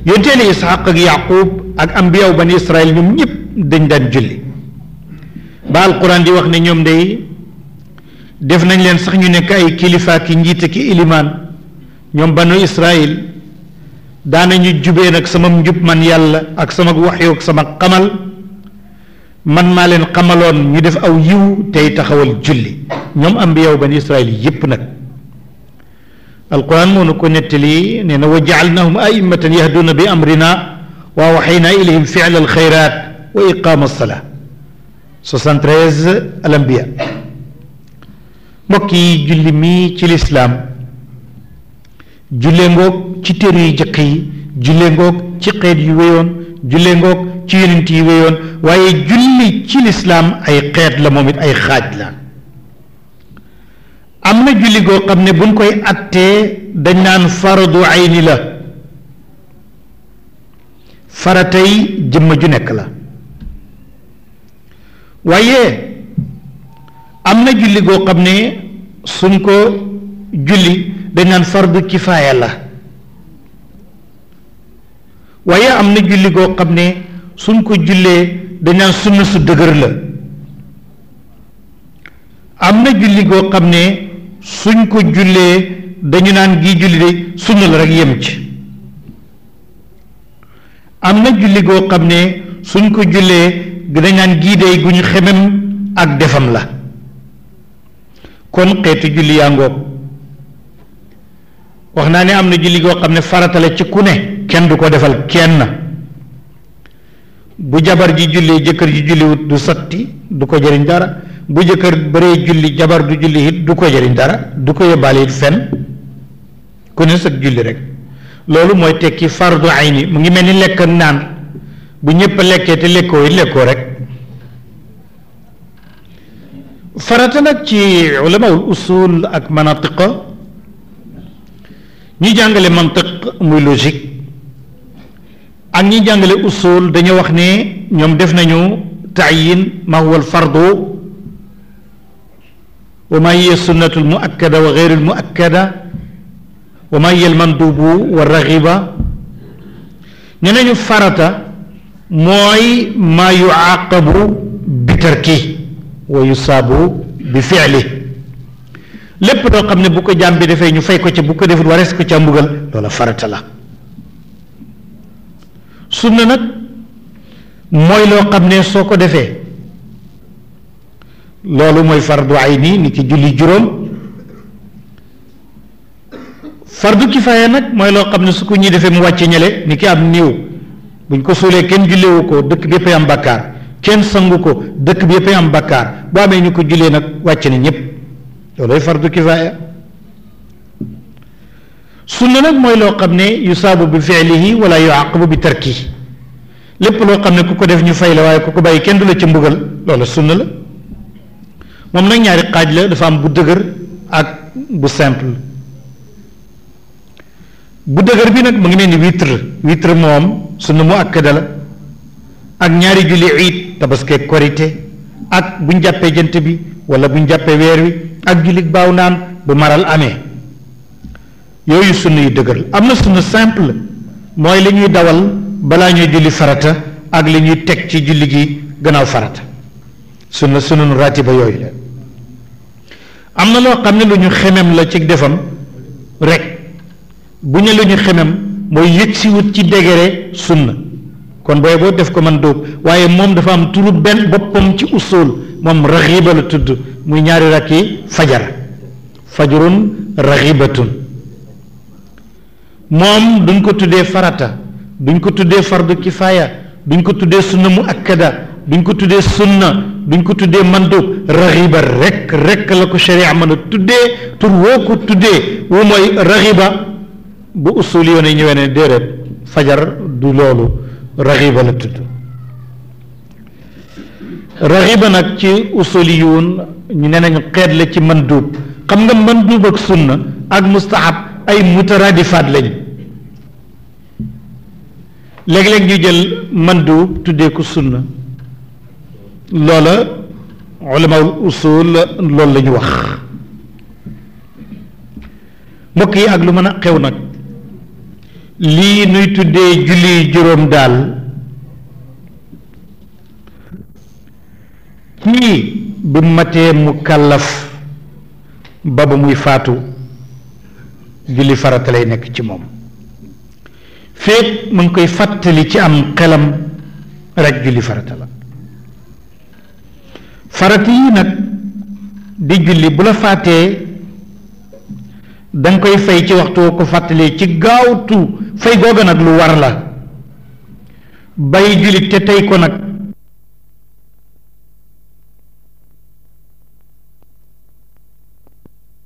yonteeli Isxaq ak Yaaqub ak ambiyaw bani Israël ñoom ñëpp dañ daan julli ba alquran di wax ne ñoom day def nañ leen sax ñu ne ay kilifa ki njiite ki ilimaan ñoom banu Israël daanañu jubee nag sama njub man yàlla ak sama waxyu ak sama xamal man maa leen xamaloon ñu def aw yiw tey taxawal julli ñoom ambiyaw bani israil yépp nag alquran moo nu ko nettali nee na wa jaalnahum aimatan yahduuna bi amrina wa waxayna ilayhim fiala alxayrat wa iqama alsalaa 73 alambiya mbokk yi julli mii ci lislaam jullee ngoog ci téere yu jëkk yi jullee ngoog ci xeet yu wéyoon jullee ngoog ci yonent yi wéyoon waaye julli ci lislaam ay xeet la moom it ay xaaj la am na julli goo xam ne buñ koy attee dañ naan fardu ayni la faratay jëmm ju nekk la waaye am na julli goo xam ne suñ ko julli dañ naan fardu kifaaya la waaye am na julli goo xam ne suñ ko jullee dañaan sunna su dëgër la am na julli goo xam ne suñ ko jullee dañu naan gii julli de sunna la rek yem ci am na julli goo xam ne suñ ko jullee dañu naan gii day gu xemem ak defam la kon xeetu julli yaa wax naa ne am na julli goo xam ne faratale la ci ku ne kenn du ko defal kenn bu jabar ji jullee jëkkër ji julliwut du sotti du ko jëriñ dara bu jëkkër baree julli jabar du julli it du ko jëriñ dara du ko yóbbaale it fenn ku ne sag julli rek loolu mooy tekki far fardu ayni mu ngi mel ni lekk naan bu ñëpp lekkee te lekkoo yi lekkoo rek farata nag ci ulamaul usul ak manatiqa ñu jàngale mantiq muy logique ak ñi jàngale usul dañu wax ni ñoom def nañu taayin ma huwa al fardu wa ma hiya sunnatu al muakkada wa gayru al muakkada farata mooy ma yuaqabu bi tarki wa saabu bi fi'li lépp loo xam ne bu ko jaam defee ñu fay ko ca bu ko defut warees ko ca mbugal loola farata la sunna nag mooy loo xam ne soo ko defee loolu mooy fardu ayni ni ki julli juróom fardu kifaaya nag mooy loo xam ne su ko ñuy defee mu wàcce ñele ni ki am néew buñ ko suulee kenn jullewu ko dëkk bi yëppay am bakkaar kenn sangu ko dëkk bi yëppay am bakkaar bu amee ñu ko jullee nag wàcce na ñépp loolooy fardu kifaaya sunna nag mooy loo xam ne yu saabu bi fiilihi wala yuaqabu bi tarki lépp loo xam ne ku ko def ñu fay la waaye ku ko bàyyi kenn du la ci mbugal loola sunna la moom nag ñaari xaaj la dafa am bu dëgër ak bu simple bu dëgër bi nag mu ngi nee ni witre witre moom sunna mu akkada la ak ñaari julli iid tabaske korite ak buñ jàppee jant bi wala buñ jàppee weer wi ak julli baaw naan bu maral amee yooyu sunna yu dëgër am na sunna simple mooy li ñuy dawal balaa ñuy julli farata ak li ñuy teg ci julli gi gannaaw farata sunna sunanu ratiba yooyu la am na loo xam ne lu ñu xemem la ci defam rek bu ñu lu ñu xemem mooy yëg si wut ci dégere sunna kon booy boo def ko man dóob waaye moom dafa am turu benn boppam ci usul moom raxiba la tudd muy ñaari rakki fajara fajurun raxibatun moom duñ ko tuddee farata duñ ko tuddee fardu kifaaya duñ ko tuddee sunna mu akkada duñ ko tuddee sunna duñ ko tuddee mandub raxiba rekk rekk la ko sharia mën a tuddee tur woo ko tuddee wu mooy raxiba bu usul yoon yi ñëwee ne déedéet fajar du loolu raxiba la tudd raxiba nag ci usuli yoon ñu ne nañu xeet la ci mandub xam nga mandub ak sunna ak mustahab ay mutaradifaat lañ léeg-léeg ñu jël mandub tuddee ko sunna loola ulamaul usul wax mbokk yi ak lu mën a xew nag lii nuy tuddee julli juróom daal kii bu matee mu kàllaf ba ba muy faatu julli farata lay nekk ci moom féeg mu ngi koy fàttali ci am xelam rek julli farata la farata yi nag di julli bu la fàttee da koy fay ci waxtu woo ko fàttalee ci gaawtu fay googa nag lu war la bàyyi julli te tey ko nag